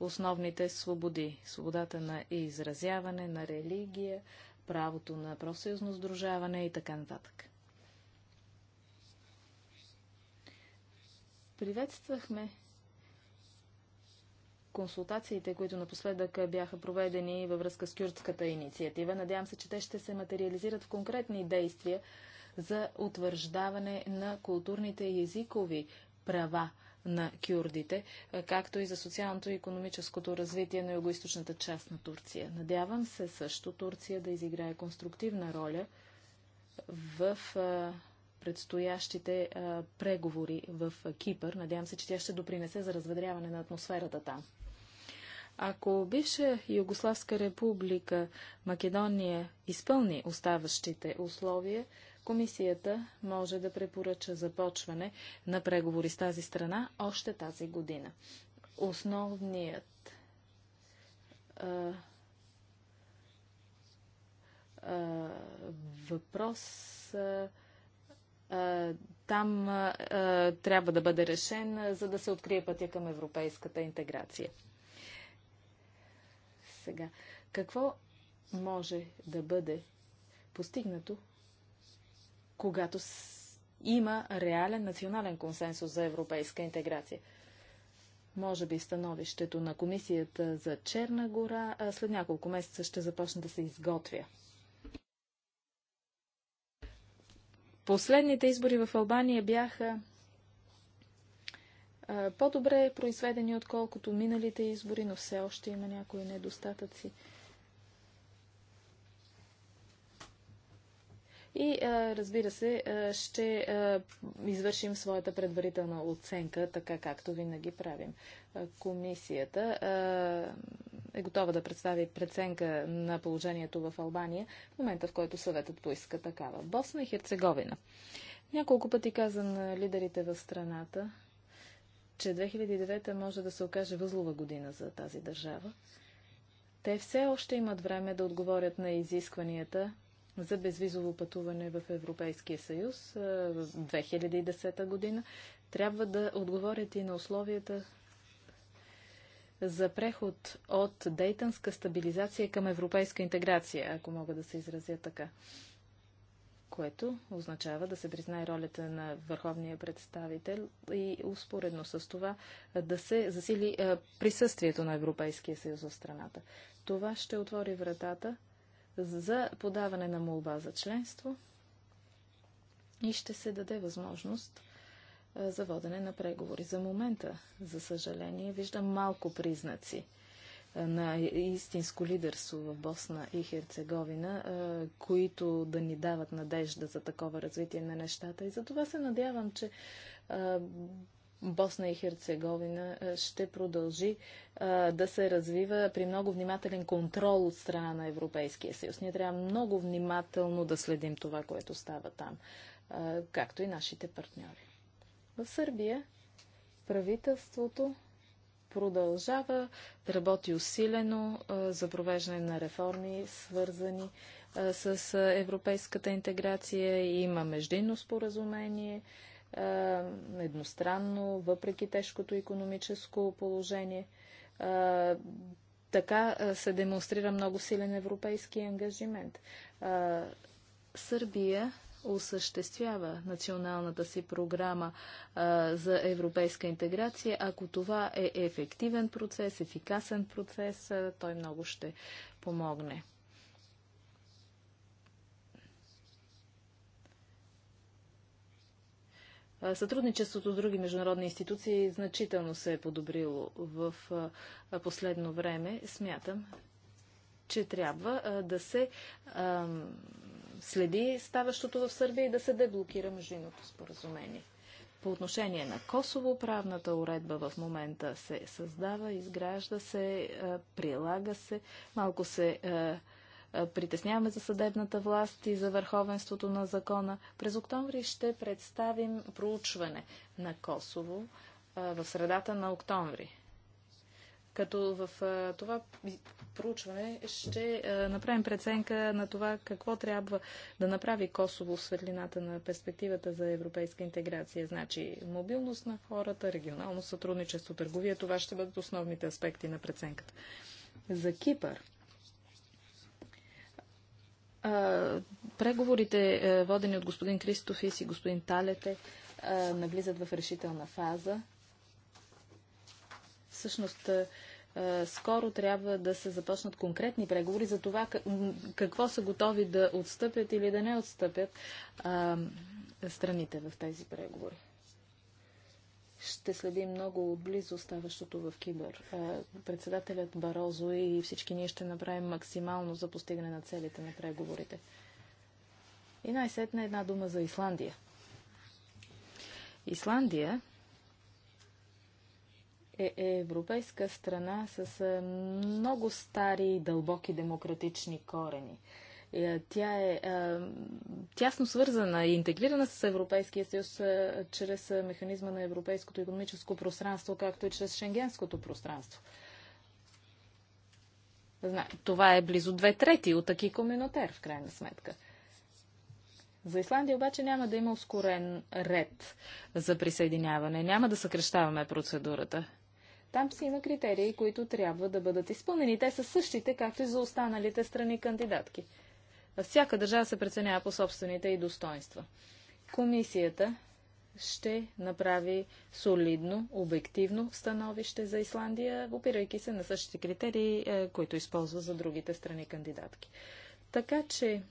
основните свободи. Свободата на изразяване, на религия, правото на просъюзно сдружаване и така нататък. Приветствахме консултациите, които напоследък бяха проведени във връзка с кюртската инициатива. Надявам се, че те ще се материализират в конкретни действия за утвърждаване на културните и езикови права на кюрдите, както и за социалното и економическото развитие на югоизточната част на Турция. Надявам се също Турция да изиграе конструктивна роля в предстоящите преговори в Кипър. Надявам се, че тя ще допринесе за разведряване на атмосферата там. Ако бивша Югославска република Македония изпълни оставащите условия, комисията може да препоръча започване на преговори с тази страна още тази година. Основният а, а, въпрос а, там а, трябва да бъде решен, за да се открие пътя към европейската интеграция сега. Какво може да бъде постигнато, когато има реален национален консенсус за европейска интеграция? Може би становището на комисията за Черна гора а след няколко месеца ще започне да
се изготвя.
Последните избори в Албания бяха по-добре произведени, отколкото миналите избори, но все още има някои недостатъци. И разбира се, ще извършим своята предварителна оценка, така както винаги правим. Комисията е готова да представи преценка на положението в Албания в момента, в който съветът поиска такава. Босна и Херцеговина. Няколко пъти каза на лидерите в страната, че 2009 може да се окаже възлова година за тази държава. Те все още имат време да отговорят на изискванията за безвизово пътуване в Европейския съюз в 2010 година. Трябва да отговорят и на условията за преход от дейтанска стабилизация към европейска интеграция, ако мога да се изразя така което означава да се признае ролята на върховния представител и успоредно с това да се засили присъствието на Европейския съюз в страната. Това ще отвори вратата за подаване на молба за членство и ще се даде възможност за водене на преговори. За момента, за съжаление, виждам малко признаци – е, на истинско лидерство в Босна и Херцеговина, е, които да ни дават надежда за такова развитие на нещата. И за това се надявам, че е, Босна и Херцеговина ще продължи да се развива при много внимателен контрол от страна на Европейския съюз. Ние трябва много внимателно да следим това, което става там, както и нашите партньори. В Сърбия правителството продължава да работи усилено за провеждане на реформи, свързани с европейската интеграция. Има междинно споразумение, едностранно, въпреки тежкото економическо положение. Така се демонстрира много силен европейски ангажимент. Сърбия осъществява националната си програма а, за европейска интеграция, ако това е ефективен процес, ефикасен процес, а, той много ще помогне. Сътрудничеството с други международни институции значително се е подобрило в последно време. Смятам, че трябва да се следи ставащото в Сърбия и да се деблокира междинното споразумение. По отношение на Косово, правната уредба в момента се създава, изгражда се, е, прилага се, малко се е, е, притесняваме за съдебната власт и за върховенството на закона. През октомври ще представим проучване на Косово в средата на октомври като в това проучване ще направим преценка на това какво трябва да направи Косово в светлината на перспективата за европейска интеграция. Значи мобилност на хората, регионално сътрудничество, търговия, това ще бъдат основните аспекти на преценката. За Кипър. Преговорите, водени от господин Кристофис и господин Талете, навлизат в решителна фаза всъщност скоро трябва да се започнат конкретни преговори за това какво са готови да отстъпят или да не отстъпят а, страните в тези преговори. Ще следим много близо ставащото в Кибър. Председателят Барозо и всички ние ще направим максимално за постигане на целите на преговорите. И най-сетна една дума за Исландия. Исландия е, е европейска страна с е, много стари и дълбоки демократични корени. Е, тя е тясно свързана и интегрирана с Европейския съюз чрез механизма на Европейското економическо пространство, както и чрез Шенгенското пространство. Това е близо две трети от Аки Коминотер, в крайна сметка. За Исландия обаче няма да има ускорен ред за присъединяване. Няма да съкрещаваме процедурата. Там си има критерии, които трябва да бъдат изпълнени. Те са същите, както и за останалите страни кандидатки. Всяка държава се преценява по собствените и достоинства. Комисията ще направи солидно, обективно становище за Исландия, опирайки се на същите критерии, е, които използва за другите страни кандидатки. Така че,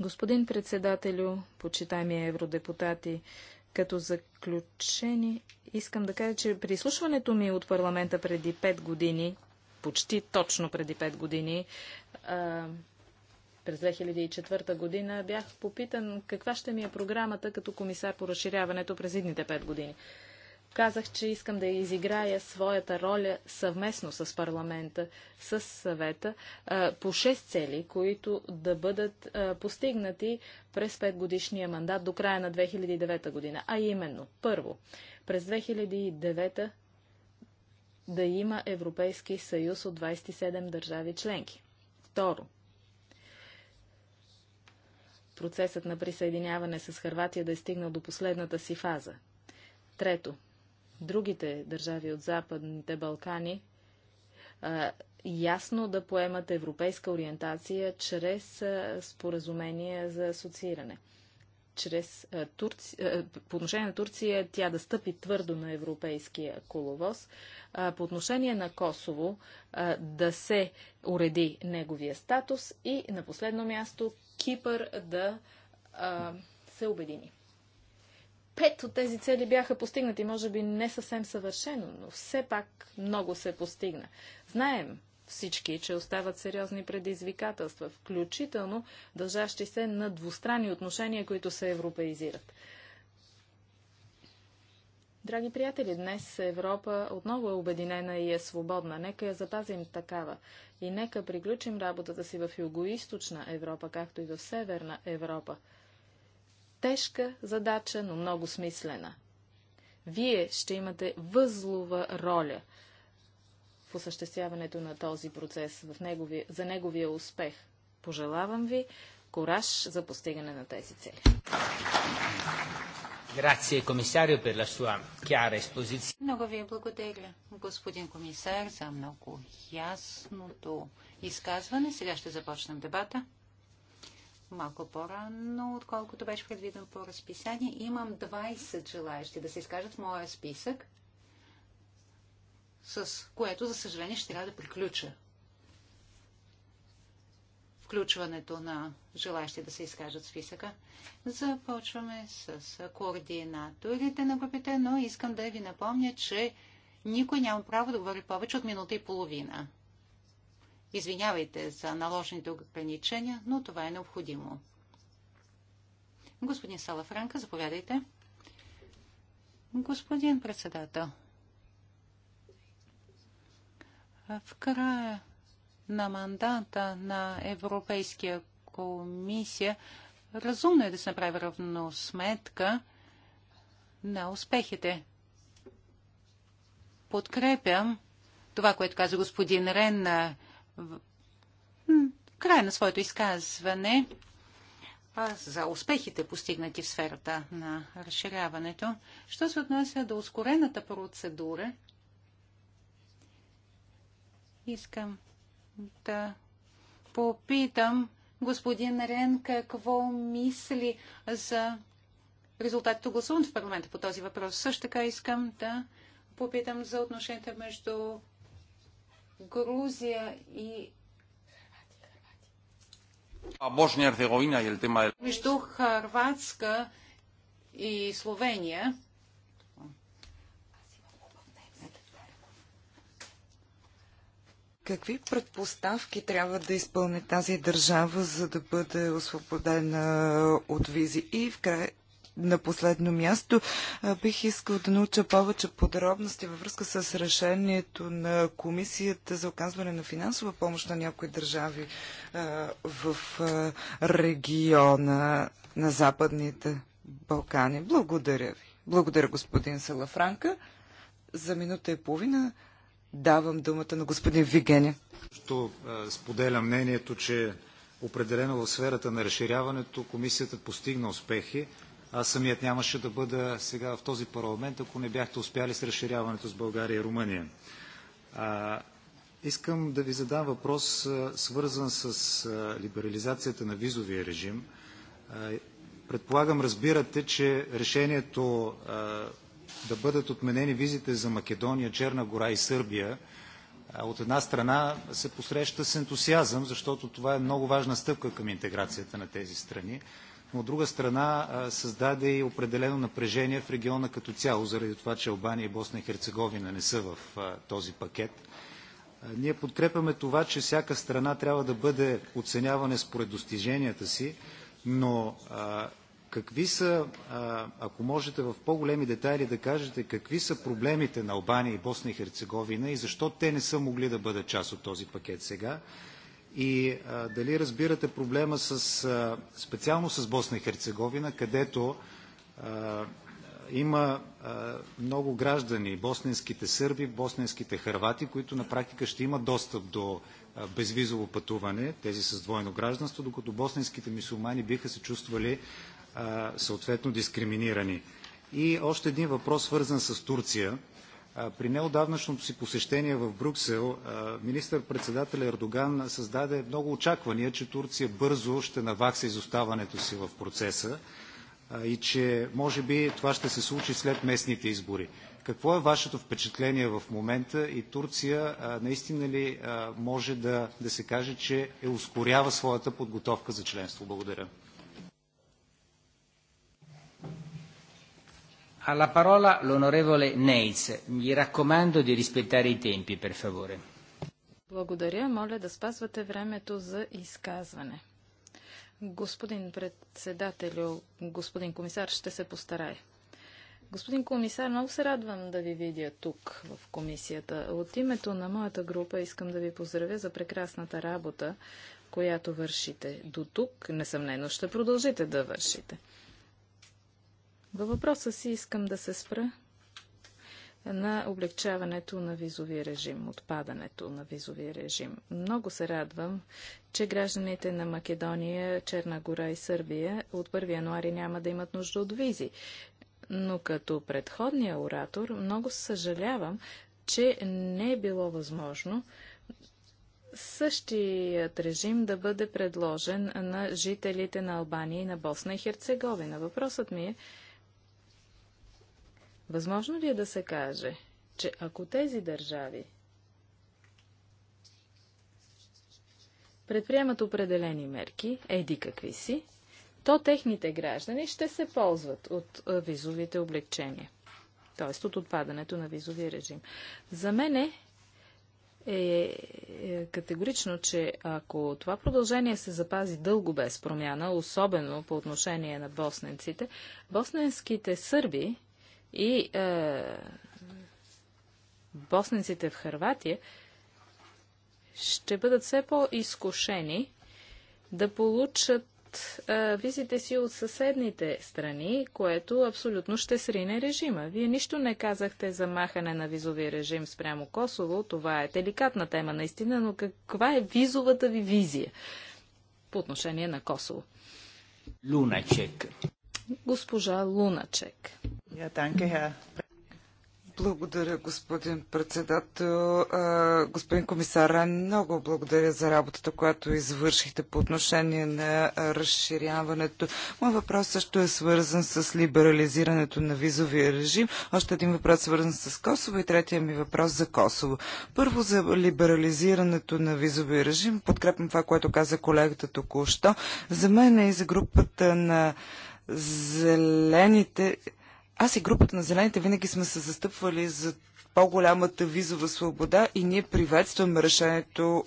господин председателю, почитаеми евродепутати, като заключение искам да кажа, че при изслушването ми от парламента преди 5 години, почти точно преди 5 години, през 2004 година, бях попитан каква ще ми е програмата като комисар по разширяването през едните 5 години казах, че искам да изиграя своята роля съвместно с парламента, с съвета, по 6 цели, които да бъдат постигнати през петгодишния мандат до края на 2009 година. А именно, първо, през 2009 да има Европейски съюз от 27 държави членки. Второ, процесът на присъединяване с Харватия да е стигнал до последната си фаза. Трето, другите държави от Западните Балкани а, ясно да поемат европейска ориентация чрез а, споразумение за асоцииране. Чрез, а, Турци... По отношение на Турция тя да стъпи твърдо на европейския коловоз. По отношение на Косово да се уреди неговия статус и на последно място Кипър да се обедини пет от тези цели бяха постигнати, може би не съвсем съвършено, но все пак много се постигна. Знаем всички, че остават сериозни предизвикателства, включително дължащи се на двустранни отношения, които се европеизират. Драги приятели, днес Европа отново е обединена и е свободна. Нека я запазим такава. И нека приключим работата си в югоисточна Европа, както и в Северна Европа. Тежка задача, но много смислена. Вие ще имате възлова роля в осъществяването на този процес, в негови, за неговия успех. Пожелавам ви кораж за постигане на тези цели.
Grazie, комисарио, per la sua chiara esposizione.
Много ви благодаря, господин комисар, за много ясното изказване. Сега ще започнем дебата малко по-рано, отколкото беше предвидено по разписание. Имам 20 желаящи да се изкажат в моя списък, с което, за съжаление, ще трябва да приключа включването на желащи да се изкажат в списъка. Започваме с координаторите на групите, но искам да ви напомня, че никой няма право да говори повече от минута и половина. Извинявайте за наложените ограничения, но това е необходимо. Господин Салафранка, заповядайте. Господин председател, в края на мандата на Европейския комисия разумно е да се направи равносметка на успехите. Подкрепям това, което каза господин Ренна в края на своето изказване за успехите, постигнати в сферата на разширяването. Що се отнася до ускорената процедура, искам да попитам господин Рен какво мисли за резултатите гласуването в парламента по този въпрос. Също така искам да попитам за отношенията между Грузия и
Босния Херцеговина и тема е... Между
Харватска и Словения.
Какви предпоставки трябва да изпълни тази държава, за да бъде освободена от визи? И в край, на последно място. Бих искал да науча повече подробности във връзка с решението на Комисията за оказване на финансова помощ на някои държави в региона на Западните Балкани. Благодаря ви. Благодаря, господин Салафранка. За минута и половина давам думата на господин Вигене. Що споделя мнението, че
определено в сферата на разширяването комисията постигна успехи, аз самият нямаше да бъда сега в този парламент, ако не бяхте успяли с разширяването с България и Румъния. А, искам да ви задам въпрос, свързан с либерализацията на визовия режим. Предполагам, разбирате, че решението а, да бъдат отменени визите за Македония, Черна гора и Сърбия а, от една страна се посреща с ентусиазъм, защото това е много важна стъпка към интеграцията на тези страни но от друга страна създаде и определено напрежение в региона като цяло, заради това, че Албания и Босна и Херцеговина не са в този пакет. Ние подкрепяме това, че всяка страна трябва да бъде оценявана според достиженията си, но какви са, ако можете в по-големи детайли да кажете, какви са проблемите на Албания и Босна и Херцеговина и защо те не са могли да бъдат част от този пакет сега? и а, дали разбирате проблема с, а, специално с Босна и Херцеговина, където а, има а, много граждани, босненските сърби, босненските хървати, които на практика ще имат достъп до а, безвизово пътуване, тези с двойно гражданство, докато босненските мусулмани биха се чувствали а, съответно дискриминирани. И още един въпрос, свързан с Турция при неодавнашното си посещение в Брюксел министър-председателя Ердоган създаде много очаквания, че Турция бързо ще навакса изоставането си в процеса и че може би това ще се случи след местните избори. Какво е вашето впечатление в момента и Турция наистина ли може да, да се каже, че е ускорява своята подготовка за членство? Благодаря.
Ha la parola l'onorevole Нейц. Mi raccomando di rispettare i tempi, per favore.
Благодаря. Моля да спазвате времето за изказване. Господин председател, господин комисар, ще се постарай. Господин комисар, много се радвам да ви видя тук в комисията. От името на моята група искам да ви поздравя за прекрасната работа, която вършите до тук. Несъмнено ще продължите да вършите. Във въпроса си искам да се спра на облегчаването на визовия режим, отпадането на визовия режим. Много се радвам, че гражданите на Македония, Черна гора и Сърбия от 1 януари няма да имат нужда от визи. Но като предходния оратор много съжалявам, че не е било възможно същият режим да бъде предложен на жителите на Албания и на Босна и Херцеговина. Въпросът ми е, Възможно ли е да се каже, че ако тези държави предприемат определени мерки, еди какви си, то техните граждани ще се ползват от визовите облегчения, т.е. от отпадането на визовия режим. За мен е е, е, е категорично, че ако това продължение се запази дълго без промяна, особено по отношение на босненците, босненските сърби и е, босниците в Харватия ще бъдат все по-изкушени да получат е, визите си от съседните страни, което абсолютно ще срине режима. Вие нищо не казахте за махане на визовия режим спрямо Косово. Това е деликатна тема наистина, но каква е визовата ви визия по отношение на Косово?
Луначек.
Госпожа Луначек.
Благодаря, господин председател. Господин комисар, много благодаря за работата, която извършихте по отношение на разширяването. Моят въпрос също е свързан с либерализирането на визовия режим. Още един въпрос свързан с Косово и третия ми въпрос за Косово. Първо за либерализирането на визовия режим. Подкрепям това, което каза колегата току-що. За мен и за групата на зелените аз и групата на зелените винаги сме се застъпвали за по-голямата визова свобода и ние приветстваме решението,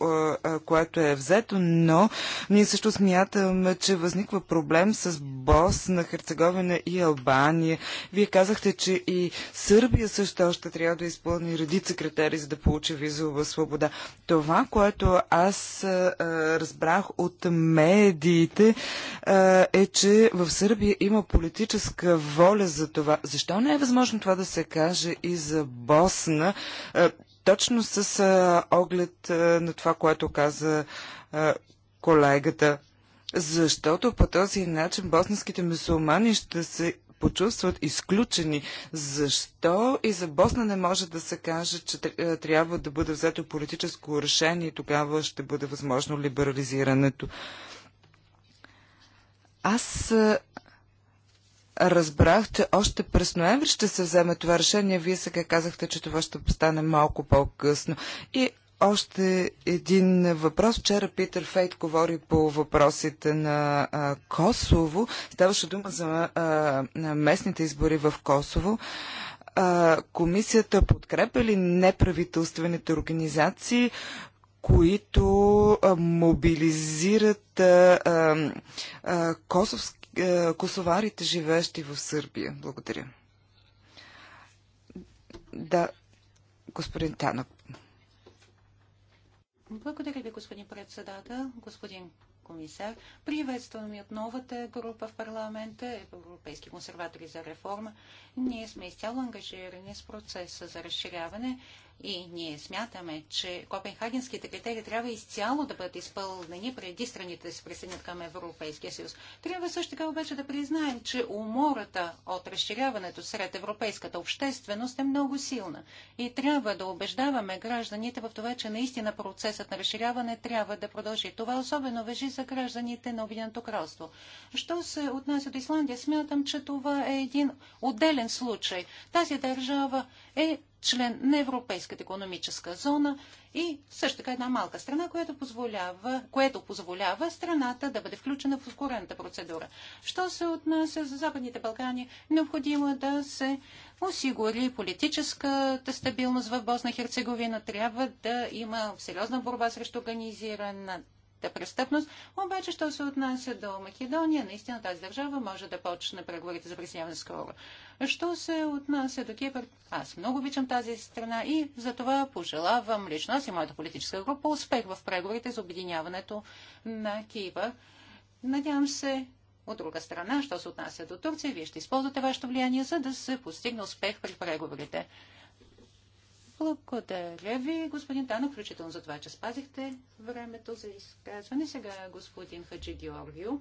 което е взето, но ние също смятаме, че възниква проблем с Босна, Херцеговина и Албания. Вие казахте, че и Сърбия също още трябва да изпълни редица критерии, за да получи визова свобода. Това, което аз разбрах от медиите, е, че в Сърбия има политическа воля за това. Защо не е възможно това да се каже и за Босна? ясна, е, точно с е, оглед е, на това, което каза колегата. Защото по този начин боснаските мусулмани ще се почувстват изключени. Защо и за Босна не може да се каже, че трябва да бъде взето политическо решение и тогава ще бъде възможно либерализирането? Аз разбрах, че още през ноември ще се вземе това решение. Вие сега казахте, че това ще стане малко по-късно. И още един въпрос. Вчера Питер Фейт говори по въпросите на а, Косово. Ставаше дума за а, на местните избори в Косово. А, комисията подкрепя ли неправителствените организации, които а, мобилизират а, а, косовски е, косоварите, живеещи в Сърбия. Благодаря. Да, господин Танък.
Благодаря ви, господин председател, господин комисар. Приветствам и от новата група в парламента, Европейски консерватори за реформа. Ние сме изцяло ангажирани с процеса за разширяване. И ние смятаме, че копенхагенските критерии трябва изцяло да бъдат изпълнени преди страните да се присъединят към Европейския съюз. Трябва също така обаче да признаем, че умората от разширяването сред европейската общественост е много силна. И трябва да убеждаваме гражданите в това, че наистина процесът на разширяване трябва да продължи. Това особено въжи за гражданите на Обединеното кралство. Що се отнася до Исландия, смятам, че това е един отделен случай. Тази държава е член на Европейската економическа зона и също така една малка страна, която позволява, което позволява страната да бъде включена в ускорената процедура. Що се отнася за Западните Балкани, необходимо е да се осигури политическата стабилност в Босна Херцеговина. Трябва да има сериозна борба срещу организирана престъпност. Обаче, що се отнася до Македония, наистина тази държава може да почне преговорите за присъединяване скоро. Що се отнася до Кипър, аз много обичам тази страна и за това пожелавам лично аз и моята политическа група успех в преговорите за обединяването на Кипър. Надявам се, от друга страна, що се отнася до Турция, вие ще използвате вашето влияние, за да се постигне успех при преговорите. Благодаря ви, господин Танов, включително за това, че спазихте времето за изказване. Сега господин Хаджи Георгио.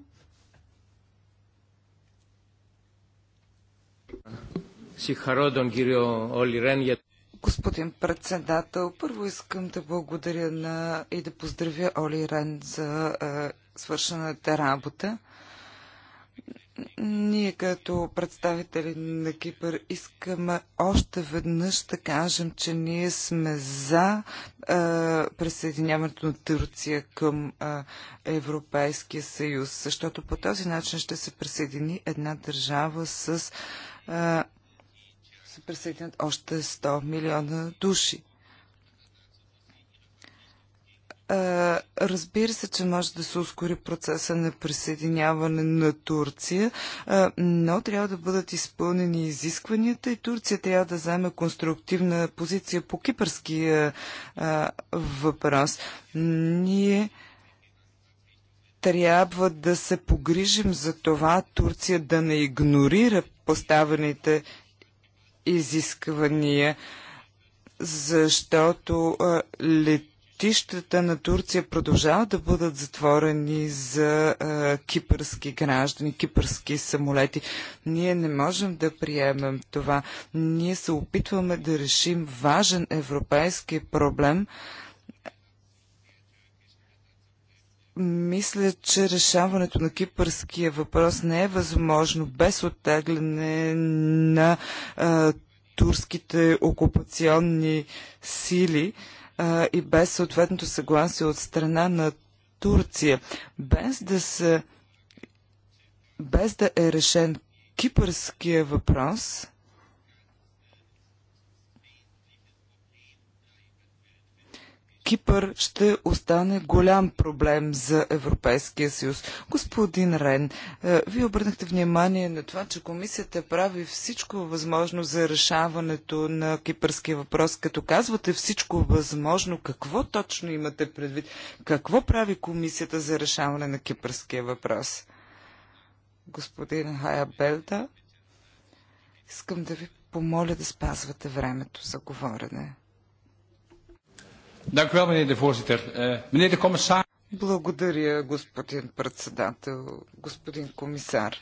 Господин председател, първо искам да благодаря на и да поздравя Оли Рен за е, свършената работа. Ние като представители на Кипър искаме още веднъж да кажем, че ние сме за е, присъединяването на Турция към е, Европейския съюз, защото по този начин ще се присъедини една държава с е, се присъединят още 100 милиона души. Разбира се, че може да се ускори процеса на присъединяване на Турция, но трябва да бъдат изпълнени изискванията и Турция трябва да вземе конструктивна позиция по кипърския въпрос. Ние трябва да се погрижим за това Турция да не игнорира поставените изисквания, защото а, летищата на Турция продължават да бъдат затворени за кипърски граждани, кипърски самолети. Ние не можем да приемем това. Ние се опитваме да решим важен европейски проблем. Мисля, че решаването на кипърския въпрос не е възможно без оттегляне на а, турските окупационни сили. А, а, и без съответното съгласие от страна на Турция, без да, се, без да е решен кипърския въпрос, Кипър ще остане голям проблем за Европейския съюз. Господин Рен, е, вие обърнахте внимание на това, че комисията прави всичко възможно за решаването на кипърския въпрос. Като казвате всичко възможно, какво точно имате предвид? Какво прави комисията за решаване на кипърския въпрос? Господин Хая Белда, искам да ви помоля да спазвате времето за говорене. Eh, Благодаря, господин председател, господин комисар.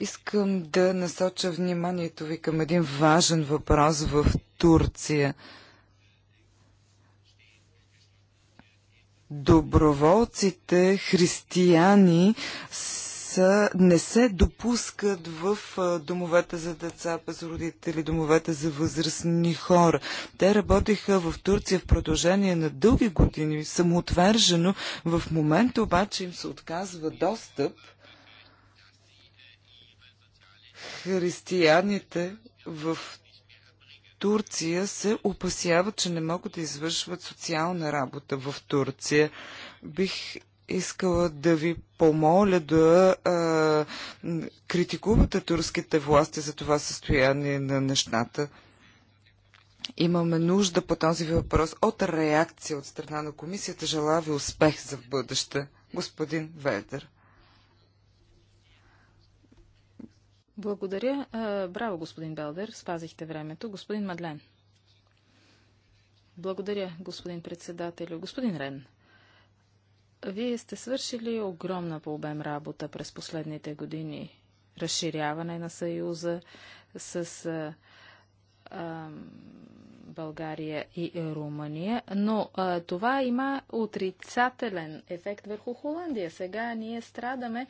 Искам да насоча вниманието ви към един важен въпрос в Турция. Доброволците, християни, деца не се допускат в домовете за деца без родители, домовете за възрастни хора. Те работиха в Турция в продължение на дълги години, самоотвержено. В момента обаче им се отказва достъп. Християните в Турция се опасяват, че не могат да извършват социална работа в Турция. Бих искала да ви помоля да а, критикувате турските власти за това състояние на нещата. Имаме нужда по този въпрос от реакция от страна на комисията. Желая ви успех за в бъдеще, господин Ведер.
Благодаря. Браво, господин Белдер. Спазихте времето. Господин Мадлен. Благодаря, господин председател. Господин Рен. Вие сте свършили огромна по обем работа през последните години. Разширяване на Съюза с а, а, България и Румъния, но а, това има отрицателен ефект върху Холандия. Сега ние страдаме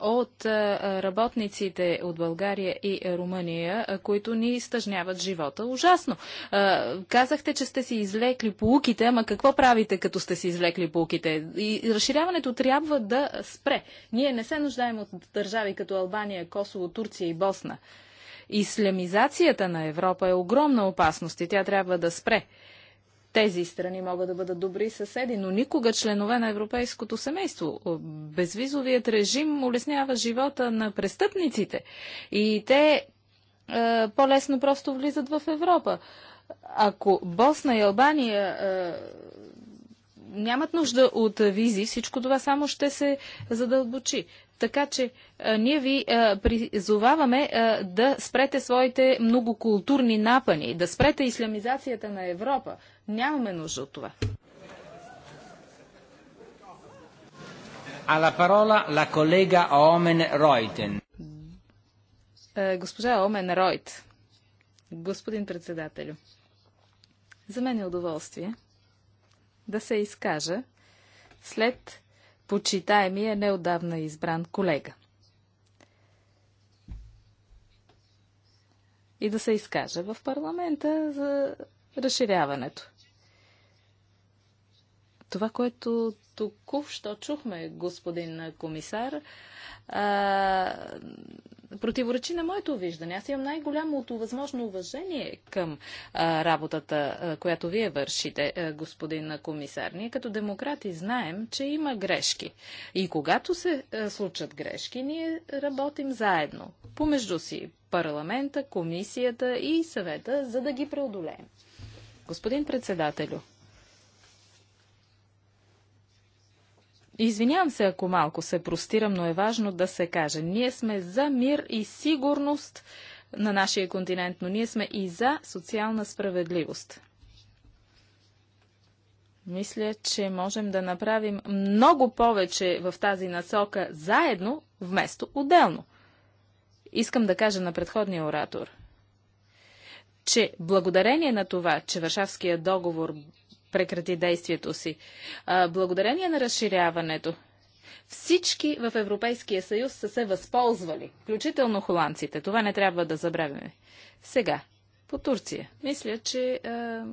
от а, работниците от България и Румъния, а, които ни изтъжняват живота. Ужасно! А, казахте, че сте си излекли полуките, ама какво правите, като сте си извлекли полуките? И разширяването трябва да спре. Ние не се нуждаем от държави като Албания, Косово, Турция и Босна. Ислямизацията на Европа е огромна опасност и тя трябва да спре. Тези страни могат да бъдат добри съседи, но никога членове на европейското семейство. Безвизовият режим улеснява живота на престъпниците и те е, по-лесно просто влизат в Европа. Ако Босна и Албания е, нямат нужда от визи, всичко това само ще се задълбочи. Така че а, ние ви а, призоваваме а, да спрете своите многокултурни напани, да спрете исламизацията на Европа. Нямаме нужда от това.
Alla parola la collega Omen Reuten.
Госпожа Омен Ройт, господин председателю, за мен е удоволствие да се изкажа след почитаемия неодавна избран колега. И да се изкаже в парламента за разширяването. Това, което току-що чухме, господин комисар, а, противоречи на моето виждане. Аз имам най-голямото възможно уважение към а, работата, а, която вие вършите, а, господин комисар. Ние като демократи знаем, че има грешки. И когато се а, случат грешки, ние работим заедно, помежду си парламента, комисията и съвета, за да ги преодолеем. Господин председателю, Извинявам се, ако малко се простирам, но е важно да се каже. Ние сме за мир и сигурност на нашия континент, но ние сме и за социална справедливост. Мисля, че можем да направим много повече в тази насока заедно, вместо отделно. Искам да кажа на предходния оратор, че благодарение на това, че Варшавския договор прекрати действието си. А, благодарение на разширяването, всички в Европейския съюз са се възползвали, включително холандците. Това не трябва да забравяме. Сега, по Турция. Мисля, че а,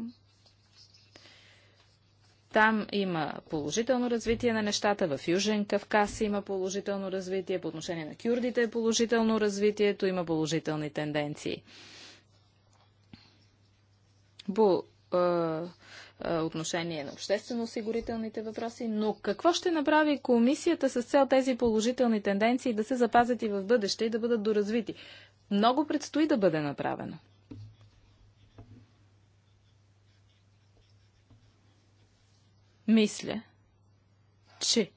там има положително развитие на нещата, в Южен Кавказ има положително развитие, по отношение на кюрдите е положително развитието, има положителни тенденции. Бо, а, е, отношение на обществено-осигурителните въпроси, но какво ще направи комисията с цел тези положителни тенденции да се запазят и в бъдеще и да бъдат доразвити? Много предстои да бъде направено. Мисля, че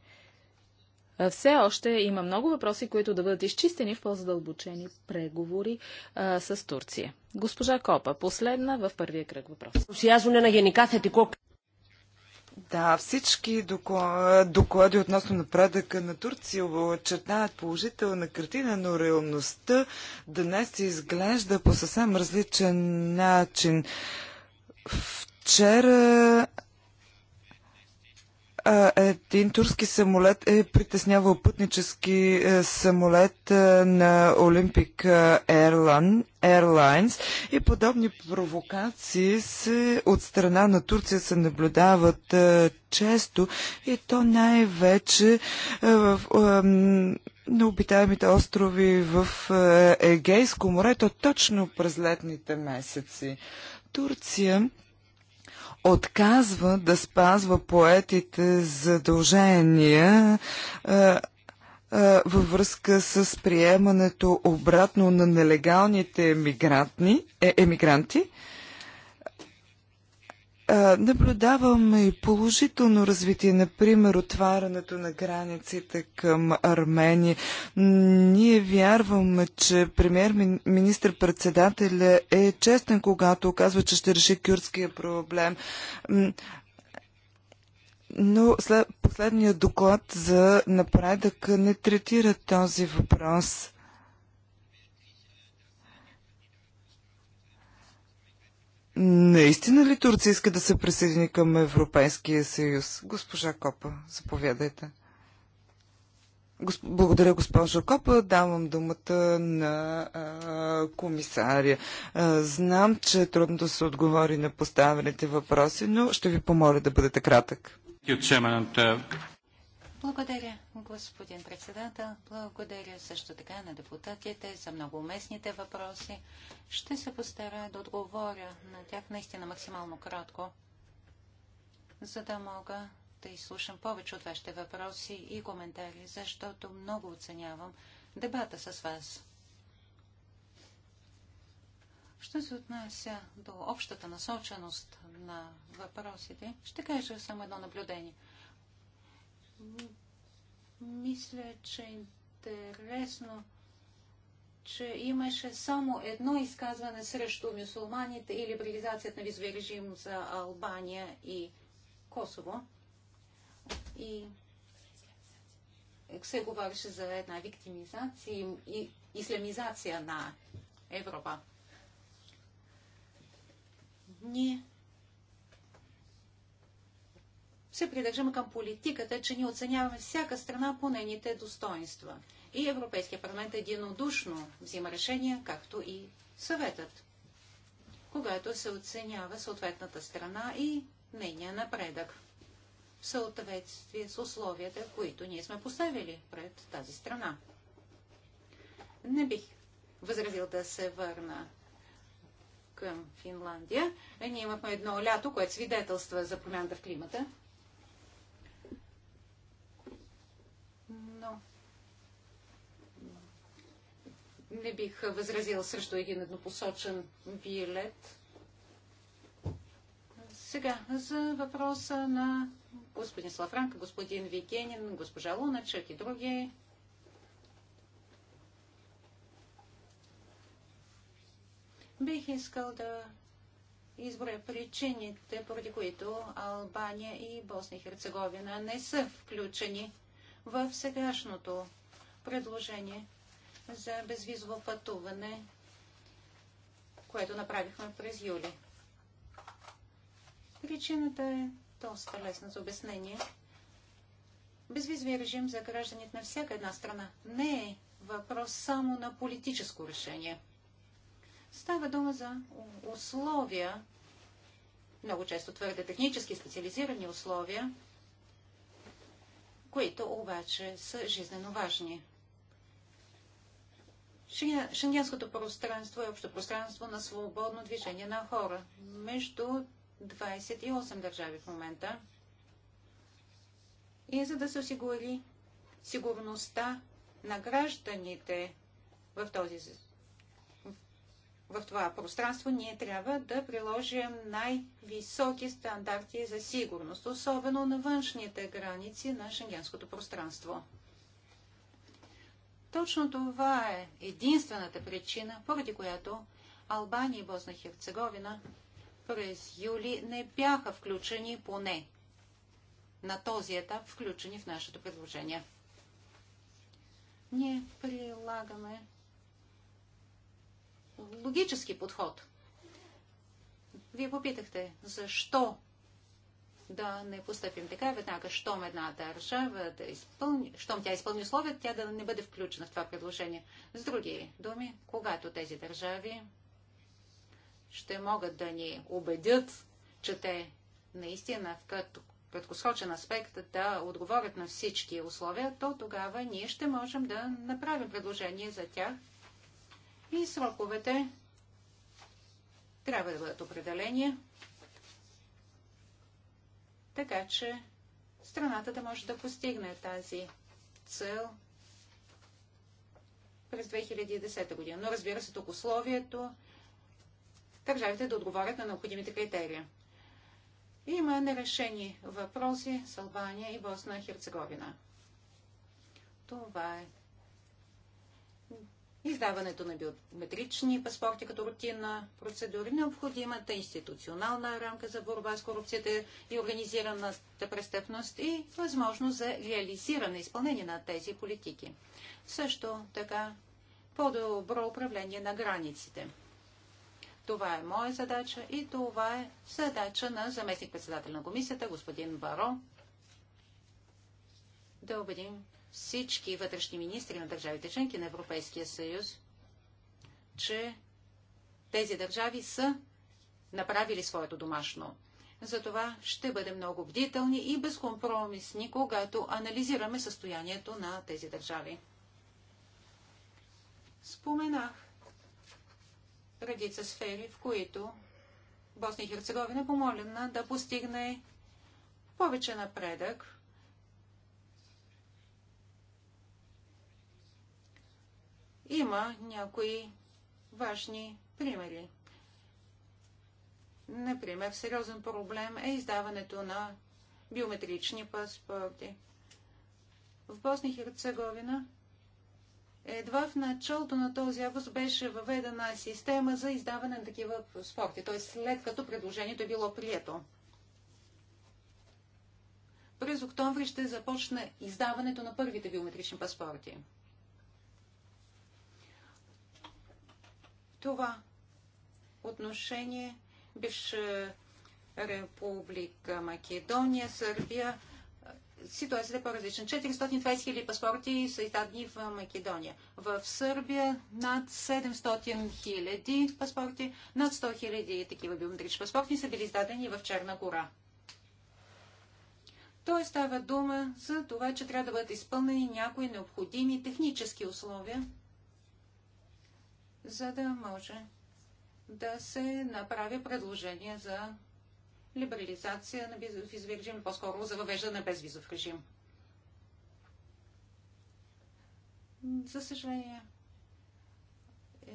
все още има много въпроси, които да бъдат изчистени в по-задълбочени преговори а, с Турция. Госпожа Копа, последна в първия кръг въпрос.
Да, всички доклади относно напредъка на Турция очертават положителна картина, но реалността днес се изглежда по съвсем различен начин. Вчера един турски самолет е притеснявал пътнически е, самолет е, на Olympic е, Airlines и подобни провокации се, от страна на Турция се наблюдават често и то най-вече в на обитаемите острови в Егейско море, то точно през летните месеци. Турция отказва да спазва поетите задължения а, а, във връзка с приемането обратно на нелегалните е, емигранти наблюдаваме и положително развитие, например, отварянето на границите към Армения. Ние вярваме, че премьер министр председателя е честен, когато казва, че ще реши кюрдския проблем. Но след, последният доклад за напредък не третира този въпрос. Наистина ли Турция иска да се присъедини към Европейския съюз? Госпожа Копа, заповядайте. Благодаря, госпожо Копа. Давам думата на а, комисаря. А, знам, че е трудно се отговори на поставените въпроси, но ще ви помоля да бъдете кратък.
Благодаря, господин председател. Благодаря също така на депутатите за много уместните въпроси. Ще се постарая да отговоря на тях наистина максимално кратко, за да мога да изслушам повече от вашите въпроси и коментари, защото много оценявам дебата с вас. Що се отнася до общата насоченост на въпросите, ще кажа само едно наблюдение – мисля, че е интересно, че имаше само едно изказване срещу мюсулманите и либерализацията на визови режим за Албания и Косово. И се говореше за една виктимизация и ислямизация на Европа. Ние се придържаме към политиката, че ние оценяваме всяка страна по нейните достоинства. И Европейския парламент единодушно взима решения, както и съветът, когато се оценява съответната страна и нейния напредък в съответствие с условията, които ние сме поставили пред тази страна. Не бих възразил да се върна към Финландия. Ние имахме едно лято, което свидетелства за промяната в климата. не бих възразила срещу един еднопосочен билет. Сега за въпроса на господин Слафранк, господин Вигенин, госпожа Луначек и други. Бих искал да изброя причините, поради които Албания и Босния и Херцеговина не са включени в сегашното предложение – за безвизово пътуване, което направихме през юли. Причината е доста лесна за обяснение. Безвизовия режим за гражданите на всяка една страна не е въпрос само на политическо решение. Става дума за условия, много често твърде технически специализирани условия, които обаче са жизненно важни. Шенгенското пространство е общо пространство на свободно движение на хора между 28 държави в момента. И за да се осигури сигурността на гражданите в, този, в това пространство, ние трябва да приложим най-високи стандарти за сигурност, особено на външните граници на шенгенското пространство. Точно това е единствената причина, поради която Албания и Босна Херцеговина през юли не бяха включени поне на този етап включени в нашето предложение. Ние прилагаме логически подход. Вие попитахте, защо да не поступим така веднага, щом една държава да изпълни, щом тя изпълни условия, тя да не бъде включена в това предложение. С други думи, когато тези държави ще могат да ни убедят, че те наистина в краткосрочен аспект да отговорят на всички условия, то тогава ние ще можем да направим предложение за тях и сроковете трябва да бъдат определени така че страната да може да постигне тази цел през 2010 година. Но разбира се, тук условието държавите да отговорят на необходимите критерии. Има нерешени въпроси с Албания и Босна и Херцеговина. Това е издаването на биометрични паспорти като рутинна процедура, необходимата е институционална рамка за борба с корупцията и организираната престъпност и възможност за реализиране изпълнение на тези политики. Също така по-добро управление на границите. Това е моя задача и това е задача на заместник-председател на комисията, господин Баро, да убедим всички вътрешни министри на държавите членки на Европейския съюз, че тези държави са направили своето домашно. Затова ще бъдем много бдителни и безкомпромисни, когато анализираме състоянието на тези държави. Споменах редица сфери, в които Босния и Херцеговина помолена да постигне повече напредък Има някои важни примери. Например, сериозен проблем е издаването на биометрични паспорти. В Босния и Херцеговина едва в началото на този август беше въведена система за издаване на такива паспорти, т.е. след като предложението е било прието. През октомври ще започне издаването на първите биометрични паспорти. това отношение беше е, Република Македония, Сърбия. Е, ситуацията е по-различна. 420 000 паспорти са издадени в Македония. В Сърбия над 700 000 паспорти, над 100 000 такива биометрични паспорти са били издадени в Черна гора. Той става дума за това, че трябва да бъдат изпълнени някои необходими технически условия, за да може да се направи предложение за либерализация на визови режим, по-скоро за въвеждане на безвизов режим. За съжаление, е,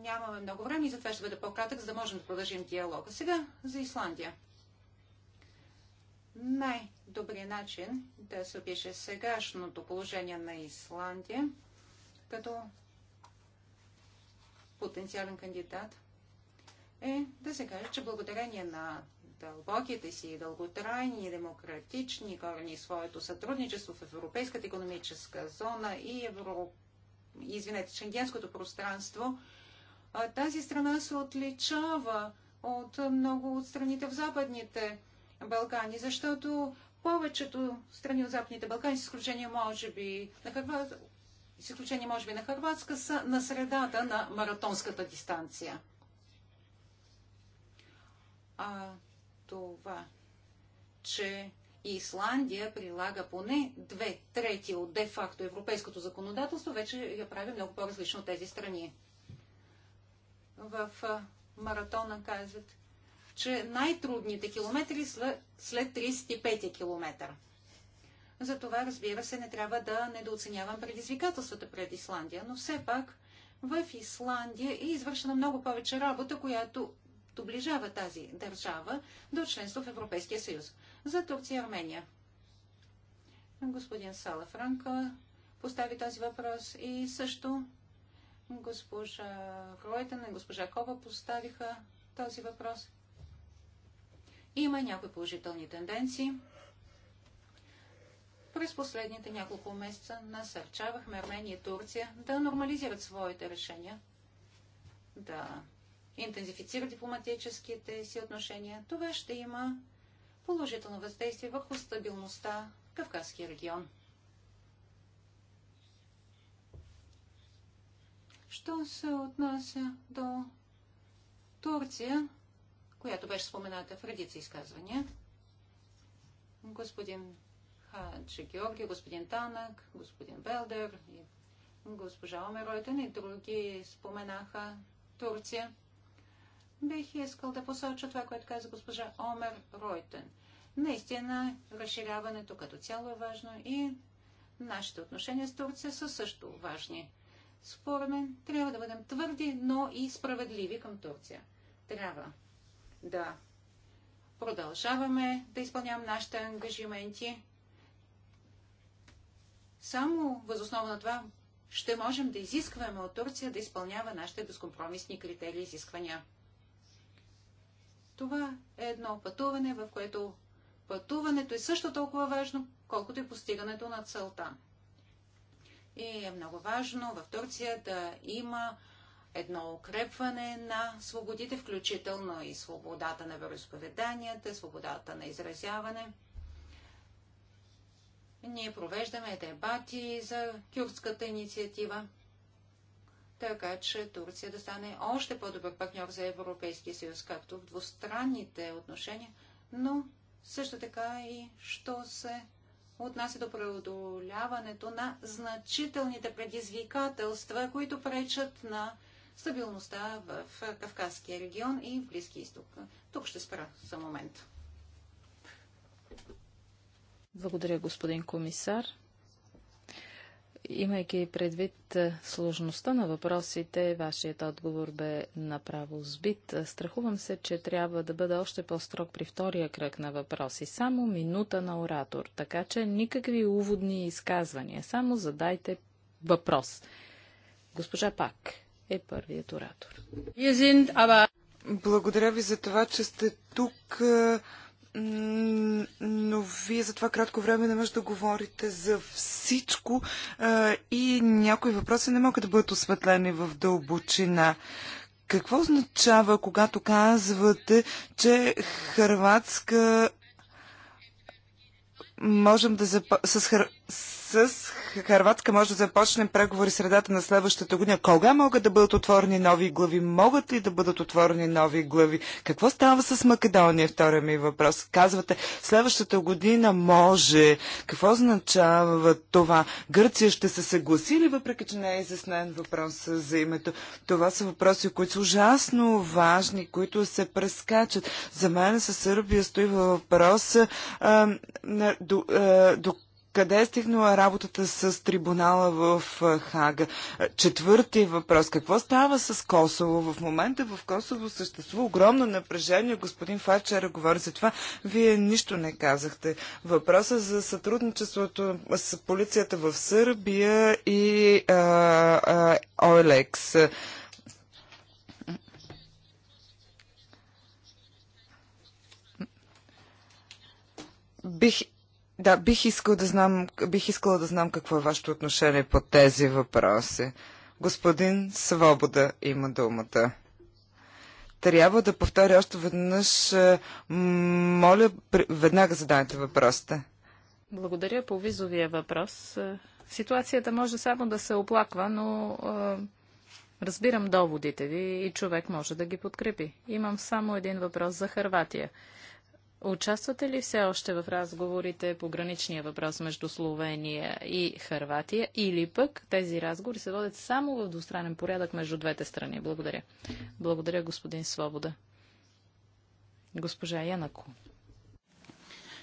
нямаме много време и затова ще бъде по-кратък, за да можем да продължим диалога. Сега за Исландия. Най-добрият начин да се опише сегашното положение на Исландия, като потенциален кандидат, е да се каже, че благодарение на дълбоките си дълготрайни демократични корени своето сътрудничество в Европейската економическа зона и Евро... извинете, Шенгенското пространство, тази страна се отличава от много от страните в Западните Балкани, защото повечето страни от Западните Балкани, с изключение може би на каква изключение може би на Харватска, са на средата на маратонската дистанция. А това, че Исландия прилага поне две трети от де-факто европейското законодателство, вече я прави много по-различно от тези страни. В маратона казват, че най-трудните километри след 35 километър. Затова, разбира се, не трябва да недооценявам предизвикателствата пред Исландия, но все пак в Исландия е извършена много повече работа, която доближава тази държава до членство в Европейския съюз. За Турция и Армения. Господин Сала Франка постави този въпрос и също госпожа Ройтен и госпожа Кова поставиха този въпрос. Има някои положителни тенденции. През последните няколко месеца насърчавахме Армения и Турция да нормализират своите решения, да интензифицират дипломатическите си отношения. Това ще има положително въздействие върху стабилността в Кавказския регион. Що се отнася до Турция, която беше спомената в редица изказвания, господин че Георги, господин Танък, господин Белдер и госпожа Омеройтен и други споменаха Турция. Бих искал да посоча това, което каза госпожа Омер Ройтен. Наистина, разширяването като цяло е важно и нашите отношения с Турция са също важни. Според мен, трябва да бъдем твърди, но и справедливи към Турция. Трябва да продължаваме да изпълнявам нашите ангажименти само възоснова на това ще можем да изискваме от Турция да изпълнява нашите безкомпромисни критерии и изисквания. Това е едно пътуване, в което пътуването е също толкова важно, колкото и постигането на целта. И е много важно в Турция да има едно укрепване на свободите, включително и свободата на вероисповеданията, свободата на изразяване – ние провеждаме дебати за кюртската инициатива, така че Турция да стане още по-добър партньор за Европейския съюз, както в двустранните отношения, но също така и що се отнася до преодоляването на значителните предизвикателства, които пречат на стабилността в Кавказския регион и в Близки изток. Тук ще спра за момент.
Благодаря, господин комисар. Имайки предвид сложността на въпросите, вашият отговор бе направо сбит. Страхувам се, че трябва да бъда още по-строг при втория кръг на въпроси. Само минута на оратор, така че никакви уводни изказвания. Само задайте въпрос. Госпожа Пак
е първият оратор. Благодаря ви за това, че сте тук но вие за това кратко време не можете да говорите за всичко а, и някои въпроси не могат да бъдат осветлени в дълбочина. Какво означава, когато казвате, че Хрватска можем да запа... с, хр с Харватска може да започнем преговори средата на следващата година. Кога могат да бъдат отворени нови глави? Могат ли да бъдат отворени нови глави? Какво става с Македония? Втория ми въпрос. Казвате, следващата година може. Какво означава това? Гърция ще се съгласи ли, въпреки че не е изяснен въпрос за името? Това са въпроси, които са ужасно важни, които се прескачат. За мен със Сърбия стои въпрос а, до, а, е, до къде е стигнала работата с трибунала в Хага? Четвърти въпрос. Какво става с Косово? В момента в Косово съществува огромно напрежение. Господин Фачера говори за това. Вие нищо не казахте. Въпросът за сътрудничеството с полицията в Сърбия и а, а, Ойлекс. бих да, бих, искал да знам, бих искала да знам какво е вашето отношение по тези въпроси. Господин Свобода има думата. Трябва да повторя още веднъж. Е, моля, веднага задайте въпросите.
Благодаря по визовия въпрос. Е, ситуацията може само да се оплаква, но е, разбирам доводите ви и човек може да ги подкрепи. Имам само един въпрос за Харватия. Участвате ли все още в разговорите по граничния въпрос между Словения и Харватия или пък тези разговори се водят само в двустранен порядък между двете страни? Благодаря. Благодаря, господин Свобода. Госпожа Янако.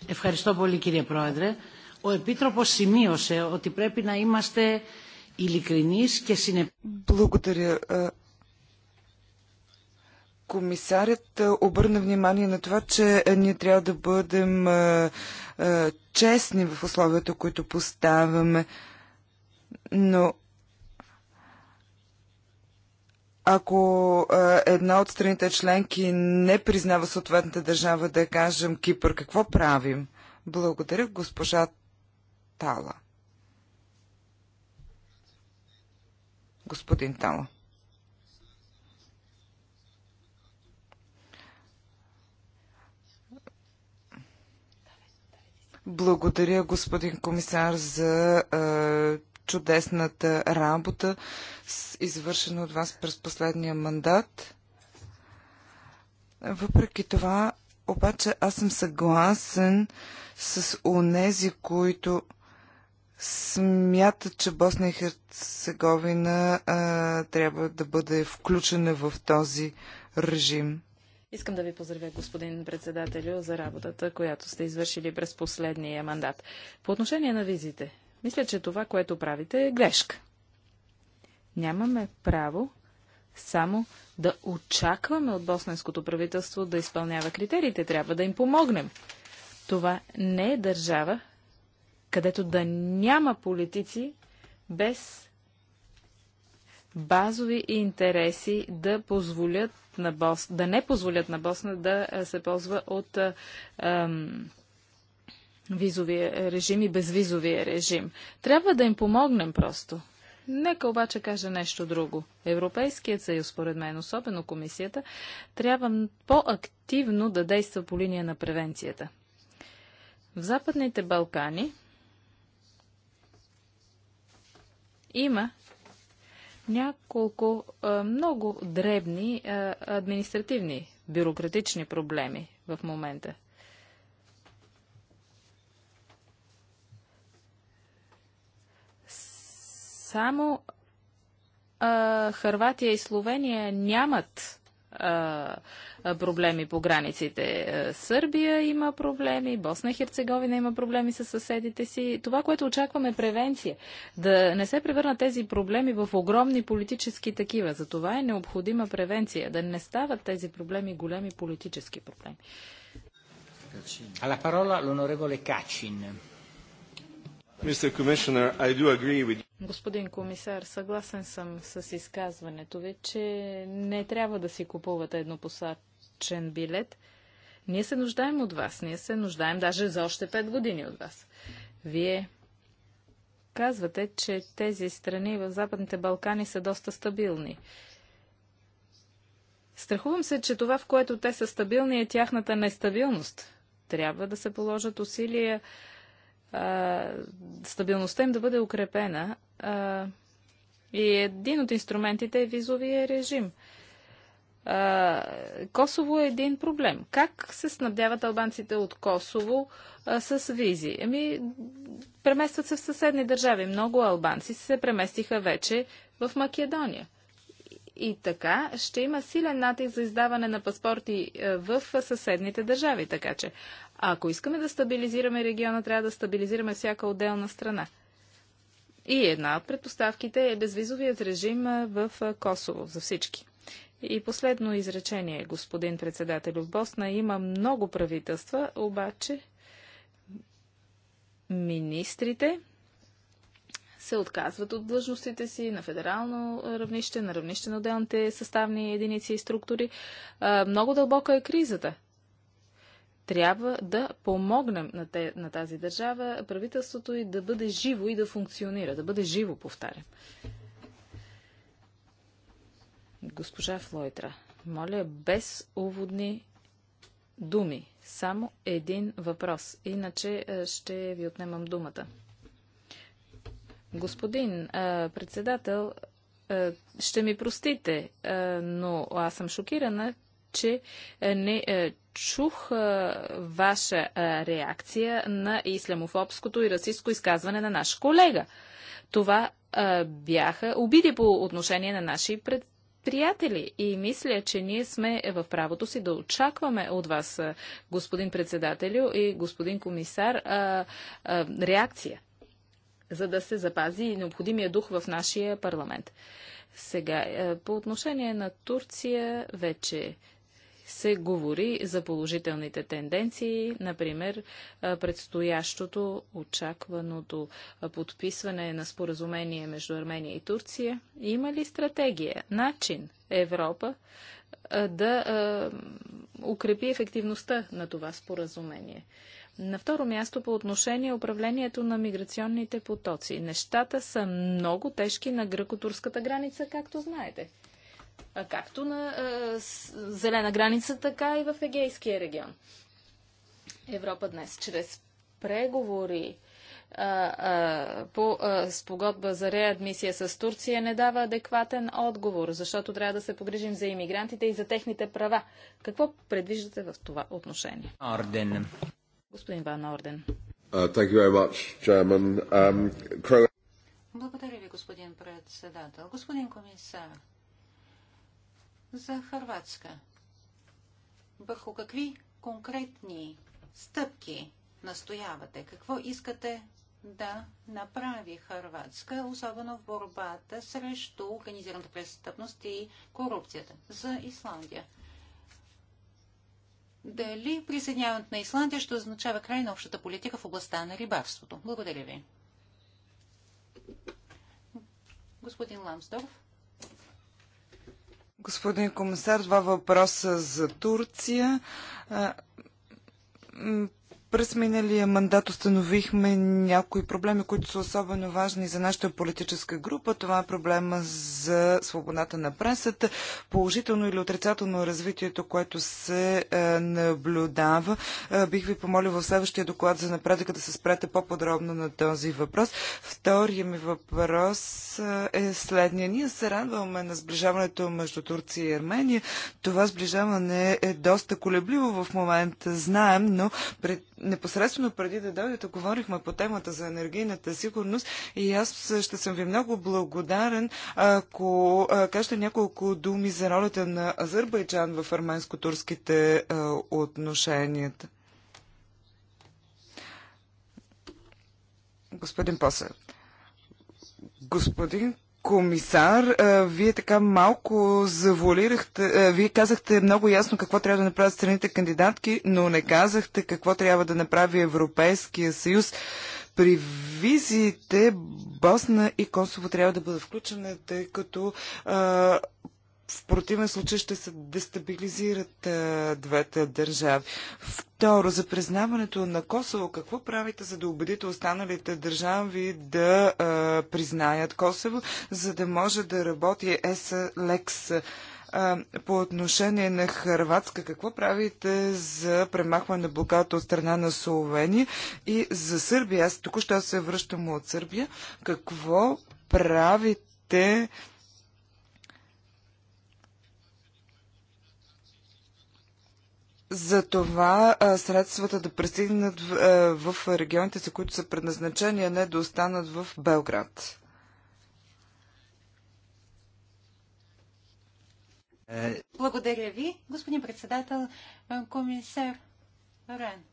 Ευχαριστώ πολύ κύριε Πρόεδρε. Ο Επίτροπος
σημείωσε ότι πρέπει να είμαστε ειλικρινείς και συνεπείς. Благодаря. Комисарят обърна внимание на това, че ние трябва да бъдем честни в условията, които поставяме. Но ако една от страните членки не признава съответната държава, да кажем Кипър, какво правим? Благодаря, госпожа Тала. Господин Тала. Благодаря, господин комисар, за е, чудесната работа, извършена от вас през последния мандат. Въпреки това, обаче, аз съм съгласен с онези, които смятат, че Босна и Херцеговина е, трябва да бъде включена в този режим.
Искам да ви поздравя, господин председателю, за работата, която сте извършили през последния мандат. По отношение на визите, мисля, че това, което правите, е грешка. Нямаме право само да очакваме от босненското правителство да изпълнява критериите. Трябва да им помогнем. Това не е държава, където да няма политици без базови интереси да позволят на Бос, да не позволят на Босна да се ползва от ам, визовия режим и безвизовия режим. Трябва да им помогнем просто. Нека обаче кажа нещо друго. Европейският съюз, според мен, особено комисията, трябва по-активно да действа по линия на превенцията. В Западните Балкани има няколко много дребни административни, бюрократични проблеми в момента. Само Хърватия и Словения нямат проблеми по границите. Сърбия има проблеми, Босна и Херцеговина има проблеми с съседите си. Това, което очакваме е превенция. Да не се превърнат тези проблеми в огромни политически такива. За това е необходима превенция. Да не стават тези проблеми големи политически проблеми.
А parola l'onorevole
Господин комисар, съгласен съм с изказването ви, че не трябва да си купувате еднопосачен билет. Ние се нуждаем от вас. Ние се нуждаем даже за още пет години от вас. Вие казвате, че тези страни в Западните Балкани са доста стабилни. Страхувам се, че това, в което те са стабилни, е тяхната нестабилност. Трябва да се положат усилия а, стабилността им да бъде укрепена. А, и един от инструментите е визовия режим. А, Косово е един проблем. Как се снабдяват албанците от Косово а, с визи? Еми, преместват се в съседни държави. Много албанци се преместиха вече в Македония. И така ще има силен натиск за издаване на паспорти е, в съседните държави. Така че, ако искаме да стабилизираме региона, трябва да стабилизираме всяка отделна страна. И една от предпоставките е безвизовият режим е, в е, Косово за всички. И последно изречение, господин председател. В Босна има много правителства, обаче министрите се отказват от длъжностите си на федерално равнище, на равнище на отделните съставни единици и структури. Много дълбока е кризата. Трябва да помогнем на, те, на тази държава, правителството и да бъде живо и да функционира, да бъде живо, повтарям. Госпожа Флойтра, моля, без уводни думи. Само един въпрос. Иначе ще ви отнемам думата. Господин а, председател, а, ще ми простите, а, но аз съм шокирана, че не а, чух а, ваша а, реакция на ислямофобското и расистско изказване на наш колега. Това бяха обиди по отношение на наши пред, приятели и мисля, че ние сме в правото си да очакваме от вас, господин председателю и господин комисар, реакция за да се запази необходимия дух в нашия парламент. Сега, е, по отношение на Турция, вече се говори за положителните тенденции, например е, предстоящото очакваното подписване на споразумение между Армения и Турция. Има ли стратегия, начин Европа е, да укрепи ефективността на това споразумение? На второ място по отношение управлението на миграционните потоци. Нещата са много тежки на гръко-турската граница, както знаете. Както на е, зелена граница, така и в Егейския регион. Европа днес чрез преговори а, а, по а, спогодба за реадмисия с Турция не дава адекватен отговор, защото трябва да се погрижим за иммигрантите и за техните права. Какво предвиждате в това отношение?
Орден.
Господин
Ван Орден.
Uh, um,
Благодаря ви, господин председател. Господин комисар, за Харватска. Върху какви конкретни стъпки настоявате? Какво искате да направи Харватска, особено в борбата срещу организираната престъпност и корупцията за Исландия? дали присъединяването на Исландия ще означава край на общата политика в областта на рибарството. Благодаря ви. Господин Ламсдорф.
Господин комисар, два въпроса за Турция през миналия мандат установихме някои проблеми, които са особено важни за нашата политическа група. Това е проблема за свободата на пресата, положително или отрицателно развитието, което се е, наблюдава. Е, бих ви помолил в следващия доклад за напредъка да се спрете по-подробно на този въпрос. Втория ми въпрос е, е следния. Ние се радваме на сближаването между Турция и Армения. Това сближаване е доста колебливо в момента, знаем, но пред непосредствено преди да дойдете, говорихме по темата за енергийната сигурност и аз ще съм ви много благодарен, ако кажете няколко думи за ролята на Азербайджан в арменско-турските отношенията. Господин Посе, господин комисар, вие така малко заволирахте, вие казахте много ясно какво трябва да направят страните кандидатки, но не казахте какво трябва да направи Европейския съюз. При визите Босна и Косово трябва да бъдат включени, тъй като а, в противен случай ще се дестабилизират а, двете държави. Второ, за признаването на Косово, какво правите, за да убедите останалите държави да а, признаят Косово, за да може да работи ЕСА лекс по отношение на Харватска, какво правите за премахване на блоката от страна на Словения и за Сърбия? Аз току-що се връщам от Сърбия. Какво правите за това средствата да пристигнат в, в регионите, за които са предназначени, а не да останат в Белград.
Благодаря ви, господин председател, комисар Рен.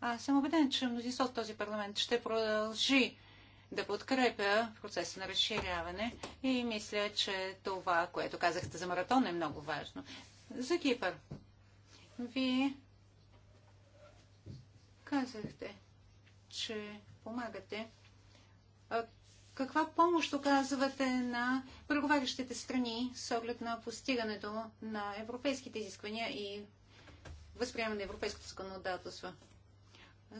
Аз съм убеден, че мнозинството в този парламент ще продължи да подкрепя процеса на разширяване и мисля, че това, което казахте за маратон е много важно. За Кипър. Вие казахте, че помагате. А каква помощ оказвате на преговарящите страни с оглед на постигането на европейските изисквания и възприемане на европейското законодателство?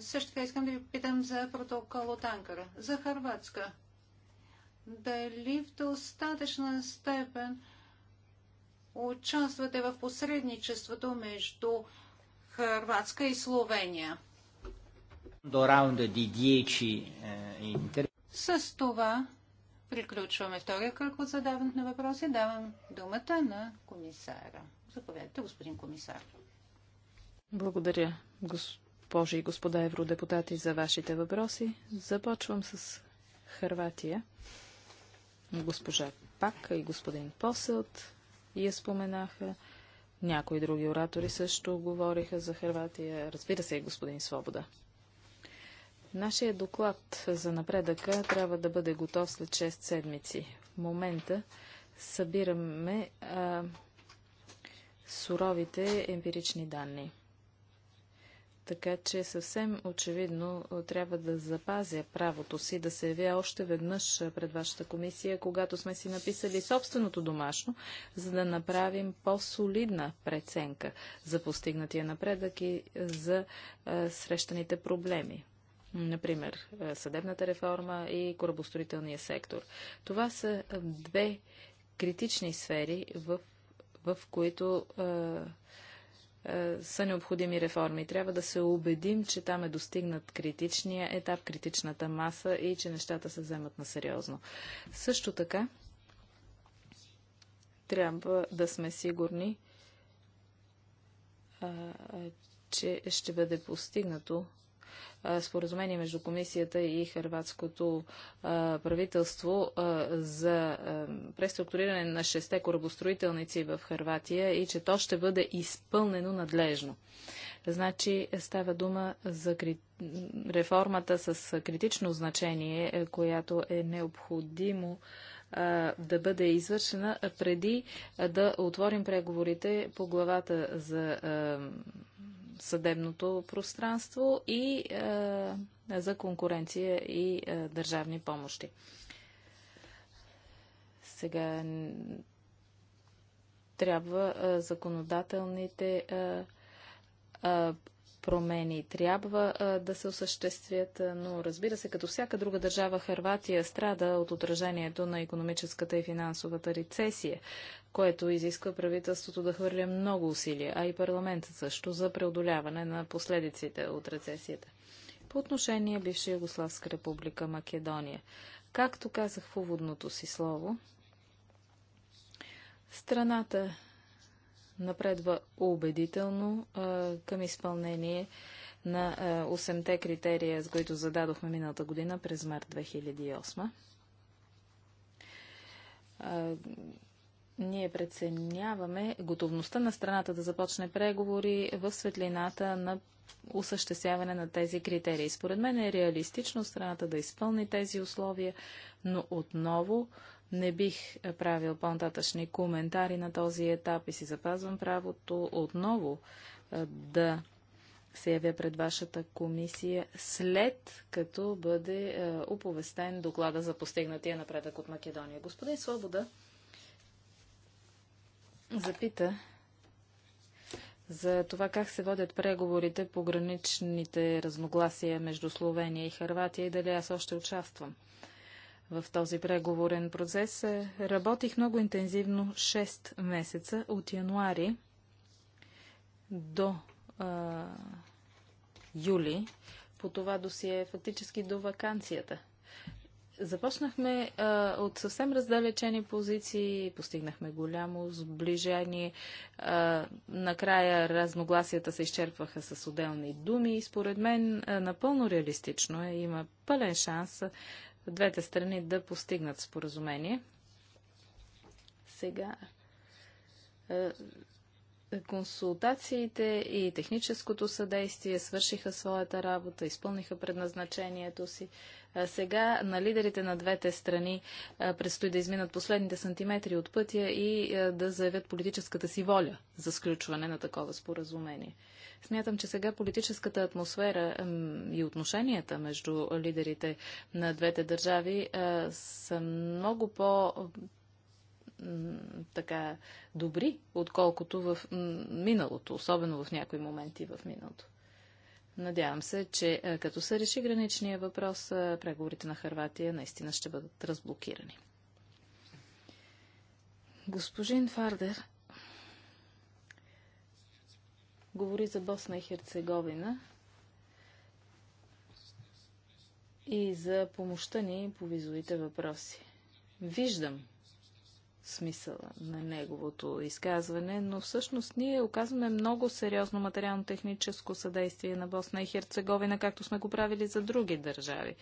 Също така искам да ви питам за протокол от Анкара, за Харватска. Дали в достатъчна степен участвате в посредничеството между Хрватска и Словения? Е, с това приключваме втория кръг от задаването на въпроси. Давам думата на комисара. Заповядайте, господин комисар.
Благодаря, госпожи и господа евродепутати, за вашите въпроси. Започвам с Харватия. Госпожа Пак и господин Поселт я споменаха. Някои други оратори също говориха за Харватия. Разбира се, и господин Свобода. Нашия доклад за напредъка трябва да бъде готов след 6 седмици. В момента събираме а, суровите емпирични данни. Така че съвсем очевидно трябва да запазя правото си да се явя още веднъж пред вашата комисия, когато сме си написали собственото домашно, за да направим по-солидна преценка за постигнатия напредък и за а, срещаните проблеми. Например, съдебната реформа и корабостроителния сектор. Това са две критични сфери, в, в които а, е, са необходими реформи. Трябва да се убедим, че там е достигнат критичния етап, критичната маса и че нещата се вземат на сериозно. Също така, трябва да сме сигурни, че ще бъде постигнато споразумение между комисията и хрватското правителство за преструктуриране на шесте корабостроителници в Хрватия и че то ще бъде изпълнено надлежно. Значи става дума за реформата с критично значение, е, която е необходимо да бъде извършена преди да отворим преговорите по главата за съдебното пространство и е, за конкуренция и е, държавни помощи. Сега трябва е, законодателните е, е, промени трябва а, е, да се осъществят, но разбира се, като всяка друга държава, Харватия страда от отражението на економическата и финансовата рецесия което изисква правителството да хвърля много усилия, а и парламентът също, за преодоляване на последиците от рецесията. По отношение бивша Югославска република Македония. Както казах в уводното си слово, страната напредва убедително а, към изпълнение на 8-те критерия, с които зададохме миналата година през март 2008. А, ние преценяваме готовността на страната да започне преговори в светлината на осъществяване на тези критерии. Според мен е реалистично страната да изпълни тези условия, но отново не бих правил по-нататъчни коментари на този етап и си запазвам правото отново да се явя пред вашата комисия след като бъде оповестен доклада за постигнатия напредък от Македония. Господин Свобода, запита за това как се водят преговорите по граничните разногласия между Словения и Харватия и дали аз още участвам в този преговорен процес. Работих много интензивно 6 месеца от януари до а, юли по това досие, фактически до вакансията – Започнахме а, от съвсем раздалечени позиции, постигнахме голямо сближение. А, накрая разногласията се изчерпваха с отделни думи и според мен а, напълно реалистично е. Има пълен шанс двете страни да постигнат споразумение. Сега Консултациите и техническото съдействие свършиха своята работа, изпълниха предназначението си. сега на лидерите на двете страни предстои да изминат последните сантиметри от пътя и да заявят политическата си воля за сключване на такова споразумение. Смятам, че сега политическата атмосфера и отношенията между лидерите на двете държави са много по така добри, отколкото в миналото, особено в някои моменти в миналото. Надявам се, че е, като се реши граничния въпрос, е, преговорите на Харватия наистина ще бъдат разблокирани. Господин Фардер говори за Босна и Херцеговина и за помощта ни по визовите въпроси. Виждам смисъла на неговото изказване, но всъщност ние оказваме много сериозно материално-техническо съдействие на Босна и Херцеговина, както сме го правили за други държави.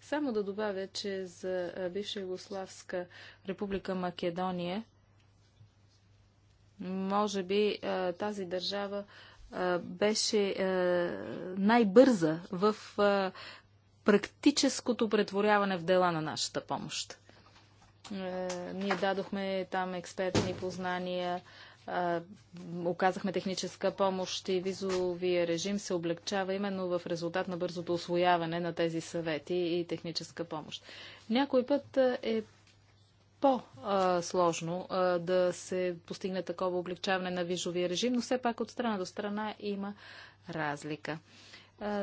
Само да добавя, че за бивша Югославска република Македония, може би тази държава беше най-бърза в практическото претворяване в дела на нашата помощ. Е, ние дадохме там експертни познания, е, оказахме техническа помощ и визовия режим се облегчава именно в резултат на бързото освояване на тези съвети и техническа помощ. Някой път е, е по-сложно да се постигне такова облегчаване на визовия режим, но все пак от страна до страна има разлика.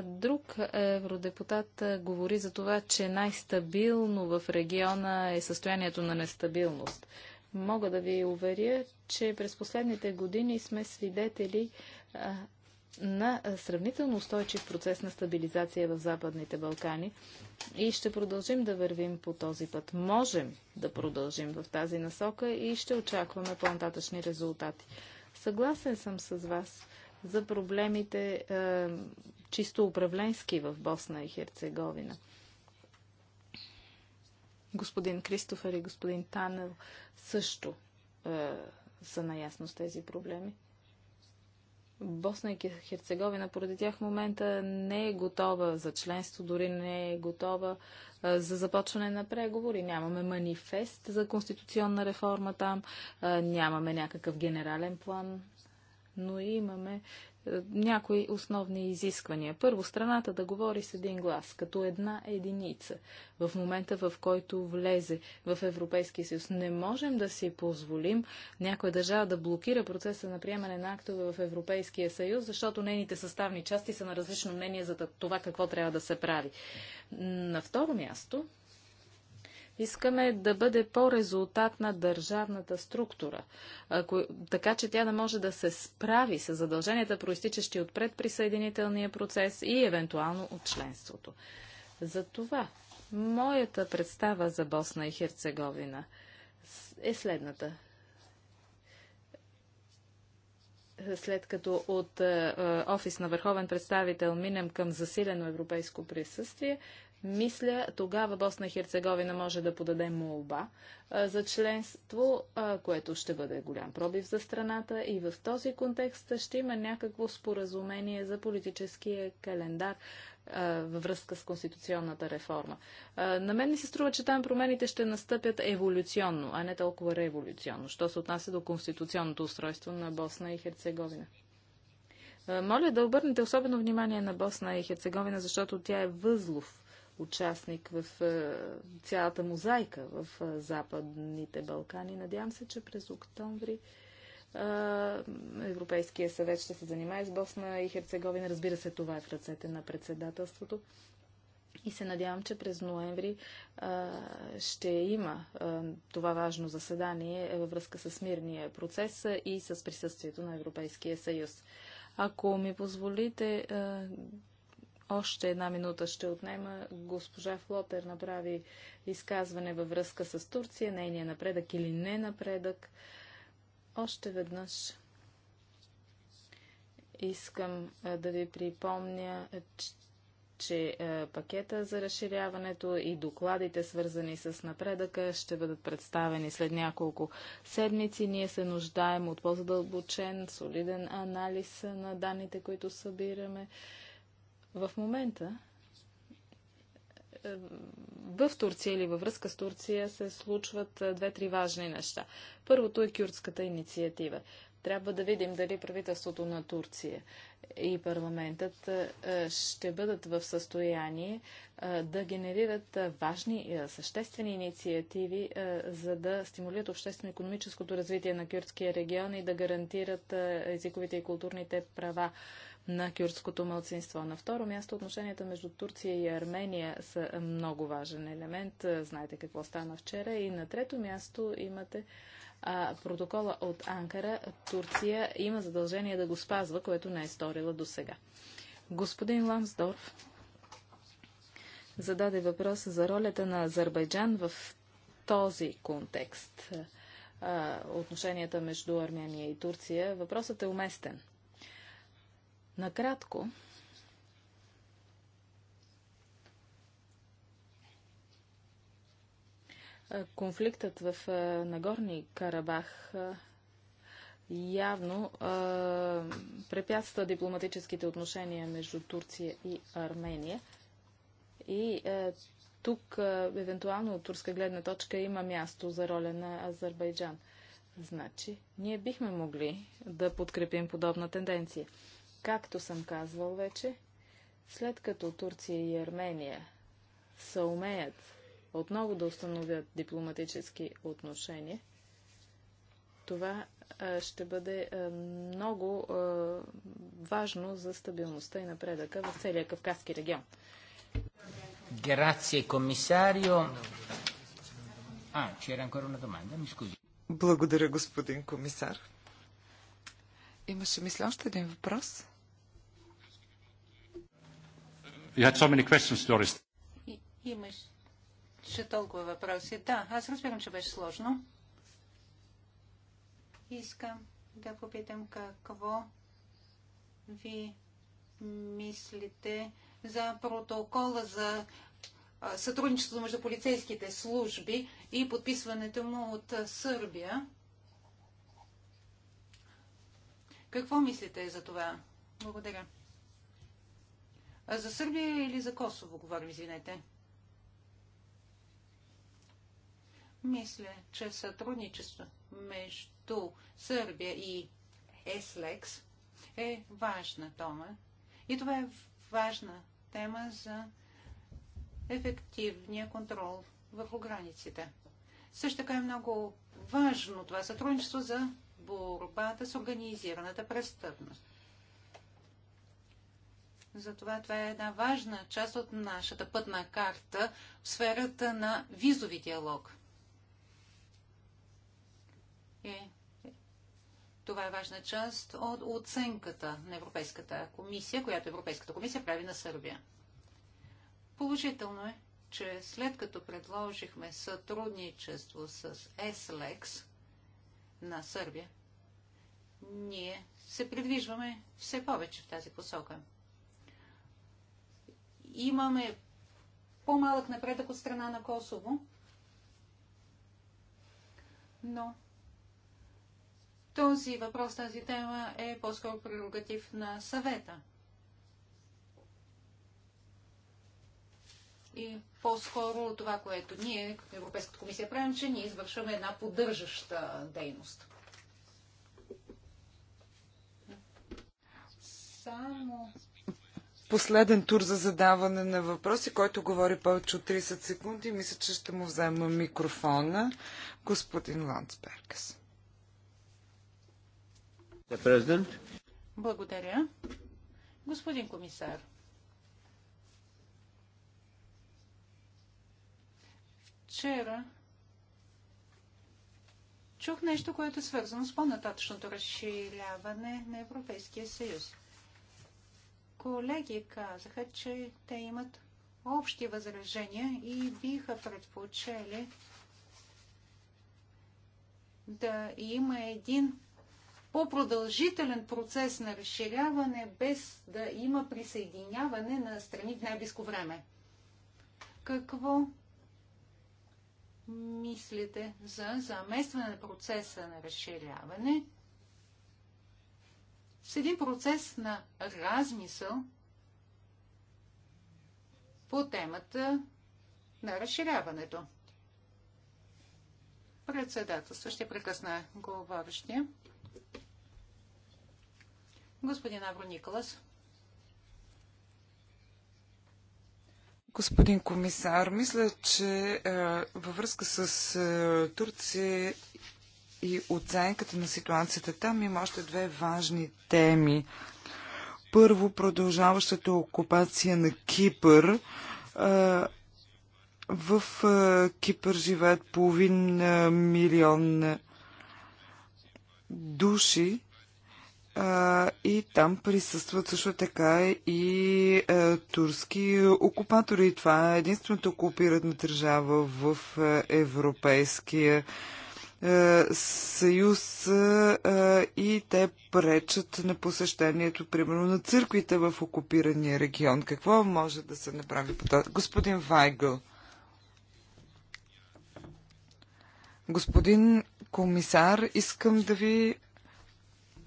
Друг евродепутат говори за това, че най-стабилно в региона е състоянието на нестабилност. Мога да ви уверя, че през последните години сме свидетели на сравнително устойчив процес на стабилизация в Западните Балкани и ще продължим да вървим по този път. Можем да продължим в тази насока и ще очакваме по-нататъчни резултати. Съгласен съм с вас за проблемите чисто управленски в Босна и Херцеговина. Господин Кристофер и господин Танел също е, са наясно с тези проблеми. Босна и Херцеговина поради тях момента не е готова за членство, дори не е готова е, за започване на преговори. Нямаме манифест за конституционна реформа там, е, нямаме някакъв генерален план, но имаме някои основни изисквания. Първо, страната да говори с един глас, като една единица. В момента, в който влезе в Европейския съюз, не можем да си позволим някоя държава да блокира процеса на приемане на актове в Европейския съюз, защото нейните съставни части са на различно мнение за това какво трябва да се прави. На второ място, Искаме да бъде по-резултат на държавната структура, ако, така че тя да може да се справи с задълженията, проистичащи от предприсъединителния процес и евентуално от членството. За това моята представа за Босна и Херцеговина е следната след като от е, е офис на върховен представител минем към засилено европейско присъствие, мисля, тогава Босна и Херцеговина може да подаде молба за членство, което ще бъде голям пробив за страната и в този контекст ще има някакво споразумение за политическия календар във връзка с конституционната реформа. на мен ми се струва, че там промените ще настъпят еволюционно, а не толкова революционно, що се отнася до конституционното устройство на Босна и Херцеговина. Моля да обърнете особено внимание на Босна и Херцеговина, защото тя е възлов участник в е, цялата мозайка в е, Западните Балкани. Надявам се, че през октомври е, Европейския съвет ще се занимае с Босна и Херцеговина. Разбира се, това е в ръцете на председателството. И се надявам, че през ноември а, ще има а, това важно заседание във връзка с мирния процес и с присъствието на Европейския съюз. Ако ми позволите, а, още една минута ще отнема. Госпожа Флотер направи изказване във връзка с Турция, нейния напредък или не напредък. Още веднъж искам да ви припомня, че пакета за разширяването и докладите, свързани с напредъка, ще бъдат представени след няколко седмици. Ние се нуждаем от по-задълбочен, солиден анализ на данните, които събираме. В момента е, в Турция или във връзка с Турция се случват е, две-три важни неща. Първото е кюрдската инициатива. Трябва да видим дали правителството на Турция и парламентът е, ще бъдат в състояние да генерират важни, съществени инициативи, за да стимулират обществено-економическото развитие на кюрдския регион и да гарантират езиковите и културните права на кюрдското мълцинство. На второ място отношенията между Турция и Армения са много важен елемент. Знаете какво стана вчера. И на трето място имате а, протокола от Анкара. Турция има задължение да го спазва, което не е сторила до сега. Господин Ламсдорф зададе въпрос за ролята на Азербайджан в този контекст отношенията между Армения и Турция. Въпросът е уместен. Накратко, конфликтът в Нагорни Карабах явно препятства дипломатическите отношения между Турция и Армения. И тук, евентуално от турска гледна точка, има място за роля на Азербайджан. Значи, ние бихме могли да подкрепим подобна тенденция. Както съм казвал вече, след като Турция и Армения са умеят отново да установят дипломатически отношения, това ще бъде много важно за стабилността и напредъка в целия Кавказски регион.
Грация, комисарио. А, че е на доманда, ми скузи.
Благодаря, господин комисар. Имаше, мисля, още един въпрос.
You had so many questions, Doris.
И, имаше толкова въпроси. Да, аз разбирам, че беше сложно. Искам да попитам какво ви мислите за протокола за сътрудничество между полицейските служби и подписването му от Сърбия. Какво мислите за това? Благодаря. За Сърбия или за Косово говорим, извинете. Мисля, че сътрудничество между Сърбия и ЕСЛЕКС е важна тема. И това е важна тема за ефективния контрол върху границите. Също така е много важно това сътрудничество за борбата с организираната престъпност. Затова това е една важна част от нашата пътна карта в сферата на визови диалог. И това е важна част от оценката на Европейската комисия, която Европейската комисия прави на Сърбия. Положително е, че след като предложихме сътрудничество с ЕСЛЕКС на Сърбия, ние се придвижваме все повече в тази посока имаме по-малък напредък от страна на Косово, но този въпрос, тази тема е по-скоро прерогатив на съвета. И по-скоро това, което ние, като Европейската комисия, правим, че ние извършваме една поддържаща дейност. Само
последен тур за задаване на въпроси, който говори повече от 30 секунди. Мисля, че ще му взема микрофона господин Ландсбергес.
Благодаря. Господин комисар, вчера чух нещо, което е свързано с по-нататъчното разширяване на Европейския съюз колеги казаха, че те имат общи възражения и биха предпочели да има един по-продължителен процес на разширяване, без да има присъединяване на страни в най-близко време. Какво мислите за заместване на процеса на разширяване с един процес на размисъл по темата на разширяването. Председателство ще прекъсна говорещия. Господин Авро Николас.
Господин комисар, мисля, че е, във връзка с е, Турция и оценката на ситуацията там има още две важни теми. Първо, продължаващата окупация на Кипър. Е, в е, Кипър живеят половин е, милион души и там присъстват също така и турски окупатори. Това е единствената окупирана държава в Европейския е, съюз е, и те пречат на посещението, примерно, на църквите в окупирания регион. Какво може да се направи по Господин Вайгъл. Господин комисар, искам да ви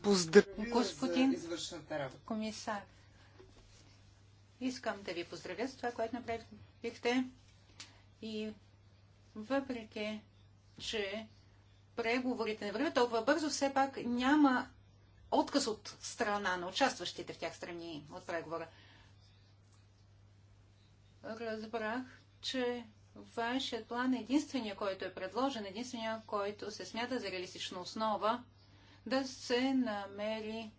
поздравя Господин
комисар, искам да ви поздравя с това, което направихте и въпреки, че преговорите на време толкова бързо, все пак няма отказ от страна на участващите в тях страни от преговора. Разбрах, че вашият план е единствения, който е предложен, единствения, който се смята за реалистична основа да се намери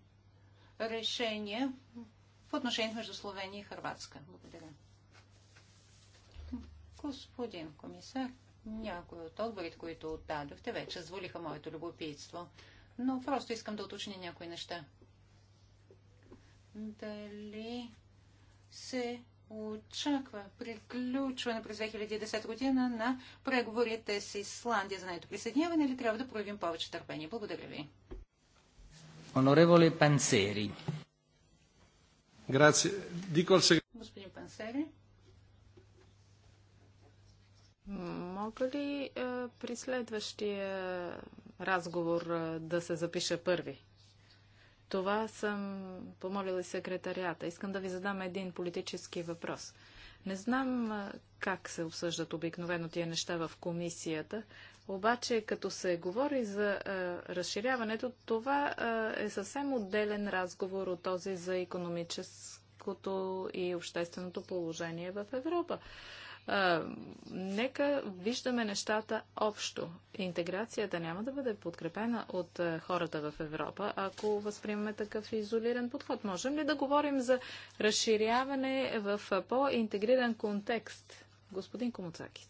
решение в отношение между Словения и Харватска. Благодаря. Господин комисар. Някои от отговорите, които отдадохте, вече зволиха моето любопитство. Но просто искам да уточня някои неща. Дали се очаква приключване през 2010 година на преговорите с Исландия за нейното присъединяване или трябва да проявим повече търпение? Благодаря ви.
Онореволе Пансери.
Господин Пансери.
Мога ли е, при следващия разговор е, да се запиша първи? Това съм помолила и секретарията. Искам да ви задам един политически въпрос. Не знам е, как се обсъждат обикновено тия неща в комисията, обаче като се говори за разширяването, това е съвсем отделен разговор от този за економическото и общественото положение в Европа нека виждаме нещата общо. Интеграцията няма да бъде подкрепена от хората в Европа, ако възприемаме такъв изолиран подход. Можем ли да говорим за разширяване в по-интегриран контекст? Господин Комуцакис.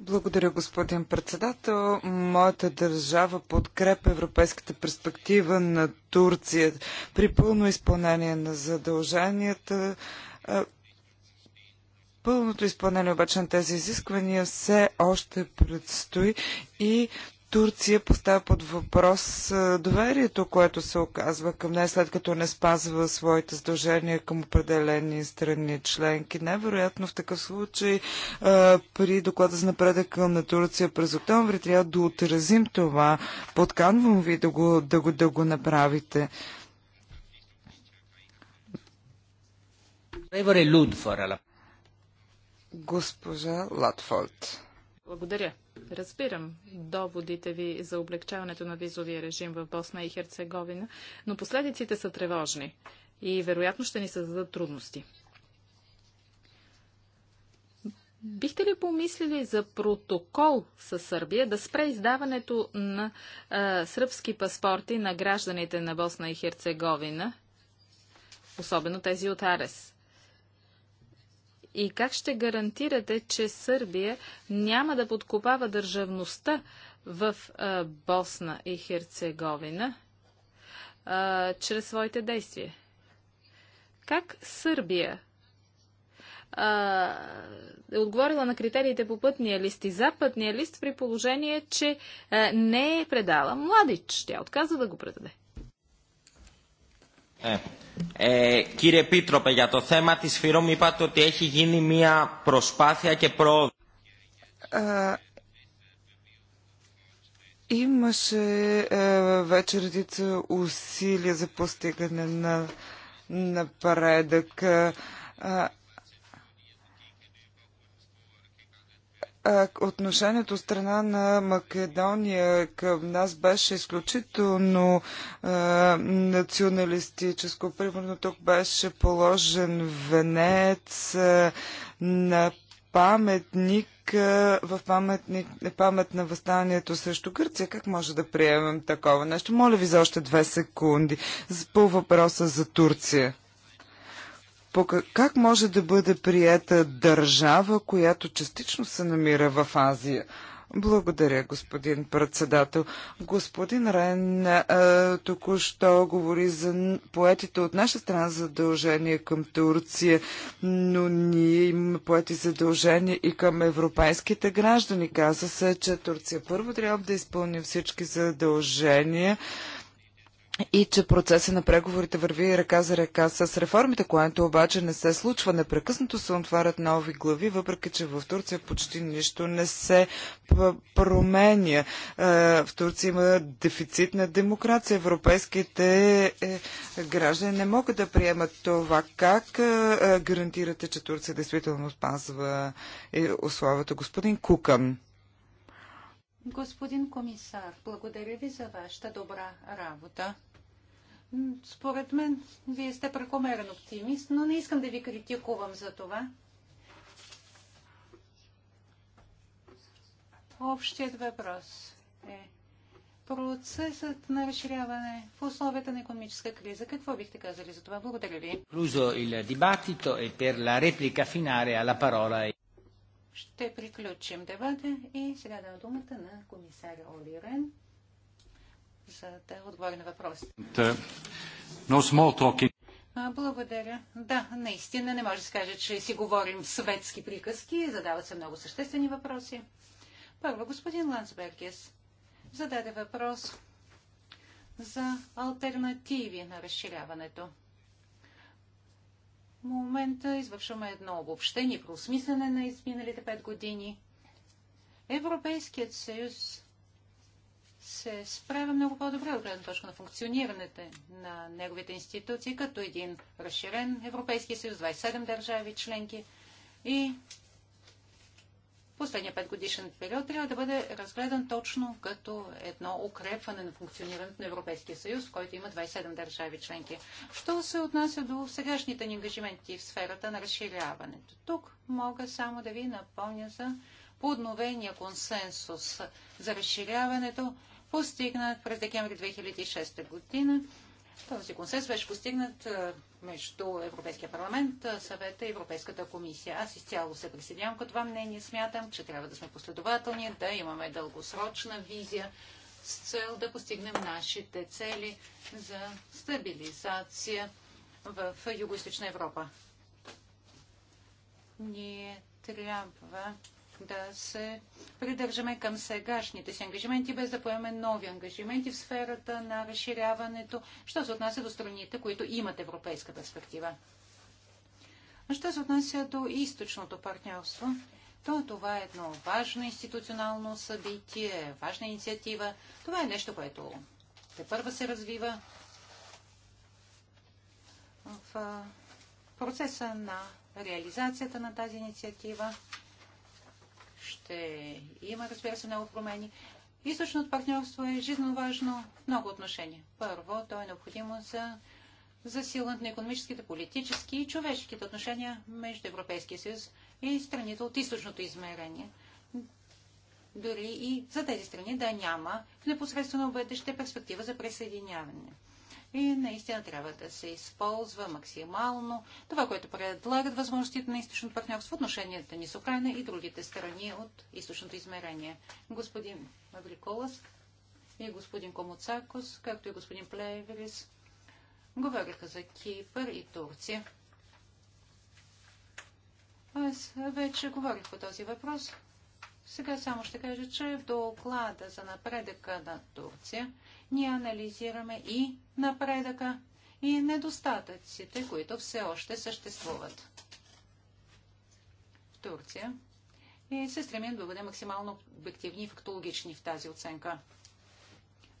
Благодаря, господин председател. Моята държава подкрепа европейската перспектива на Турция при пълно изпълнение на задълженията Пълното изпълнение обаче на тези изисквания все още предстои и Турция поставя под въпрос доверието, което се оказва към нея, след като не спазва своите задължения към определени страни членки. Невероятно в такъв случай при доклада за напредък на Турция през октомври трябва да отразим това. Подканвам ви да го, да го, да го направите. Госпожа Латфолд. Благодаря.
Разбирам доводите ви за облегчаването на визовия режим в Босна и Херцеговина, но последиците са тревожни и вероятно ще ни създадат трудности. Бихте ли помислили за протокол с Сърбия да спре издаването на а, сръбски паспорти на гражданите на Босна и Херцеговина, особено тези от Арес? И как ще гарантирате, че Сърбия няма да подкопава държавността в а, Босна и Херцеговина а, чрез своите действия? Как Сърбия а, е отговорила на критериите по пътния лист и пътния лист при положение, че а, не е предала младич? Тя отказа да го предаде.
Ε, ε, κύριε Επίτροπε, για το θέμα της Φύρομ είπατε ότι έχει γίνει μία προσπάθεια και πρόοδο.
Ε, Имаше е, вече редица усилия за постигане на напредък. Отношението от страна на Македония към нас беше изключително а, националистическо. Примерно тук беше положен венец а, на паметник а, в паметник, памет на възстанието срещу Гърция. Как може да приемем такова нещо? Моля ви за още две секунди по въпроса за Турция как може да бъде приета държава, която частично се намира в Азия? Благодаря, господин председател. Господин Рен току-що говори за поетите от наша страна задължения към Турция, но ние имаме поети задължения и към европейските граждани. Каза се, че Турция първо трябва да изпълни всички задължения и че процеса на преговорите върви ръка за ръка с реформите, което обаче не се случва. Непрекъснато се отварят нови глави, въпреки че в Турция почти нищо не се променя. Е, в Турция има дефицит на демокрация. Европейските е, граждани не могат да приемат това. Как е, гарантирате, че Турция действително спазва условията? Господин Кукан.
Господин комисар, благодаря ви за вашата добра работа. Според мен, вие сте прекомерен оптимист, но не искам да ви критикувам за това. Общият въпрос е процесът на разширяване в условията на економическа криза. Какво бихте казали за това? Благодаря ви.
E
Ще приключим дебата и сега дам думата на комисаря Оли Рен за да отговори на въпросите.
No
Благодаря. Да, наистина не може да се каже, че си говорим светски приказки. Задават се много съществени въпроси. Първо, господин Лансбергес зададе въпрос за альтернативи на разширяването. В момента извършваме едно обобщение про осмислене на изминалите пет години. Европейският съюз се справя много по-добре от гледна точка на функционирането на неговите институции, като един разширен Европейски съюз, 27 държави членки. И последния петгодишен период трябва да бъде разгледан точно като едно укрепване на функционирането на Европейския съюз, в който има 27 държави членки. Що се отнася до сегашните ни ангажименти в сферата на разширяването? Тук мога само да ви напомня за подновения консенсус за разширяването, постигнат през декември 2006 година. Този консенсус беше постигнат между Европейския парламент, съвета и Европейската комисия. Аз изцяло се присъединявам към това мнение. Смятам, че трябва да сме последователни, да имаме дългосрочна визия с цел да постигнем нашите цели за стабилизация в Юго-Источна Европа. Ние трябва да се придържаме към сегашните си ангажименти, без да поемем нови ангажименти в сферата на разширяването, що се отнася до страните, които имат европейска перспектива. А що се отнася до източното партньорство, то това е едно важно институционално събитие, важна инициатива. Това е нещо, което те първа се развива в процеса на реализацията на тази инициатива ще има, разбира се, много промени. Източното партньорство е жизненно важно в много отношения. Първо, то е необходимо за засилването на економическите, политически и човешките отношения между Европейския съюз и страните от източното измерение. Дори и за тези страни да няма в непосредствено бъдеще перспектива за присъединяване и наистина трябва да се използва максимално това, което предлагат възможностите на източното партньорство, отношенията ни с Украина и другите страни от източното измерение. Господин Мавриколас и господин Комуцакос, както и господин Плеверис, говориха за Кипър и Турция. Аз вече говорих по този въпрос. Сега само ще кажа, че в доклада за напредъка на Турция ние анализираме и напредъка, и недостатъците, които все още съществуват в Турция. И се стремим да бъдем максимално обективни и фактологични в тази оценка.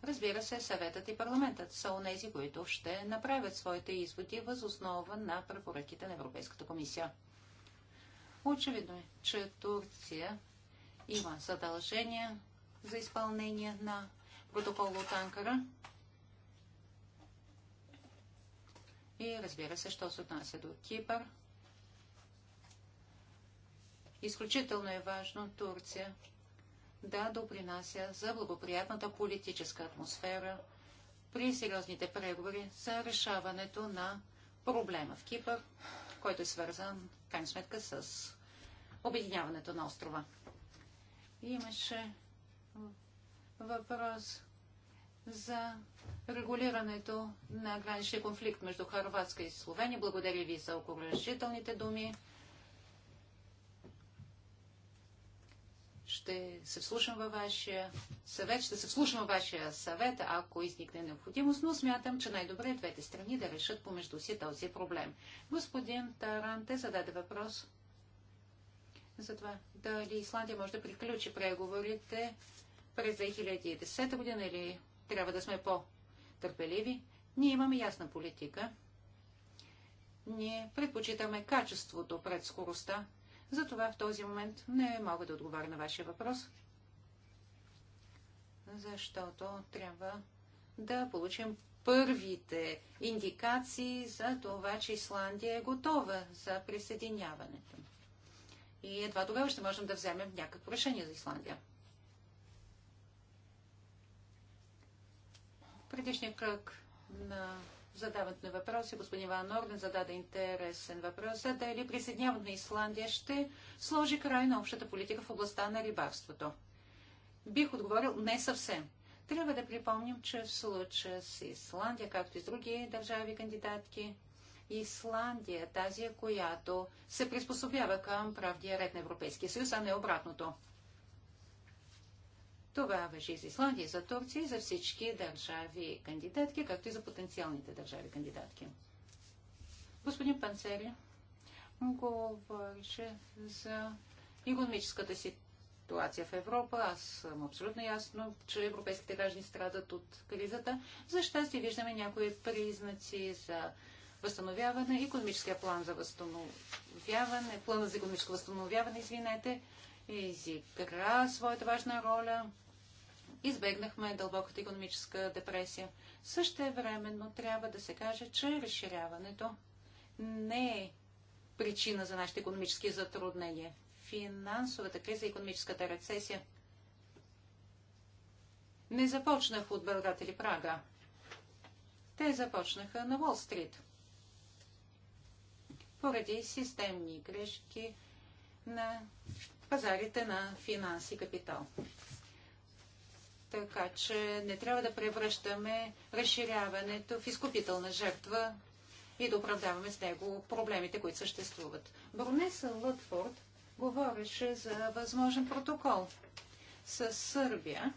Разбира се, съветът и парламентът са онези, които ще направят своите изводи въз основа на препоръките на Европейската комисия. Очевидно е, че Турция има задължения за изпълнение на протокол от Анкара. И разбира се, що се отнася до Кипър. Изключително е важно Турция да допринася за благоприятната политическа атмосфера при сериозните преговори за решаването на проблема в Кипър, който е свързан, крайна сметка, с обединяването на острова. Имаше въпрос за регулирането на граничния конфликт между Харватска и Словения. Благодаря ви за окоръжителните думи. Ще се вслушам във вашия съвет, ще се вслушам във вашия съвет, ако изникне необходимост, но смятам, че най-добре е двете страни да решат помежду си този проблем. Господин Таранте зададе въпрос за това дали Исландия може да приключи преговорите през 2010 година или трябва да сме по-търпеливи, ние имаме ясна политика. Ние предпочитаме качеството пред скоростта. Затова в този момент не мога да отговаря на вашия въпрос, защото трябва да получим първите индикации за това, че Исландия е готова за присъединяването. И едва тогава ще можем да вземем някакво решение за Исландия. предишния кръг на задаването на въпроси, господин Ван Норден зададе интересен въпрос, а дали присъединяването на Исландия ще сложи край на общата политика в областта на рибарството. Бих отговорил не съвсем. Трябва да припомним, че в случая с Исландия, както и с други държави кандидатки, Исландия е тази, която се приспособява към правдия ред на Европейския съюз, а не обратното. Това въжи за Исландия, за Турция и за всички държави кандидатки, както и за потенциалните държави кандидатки. Господин Панцери говореше за економическата ситуация в Европа. Аз съм абсолютно ясно, че европейските граждани страдат от кризата. За щастие виждаме някои признаци за възстановяване, економическия план за възстановяване, плана за економическо възстановяване, извинете, изигра своята важна роля избегнахме дълбоката економическа депресия. Също времено трябва да се каже, че разширяването не е причина за нашите економически затруднения. Финансовата криза и економическата рецесия не започнаха от Белград или Прага. Те започнаха на Уолл-стрит. Поради системни грешки на пазарите на финанси и капитал. Така че не трябва да превръщаме разширяването в изкупителна жертва и да оправдаваме с него проблемите, които съществуват. Бронеса Лътфорд говореше за възможен протокол с Сърбия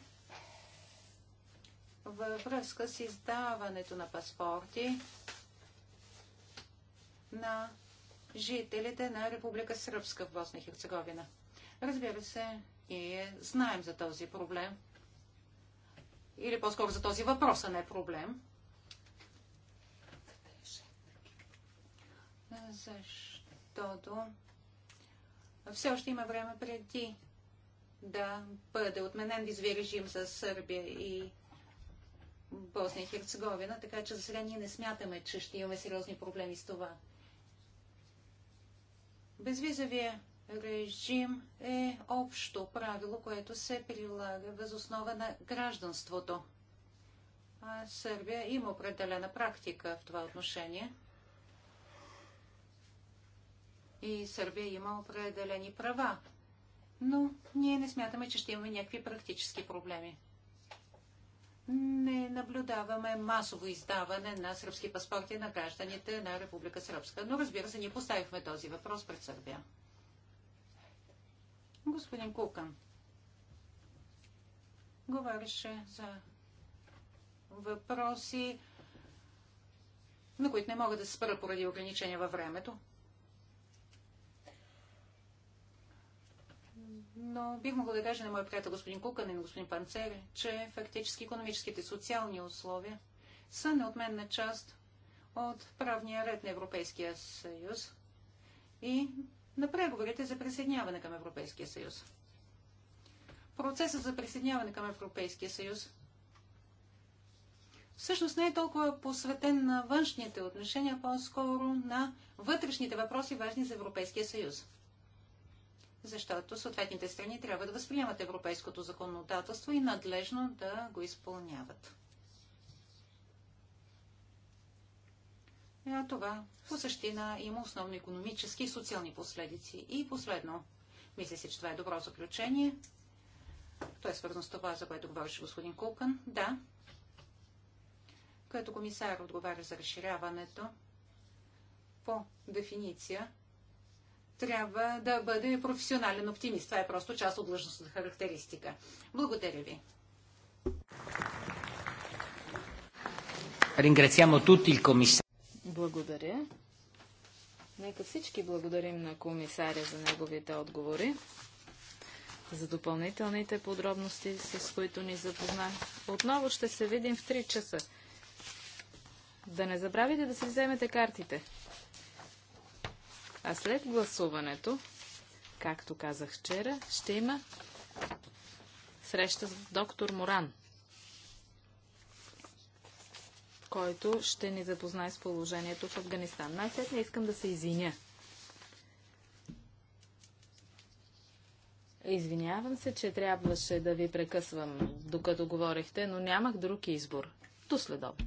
във връзка с издаването на паспорти на жителите на Република Сръбска в Босна и Херцеговина. Разбира се, ние знаем за този проблем – или по-скоро за този въпрос, а не проблем. Защото все още има време преди да бъде отменен визови режим за Сърбия и Босния и Херцеговина, така че за сега ние не смятаме, че ще имаме сериозни проблеми с това. Безвизовия режим е общо правило, което се прилага въз основа на гражданството. А Сърбия има определена практика в това отношение. И Сърбия има определени права. Но ние не смятаме, че ще имаме някакви практически проблеми. Не наблюдаваме масово издаване на сръбски паспорти на гражданите на Република Сръбска. Но разбира се, ние поставихме този въпрос пред Сърбия. Господин Кукан говореше за въпроси, на които не мога да се спра поради ограничения във времето. Но бих могъл да кажа на моя приятел господин Кукан и на господин Панцери, че фактически економическите и социални условия са неотменна част от правния ред на Европейския съюз и на преговорите за присъединяване към Европейския съюз. Процесът за присъединяване към Европейския съюз всъщност не е толкова посветен на външните отношения, по-скоро на вътрешните въпроси, важни за Европейския съюз. Защото съответните страни трябва да възприемат европейското законодателство и надлежно да го изпълняват. Е, това по същина има основно економически и социални последици. И последно, мисля си, че това е добро заключение. То е свързано с това, за което говореше господин Кулкан. Да, като комисар отговаря за разширяването, по дефиниция трябва да бъде професионален оптимист. Това е просто част от длъжностната характеристика. Благодаря ви.
Благодаря. Нека всички благодарим на комисаря за неговите отговори, за допълнителните подробности, с които ни запозна. Отново ще се видим в 3 часа. Да не забравяйте да си вземете картите. А след гласуването, както казах вчера, ще има среща с доктор Моран. който ще ни запознае с положението в Афганистан. Най-сетне искам да се извиня. Извинявам се, че трябваше да ви прекъсвам, докато говорихте, но нямах друг избор. До следобно.